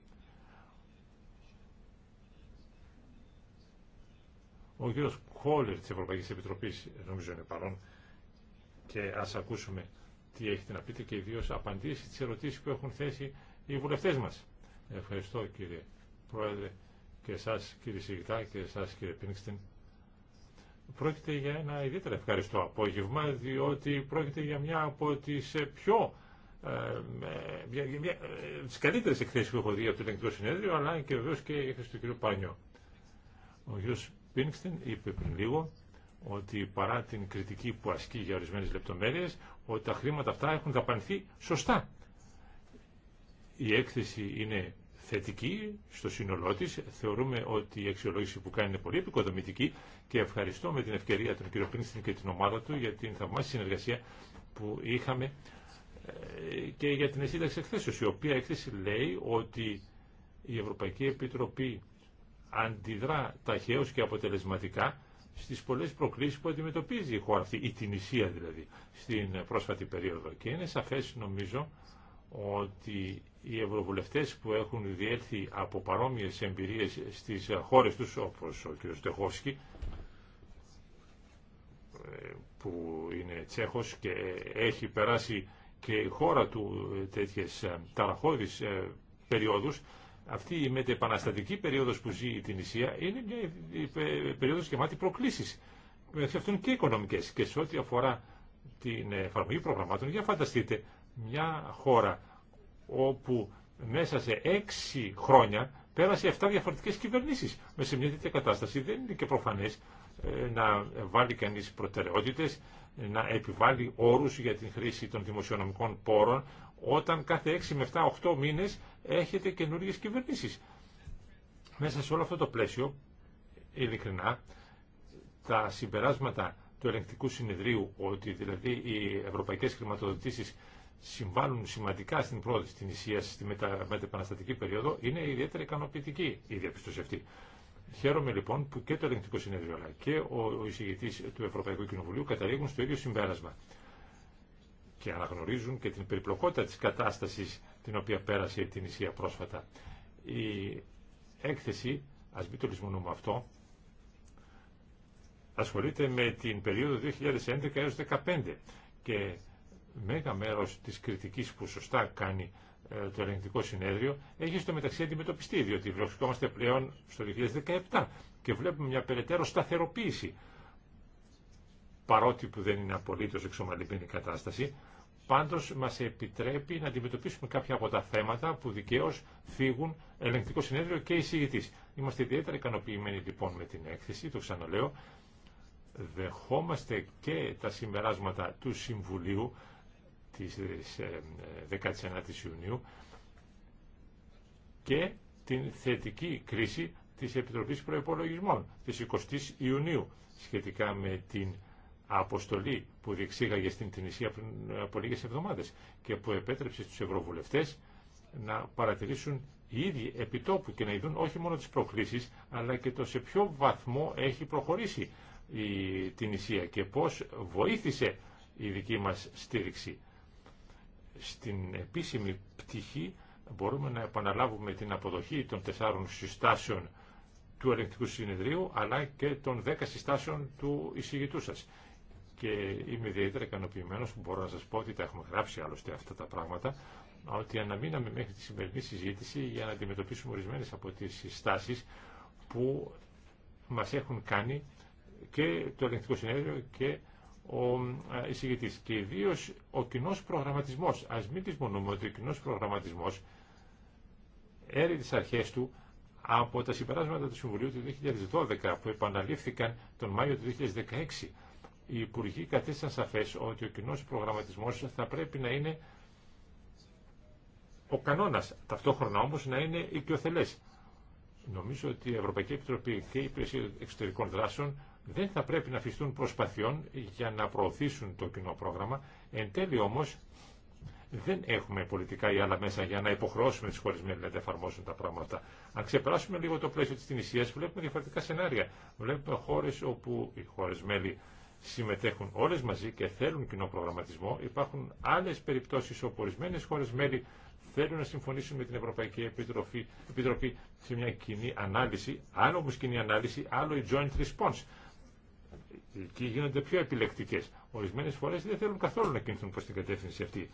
Ο κύριος Κόλλερ της Ευρωπαϊκής Επιτροπής νομίζω είναι παρόν και ας ακούσουμε τι έχετε να πείτε και ιδίως απαντήσει τις ερωτήσεις που έχουν θέσει οι βουλευτές μας. Ευχαριστώ κύριε Πρόεδρε και εσάς κύριε Σιγητά και εσάς κύριε Πίνξτεν. Πρόκειται για ένα ιδιαίτερα ευχαριστώ απόγευμα διότι πρόκειται για μια από τις ε, πιο ε, μια, ε, τις καλύτερες που έχω δει από το ελεγκτικό συνέδριο αλλά και βεβαίω και η έκθεση του Πάνιο. Ο Πίνξτεν είπε πριν λίγο ότι παρά την κριτική που ασκεί για ορισμένε λεπτομέρειες, ότι τα χρήματα αυτά έχουν δαπανηθεί σωστά. Η έκθεση είναι θετική στο σύνολό τη. Θεωρούμε ότι η αξιολόγηση που κάνει είναι πολύ επικοδομητική και ευχαριστώ με την ευκαιρία τον κύριο Πίνξτεν και την ομάδα του για την θαυμάσια συνεργασία που είχαμε ε, και για την εσύνταξη εκθέσεως, η οποία έκθεση λέει ότι η Ευρωπαϊκή Επιτροπή αντιδρά ταχαίως και αποτελεσματικά στις πολλές προκλήσεις που αντιμετωπίζει η χώρα αυτή, η Τινησία δηλαδή, στην πρόσφατη περίοδο. Και είναι σαφές νομίζω ότι οι ευρωβουλευτές που έχουν διέλθει από παρόμοιες εμπειρίες στις χώρες τους, όπως ο κ. Στεχόσκι, που είναι Τσέχος και έχει περάσει και η χώρα του τέτοιες ταραχώδεις ε, περιόδους, αυτή η μετεπαναστατική περίοδος που ζει η Τινησία είναι μια ε, περίοδος γεμάτη προκλήσεις. Μεταξύ αυτών και οικονομικές και σε ό,τι αφορά την εφαρμογή προγραμμάτων. Για φανταστείτε μια χώρα όπου μέσα σε έξι χρόνια πέρασε 7 διαφορετικές κυβερνήσεις. Με σε μια τέτοια κατάσταση δεν είναι και προφανές ε, να βάλει κανείς προτεραιότητες, να επιβάλλει όρους για την χρήση των δημοσιονομικών πόρων, όταν κάθε 6 με 7, 8 μήνες έχετε καινούργιες κυβερνήσεις. Μέσα σε όλο αυτό το πλαίσιο, ειλικρινά, τα συμπεράσματα του ελεγκτικού συνεδρίου, ότι δηλαδή οι ευρωπαϊκές χρηματοδοτήσεις συμβάλλουν σημαντικά στην πρόοδο τη νησία στη μετα... περίοδο, είναι ιδιαίτερα ικανοποιητική η διαπίστωση αυτή. Χαίρομαι λοιπόν που και το ελεγκτικό συνέδριο αλλά και ο εισηγητή του Ευρωπαϊκού Κοινοβουλίου καταλήγουν στο ίδιο συμπέρασμα και αναγνωρίζουν και την περιπλοκότητα της κατάστασης την οποία πέρασε την Ισία πρόσφατα. Η έκθεση, ας μην το λησμονούμε αυτό, ασχολείται με την περίοδο 2011 έως 2015 και μέγα μέρος της κριτικής που σωστά κάνει ε, το ελεγκτικό συνέδριο έχει στο μεταξύ αντιμετωπιστεί, διότι βρισκόμαστε πλέον στο 2017 και βλέπουμε μια περαιτέρω σταθεροποίηση παρότι που δεν είναι απολύτως εξομαλυμένη κατάσταση, πάντως μας επιτρέπει να αντιμετωπίσουμε κάποια από τα θέματα που δικαίως φύγουν ελεγκτικό συνέδριο και εισηγητής. Είμαστε ιδιαίτερα ικανοποιημένοι λοιπόν με την έκθεση, το ξαναλέω, δεχόμαστε και τα συμπεράσματα του Συμβουλίου της 19 ε, ε, η Ιουνίου και την θετική κρίση της Επιτροπής Προϋπολογισμών της 20ης Ιουνίου σχετικά με την αποστολή που διεξήγαγε στην Τινησία πριν ε, από λίγε εβδομάδες και που επέτρεψε στους ευρωβουλευτές να παρατηρήσουν οι ίδιοι επιτόπου και να ειδούν όχι μόνο τις προκλήσεις αλλά και το σε ποιο βαθμό έχει προχωρήσει η Τινησία και πώς βοήθησε η δική μας στήριξη. Στην επίσημη πτυχή μπορούμε να επαναλάβουμε την αποδοχή των τεσσάρων συστάσεων του Ελεκτικού συνεδρίου αλλά και των δέκα συστάσεων του εισηγητού σας και είμαι ιδιαίτερα ικανοποιημένο που μπορώ να σα πω ότι τα έχουμε γράψει άλλωστε αυτά τα πράγματα, ότι αναμείναμε μέχρι τη σημερινή συζήτηση για να αντιμετωπίσουμε ορισμένε από τι συστάσει που μα έχουν κάνει και το ελεγκτικό συνέδριο και ο εισηγητή. Και ιδίω ο κοινό προγραμματισμό, α μην δυσμονούμε ότι ο κοινό προγραμματισμό έρει τι αρχέ του από τα συμπεράσματα του Συμβουλίου του 2012 που επαναλήφθηκαν τον Μάιο του 2016 οι υπουργοί κατέστησαν σαφέ ότι ο κοινό προγραμματισμό θα πρέπει να είναι ο κανόνα ταυτόχρονα όμω να είναι οικειοθελές. Νομίζω ότι η Ευρωπαϊκή Επιτροπή και η Υπηρεσία Εξωτερικών Δράσεων δεν θα πρέπει να αφιστούν προσπαθειών για να προωθήσουν το κοινό πρόγραμμα. Εν τέλει όμω, δεν έχουμε πολιτικά ή άλλα μέσα για να υποχρεώσουμε τι χώρε μέλη να τα εφαρμόσουν τα πράγματα. Αν ξεπεράσουμε λίγο το πλαίσιο τη Τινησία, βλέπουμε διαφορετικά σενάρια. Βλέπουμε χώρε όπου οι χώρε μέλη συμμετέχουν όλε μαζί και θέλουν κοινό προγραμματισμό. Υπάρχουν άλλε περιπτώσει όπου ορισμένε χώρε μέλη θέλουν να συμφωνήσουν με την Ευρωπαϊκή Επιτροπή, Επιτροπή σε μια κοινή ανάλυση, άλλο όμω κοινή ανάλυση, άλλο η joint response. Εκεί γίνονται πιο επιλεκτικές. Ορισμένε φορέ δεν θέλουν καθόλου να κινηθούν προ την κατεύθυνση αυτή.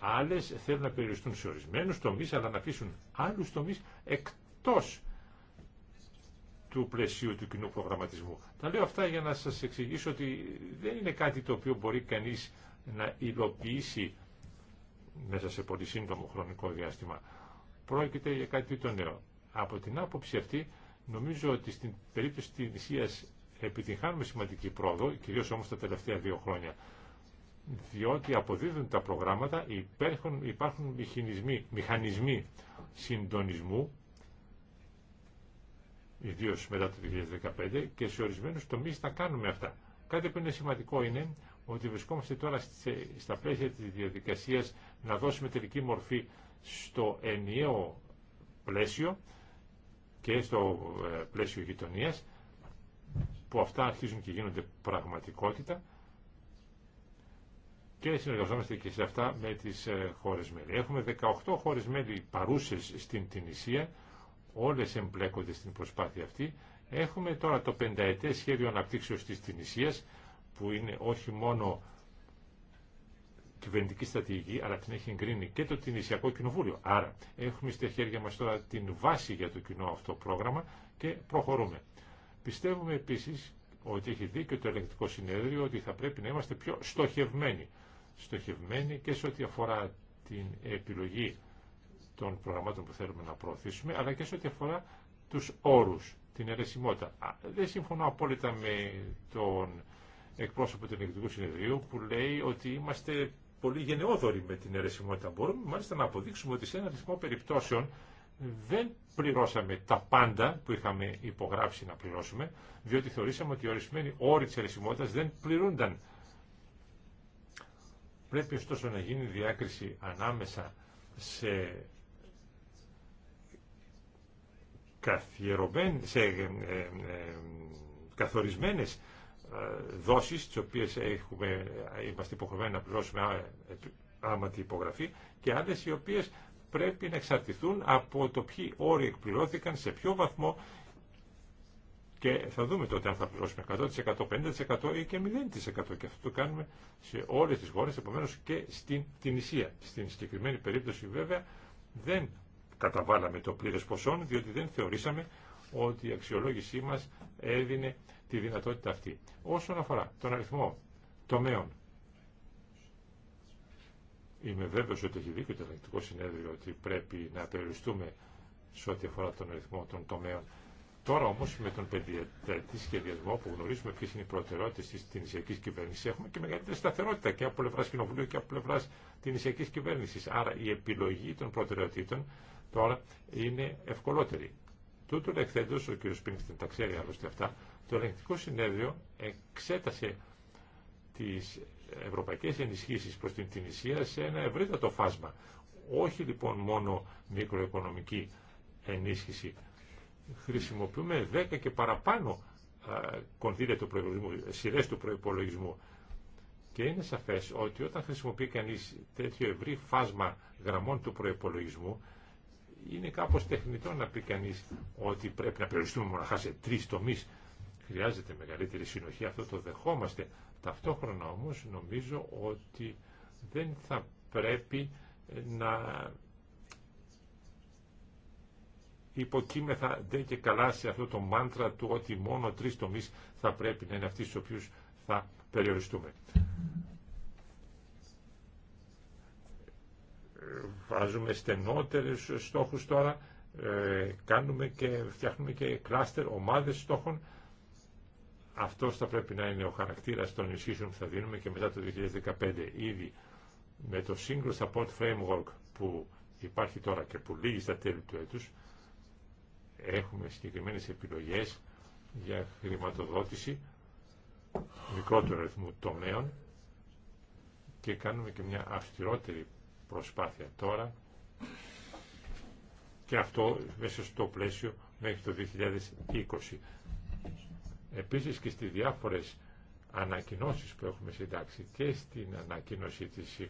Άλλε θέλουν να περιοριστούν σε ορισμένου τομεί, αλλά να αφήσουν άλλου τομεί εκτό του πλαισίου του κοινού προγραμματισμού. Τα λέω αυτά για να σας εξηγήσω ότι δεν είναι κάτι το οποίο μπορεί κανείς να υλοποιήσει μέσα σε πολύ σύντομο χρονικό διάστημα. Πρόκειται για κάτι το νέο. Από την άποψη αυτή, νομίζω ότι στην περίπτωση της νησίας επιτυγχάνουμε σημαντική πρόοδο, κυρίως όμως τα τελευταία δύο χρόνια. Διότι αποδίδουν τα προγράμματα, υπάρχουν, μηχανισμοί συντονισμού ιδίω μετά το 2015 και σε ορισμένου τομεί θα κάνουμε αυτά. Κάτι που είναι σημαντικό είναι ότι βρισκόμαστε τώρα στα πλαίσια της διαδικασία να δώσουμε τελική μορφή στο ενιαίο πλαίσιο και στο ε, πλαίσιο γειτονία που αυτά αρχίζουν και γίνονται πραγματικότητα και συνεργαζόμαστε και σε αυτά με τις ε, χώρες μέλη. Έχουμε 18 χώρες μέλη παρούσες στην Τινησία όλες εμπλέκονται στην προσπάθεια αυτή. Έχουμε τώρα το πενταετές σχέδιο αναπτύξεως της Τινησίας, που είναι όχι μόνο κυβερνητική στρατηγική, αλλά την έχει εγκρίνει και το Τινησιακό Κοινοβούλιο. Άρα έχουμε στα χέρια μας τώρα την βάση για το κοινό αυτό πρόγραμμα και προχωρούμε. Πιστεύουμε επίσης ότι έχει δίκιο το ελεγκτικό συνέδριο ότι θα πρέπει να είμαστε πιο στοχευμένοι. Στοχευμένοι και σε ό,τι αφορά την επιλογή των προγραμμάτων που θέλουμε να προωθήσουμε, αλλά και σε ό,τι αφορά του όρου, την αιρεσιμότητα. Δεν συμφωνώ απόλυτα με τον εκπρόσωπο του Ενεκτικού Συνεδρίου που λέει ότι είμαστε πολύ γενναιόδοροι με την αιρεσιμότητα. Μπορούμε μάλιστα να αποδείξουμε ότι σε ένα αριθμό περιπτώσεων δεν πληρώσαμε τα πάντα που είχαμε υπογράψει να πληρώσουμε, διότι θεωρήσαμε ότι ορισμένοι όροι τη αιρεσιμότητας δεν πληρούνταν. Πρέπει ωστόσο να γίνει διάκριση ανάμεσα σε καθιερωμένες, σε ε, ε, καθορισμένες ε, δόσεις, τις οποίες έχουμε, είμαστε υποχρεωμένοι να πληρώσουμε άμα τη υπογραφή, και άλλες οι οποίες πρέπει να εξαρτηθούν από το ποιοι όροι εκπληρώθηκαν, σε ποιο βαθμό και θα δούμε τότε αν θα πληρώσουμε 100%, 50% ή και 0%. Και αυτό το κάνουμε σε όλες τις χώρες, επομένως και στην Τινησία. Στην συγκεκριμένη περίπτωση βέβαια δεν καταβάλαμε το πλήρες ποσό, διότι δεν θεωρήσαμε ότι η αξιολόγησή μας έδινε τη δυνατότητα αυτή. Όσον αφορά τον αριθμό τομέων, είμαι βέβαιος ότι έχει δίκιο το Ελεκτικό συνέδριο ότι πρέπει να περιοριστούμε σε ό,τι αφορά τον αριθμό των τομέων. Τώρα όμως με τον πεντιετή σχεδιασμό που γνωρίζουμε ποιες είναι οι προτεραιότητες της νησιακής κυβέρνησης έχουμε και μεγαλύτερη σταθερότητα και από πλευράς κοινοβουλίου και από πλευράς της νησιακής κυβέρνησης. Άρα η επιλογή των προτεραιοτήτων τώρα είναι ευκολότερη. Τούτου εκθέτω, ο κ. Σπίνξτεν τα ξέρει άλλωστε αυτά, το ελεγκτικό συνέδριο εξέτασε τι ευρωπαϊκέ ενισχύσει προς την Τινησία σε ένα ευρύτατο φάσμα. Όχι λοιπόν μόνο μικροοικονομική ενίσχυση. Χρησιμοποιούμε 10 και παραπάνω κονδύλια του προϋπολογισμού, σειρές του προϋπολογισμού. Και είναι σαφές ότι όταν χρησιμοποιεί κανείς τέτοιο ευρύ φάσμα γραμμών του προϋπολογισμού, είναι κάπως τεχνητό να πει κανείς ότι πρέπει να περιοριστούμε μοναχά σε τρεις τομείς. Χρειάζεται μεγαλύτερη συνοχή, αυτό το δεχόμαστε. Ταυτόχρονα όμως νομίζω ότι δεν θα πρέπει να υποκείμεθα δεν και καλά σε αυτό το μάντρα του ότι μόνο τρεις τομείς θα πρέπει να είναι αυτοί στους οποίους θα περιοριστούμε. βάζουμε στενότερες στόχους τώρα, ε, κάνουμε και φτιάχνουμε και κλάστερ, ομάδες στόχων. Αυτό θα πρέπει να είναι ο χαρακτήρας των ισχύσεων που θα δίνουμε και μετά το 2015 ήδη με το Single Support Framework που υπάρχει τώρα και που λύγει στα τέλη του έτους έχουμε συγκεκριμένες επιλογές για χρηματοδότηση μικρότερου αριθμού τομέων και κάνουμε και μια αυστηρότερη προσπάθεια τώρα και αυτό μέσα στο πλαίσιο μέχρι το 2020. Επίσης και στις διάφορες ανακοινώσεις που έχουμε συντάξει και στην ανακοίνωση της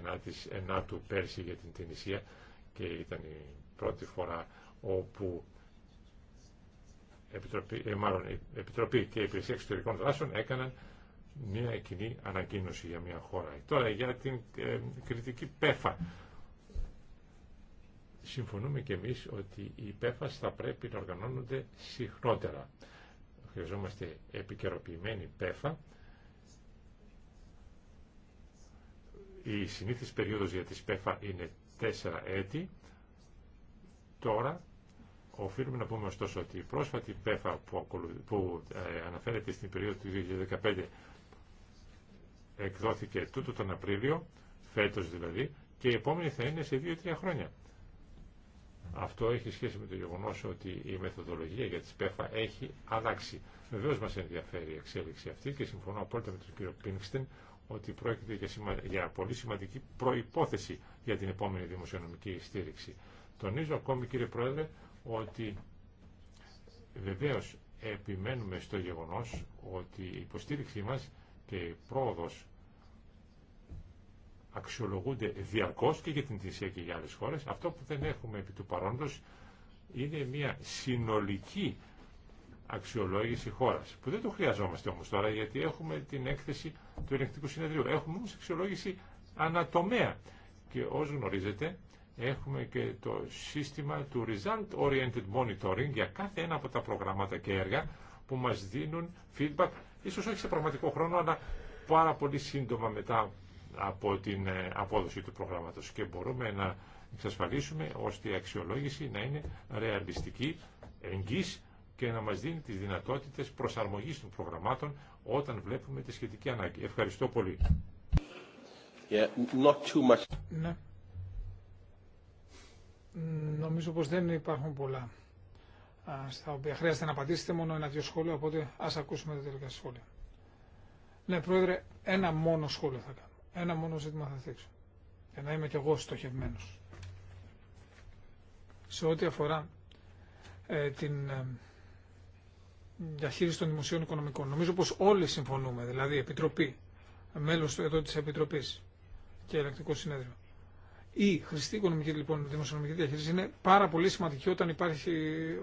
29ης Ενάτου πέρσι για την Τινησία και ήταν η πρώτη φορά όπου Επιτροπή, ε, μάλλον, Επιτροπή και η Υπηρεσία Εξωτερικών Δράσεων έκαναν μια κοινή ανακοίνωση για μια χώρα. Τώρα για την ε, κριτική ΠΕΦΑ. Συμφωνούμε και εμείς ότι οι πέφα θα πρέπει να οργανώνονται συχνότερα. Χρειαζόμαστε επικαιροποιημένη ΠΕΦΑ. Η συνήθις περίοδος για τις ΠΕΦΑ είναι τέσσερα έτη. Τώρα οφείλουμε να πούμε ωστόσο ότι η πρόσφατη ΠΕΦΑ που, που ε, αναφέρεται στην περίοδο του 2015 εκδόθηκε τούτο τον Απρίλιο, φέτος δηλαδή, και η επόμενη θα είναι σε 2-3 χρόνια. Αυτό έχει σχέση με το γεγονό ότι η μεθοδολογία για τις ΠΕΦΑ έχει αλλάξει. Βεβαίω μα ενδιαφέρει η εξέλιξη αυτή και συμφωνώ απόλυτα με τον κύριο Πίνξτεν ότι πρόκειται για, σημα... για πολύ σημαντική προπόθεση για την επόμενη δημοσιονομική στήριξη. Τονίζω ακόμη κύριε Πρόεδρε ότι βεβαίω επιμένουμε στο γεγονό ότι η υποστήριξή μα και η πρόοδος αξιολογούνται διαρκώς και για την Τινσία και για άλλες χώρες. Αυτό που δεν έχουμε επί του παρόντος είναι μια συνολική αξιολόγηση χώρας, που δεν το χρειαζόμαστε όμως τώρα, γιατί έχουμε την έκθεση του ελεκτικού συνεδρίου. Έχουμε όμως αξιολόγηση ανατομέα. Και όσο γνωρίζετε, έχουμε και το σύστημα του Result Oriented Monitoring για κάθε ένα από τα προγράμματα και έργα που μας δίνουν feedback ίσως όχι σε πραγματικό χρόνο, αλλά πάρα πολύ σύντομα μετά από την ε, απόδοση του προγράμματος και μπορούμε να εξασφαλίσουμε ώστε η αξιολόγηση να είναι ρεαλιστική, εγγύς και να μας δίνει τις δυνατότητες προσαρμογής των προγραμμάτων όταν βλέπουμε τη σχετική ανάγκη. Ευχαριστώ πολύ. Yeah, not too much. Ναι. Νομίζω πως δεν υπάρχουν πολλά στα οποία χρειάζεται να απαντήσετε μόνο ένα-δυο σχόλια, οπότε ας ακούσουμε τα τελικά σχόλια. Ναι, Πρόεδρε, ένα μόνο σχόλιο θα κάνω. Ένα μόνο ζήτημα θα θέξω. Για να είμαι κι εγώ στοχευμένος. Σε ό,τι αφορά ε, την ε, διαχείριση των δημοσίων οικονομικών. Νομίζω πως όλοι συμφωνούμε, δηλαδή Επιτροπή, μέλος εδώ της Επιτροπής και Ελεκτικό Συνέδριο. Η χρηστή οικονομική λοιπόν δημοσιονομική διαχείριση είναι πάρα πολύ σημαντική όταν, υπάρχει,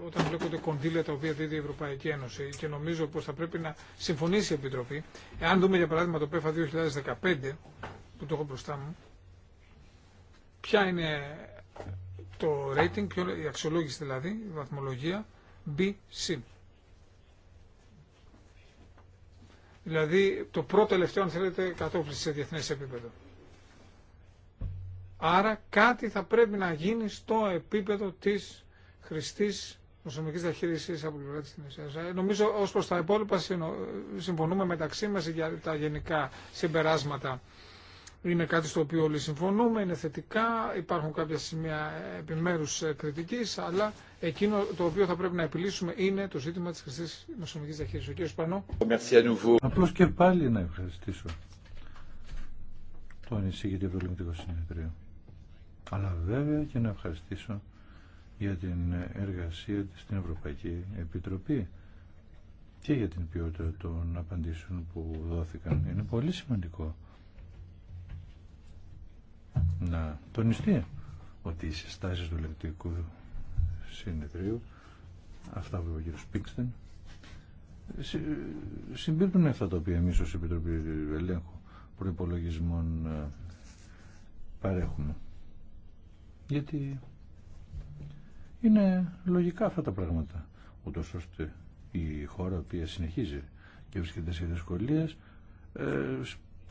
όταν βλέπονται κονδύλια τα οποία δίδει η Ευρωπαϊκή Ένωση και νομίζω πως θα πρέπει να συμφωνήσει η Επιτροπή. Εάν δούμε για παράδειγμα το ΠΕΦΑ 2015 που το έχω μπροστά μου, ποια είναι το rating, ποιο, η αξιολόγηση δηλαδή, η βαθμολογία BC. Δηλαδή το πρώτο τελευταίο αν θέλετε κατόφληση σε διεθνές επίπεδο. Άρα κάτι θα πρέπει να γίνει στο επίπεδο της χρηστής νοσομικής διαχείρισης από πλευρά της Τινησίας. Ε, νομίζω ως προς τα υπόλοιπα συμφωνούμε μεταξύ μας για τα γενικά συμπεράσματα. Είναι κάτι στο οποίο όλοι συμφωνούμε, είναι θετικά, υπάρχουν κάποια σημεία επιμέρους ε, κριτικής, αλλά εκείνο το οποίο θα πρέπει να επιλύσουμε είναι το ζήτημα της χρηστής νοσομικής διαχείρισης. Ο κ. Σπανό. Απλώς και πάλι να ευχαριστήσω το αλλά βέβαια και να ευχαριστήσω για την εργασία της στην Ευρωπαϊκή Επιτροπή και για την ποιότητα των απαντήσεων που δόθηκαν. Είναι πολύ σημαντικό να τονιστεί ότι οι συστάσεις του λεπτικού συνεδρίου αυτά που είπε ο κ. Πίξτεν συμπίπτουν αυτά τα οποία εμείς ως Επιτροπή Ελέγχου Προϋπολογισμών ε, παρέχουμε. Γιατί είναι λογικά αυτά τα πράγματα. Ούτω ώστε η χώρα η συνεχίζει και βρίσκεται σε δυσκολίε, ε,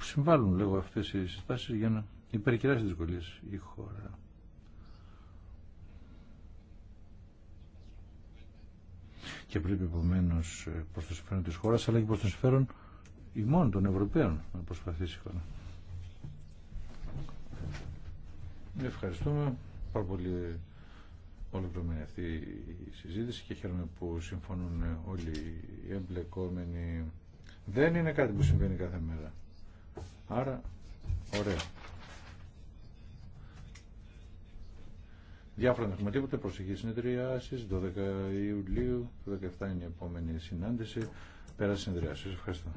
συμβάλλουν λίγο αυτέ οι συστάσει για να υπερκυράσει τι δυσκολίε η χώρα. Και πρέπει επομένω ε, προ το συμφέρον τη χώρα αλλά και προ το συμφέρον ημών των Ευρωπαίων να προσπαθήσει η χώρα. Ευχαριστούμε πάρα πολύ ολοκληρωμένη αυτή η συζήτηση και χαίρομαι που συμφωνούν όλοι οι εμπλεκόμενοι. Δεν είναι κάτι που συμβαίνει κάθε μέρα. Άρα, ωραία. Διάφορα ενεχματίποτε, προσεχή συνεδριάσεις, 12 Ιουλίου, 17 είναι η επόμενη συνάντηση, πέρα συνεδριάσεις. Ευχαριστώ.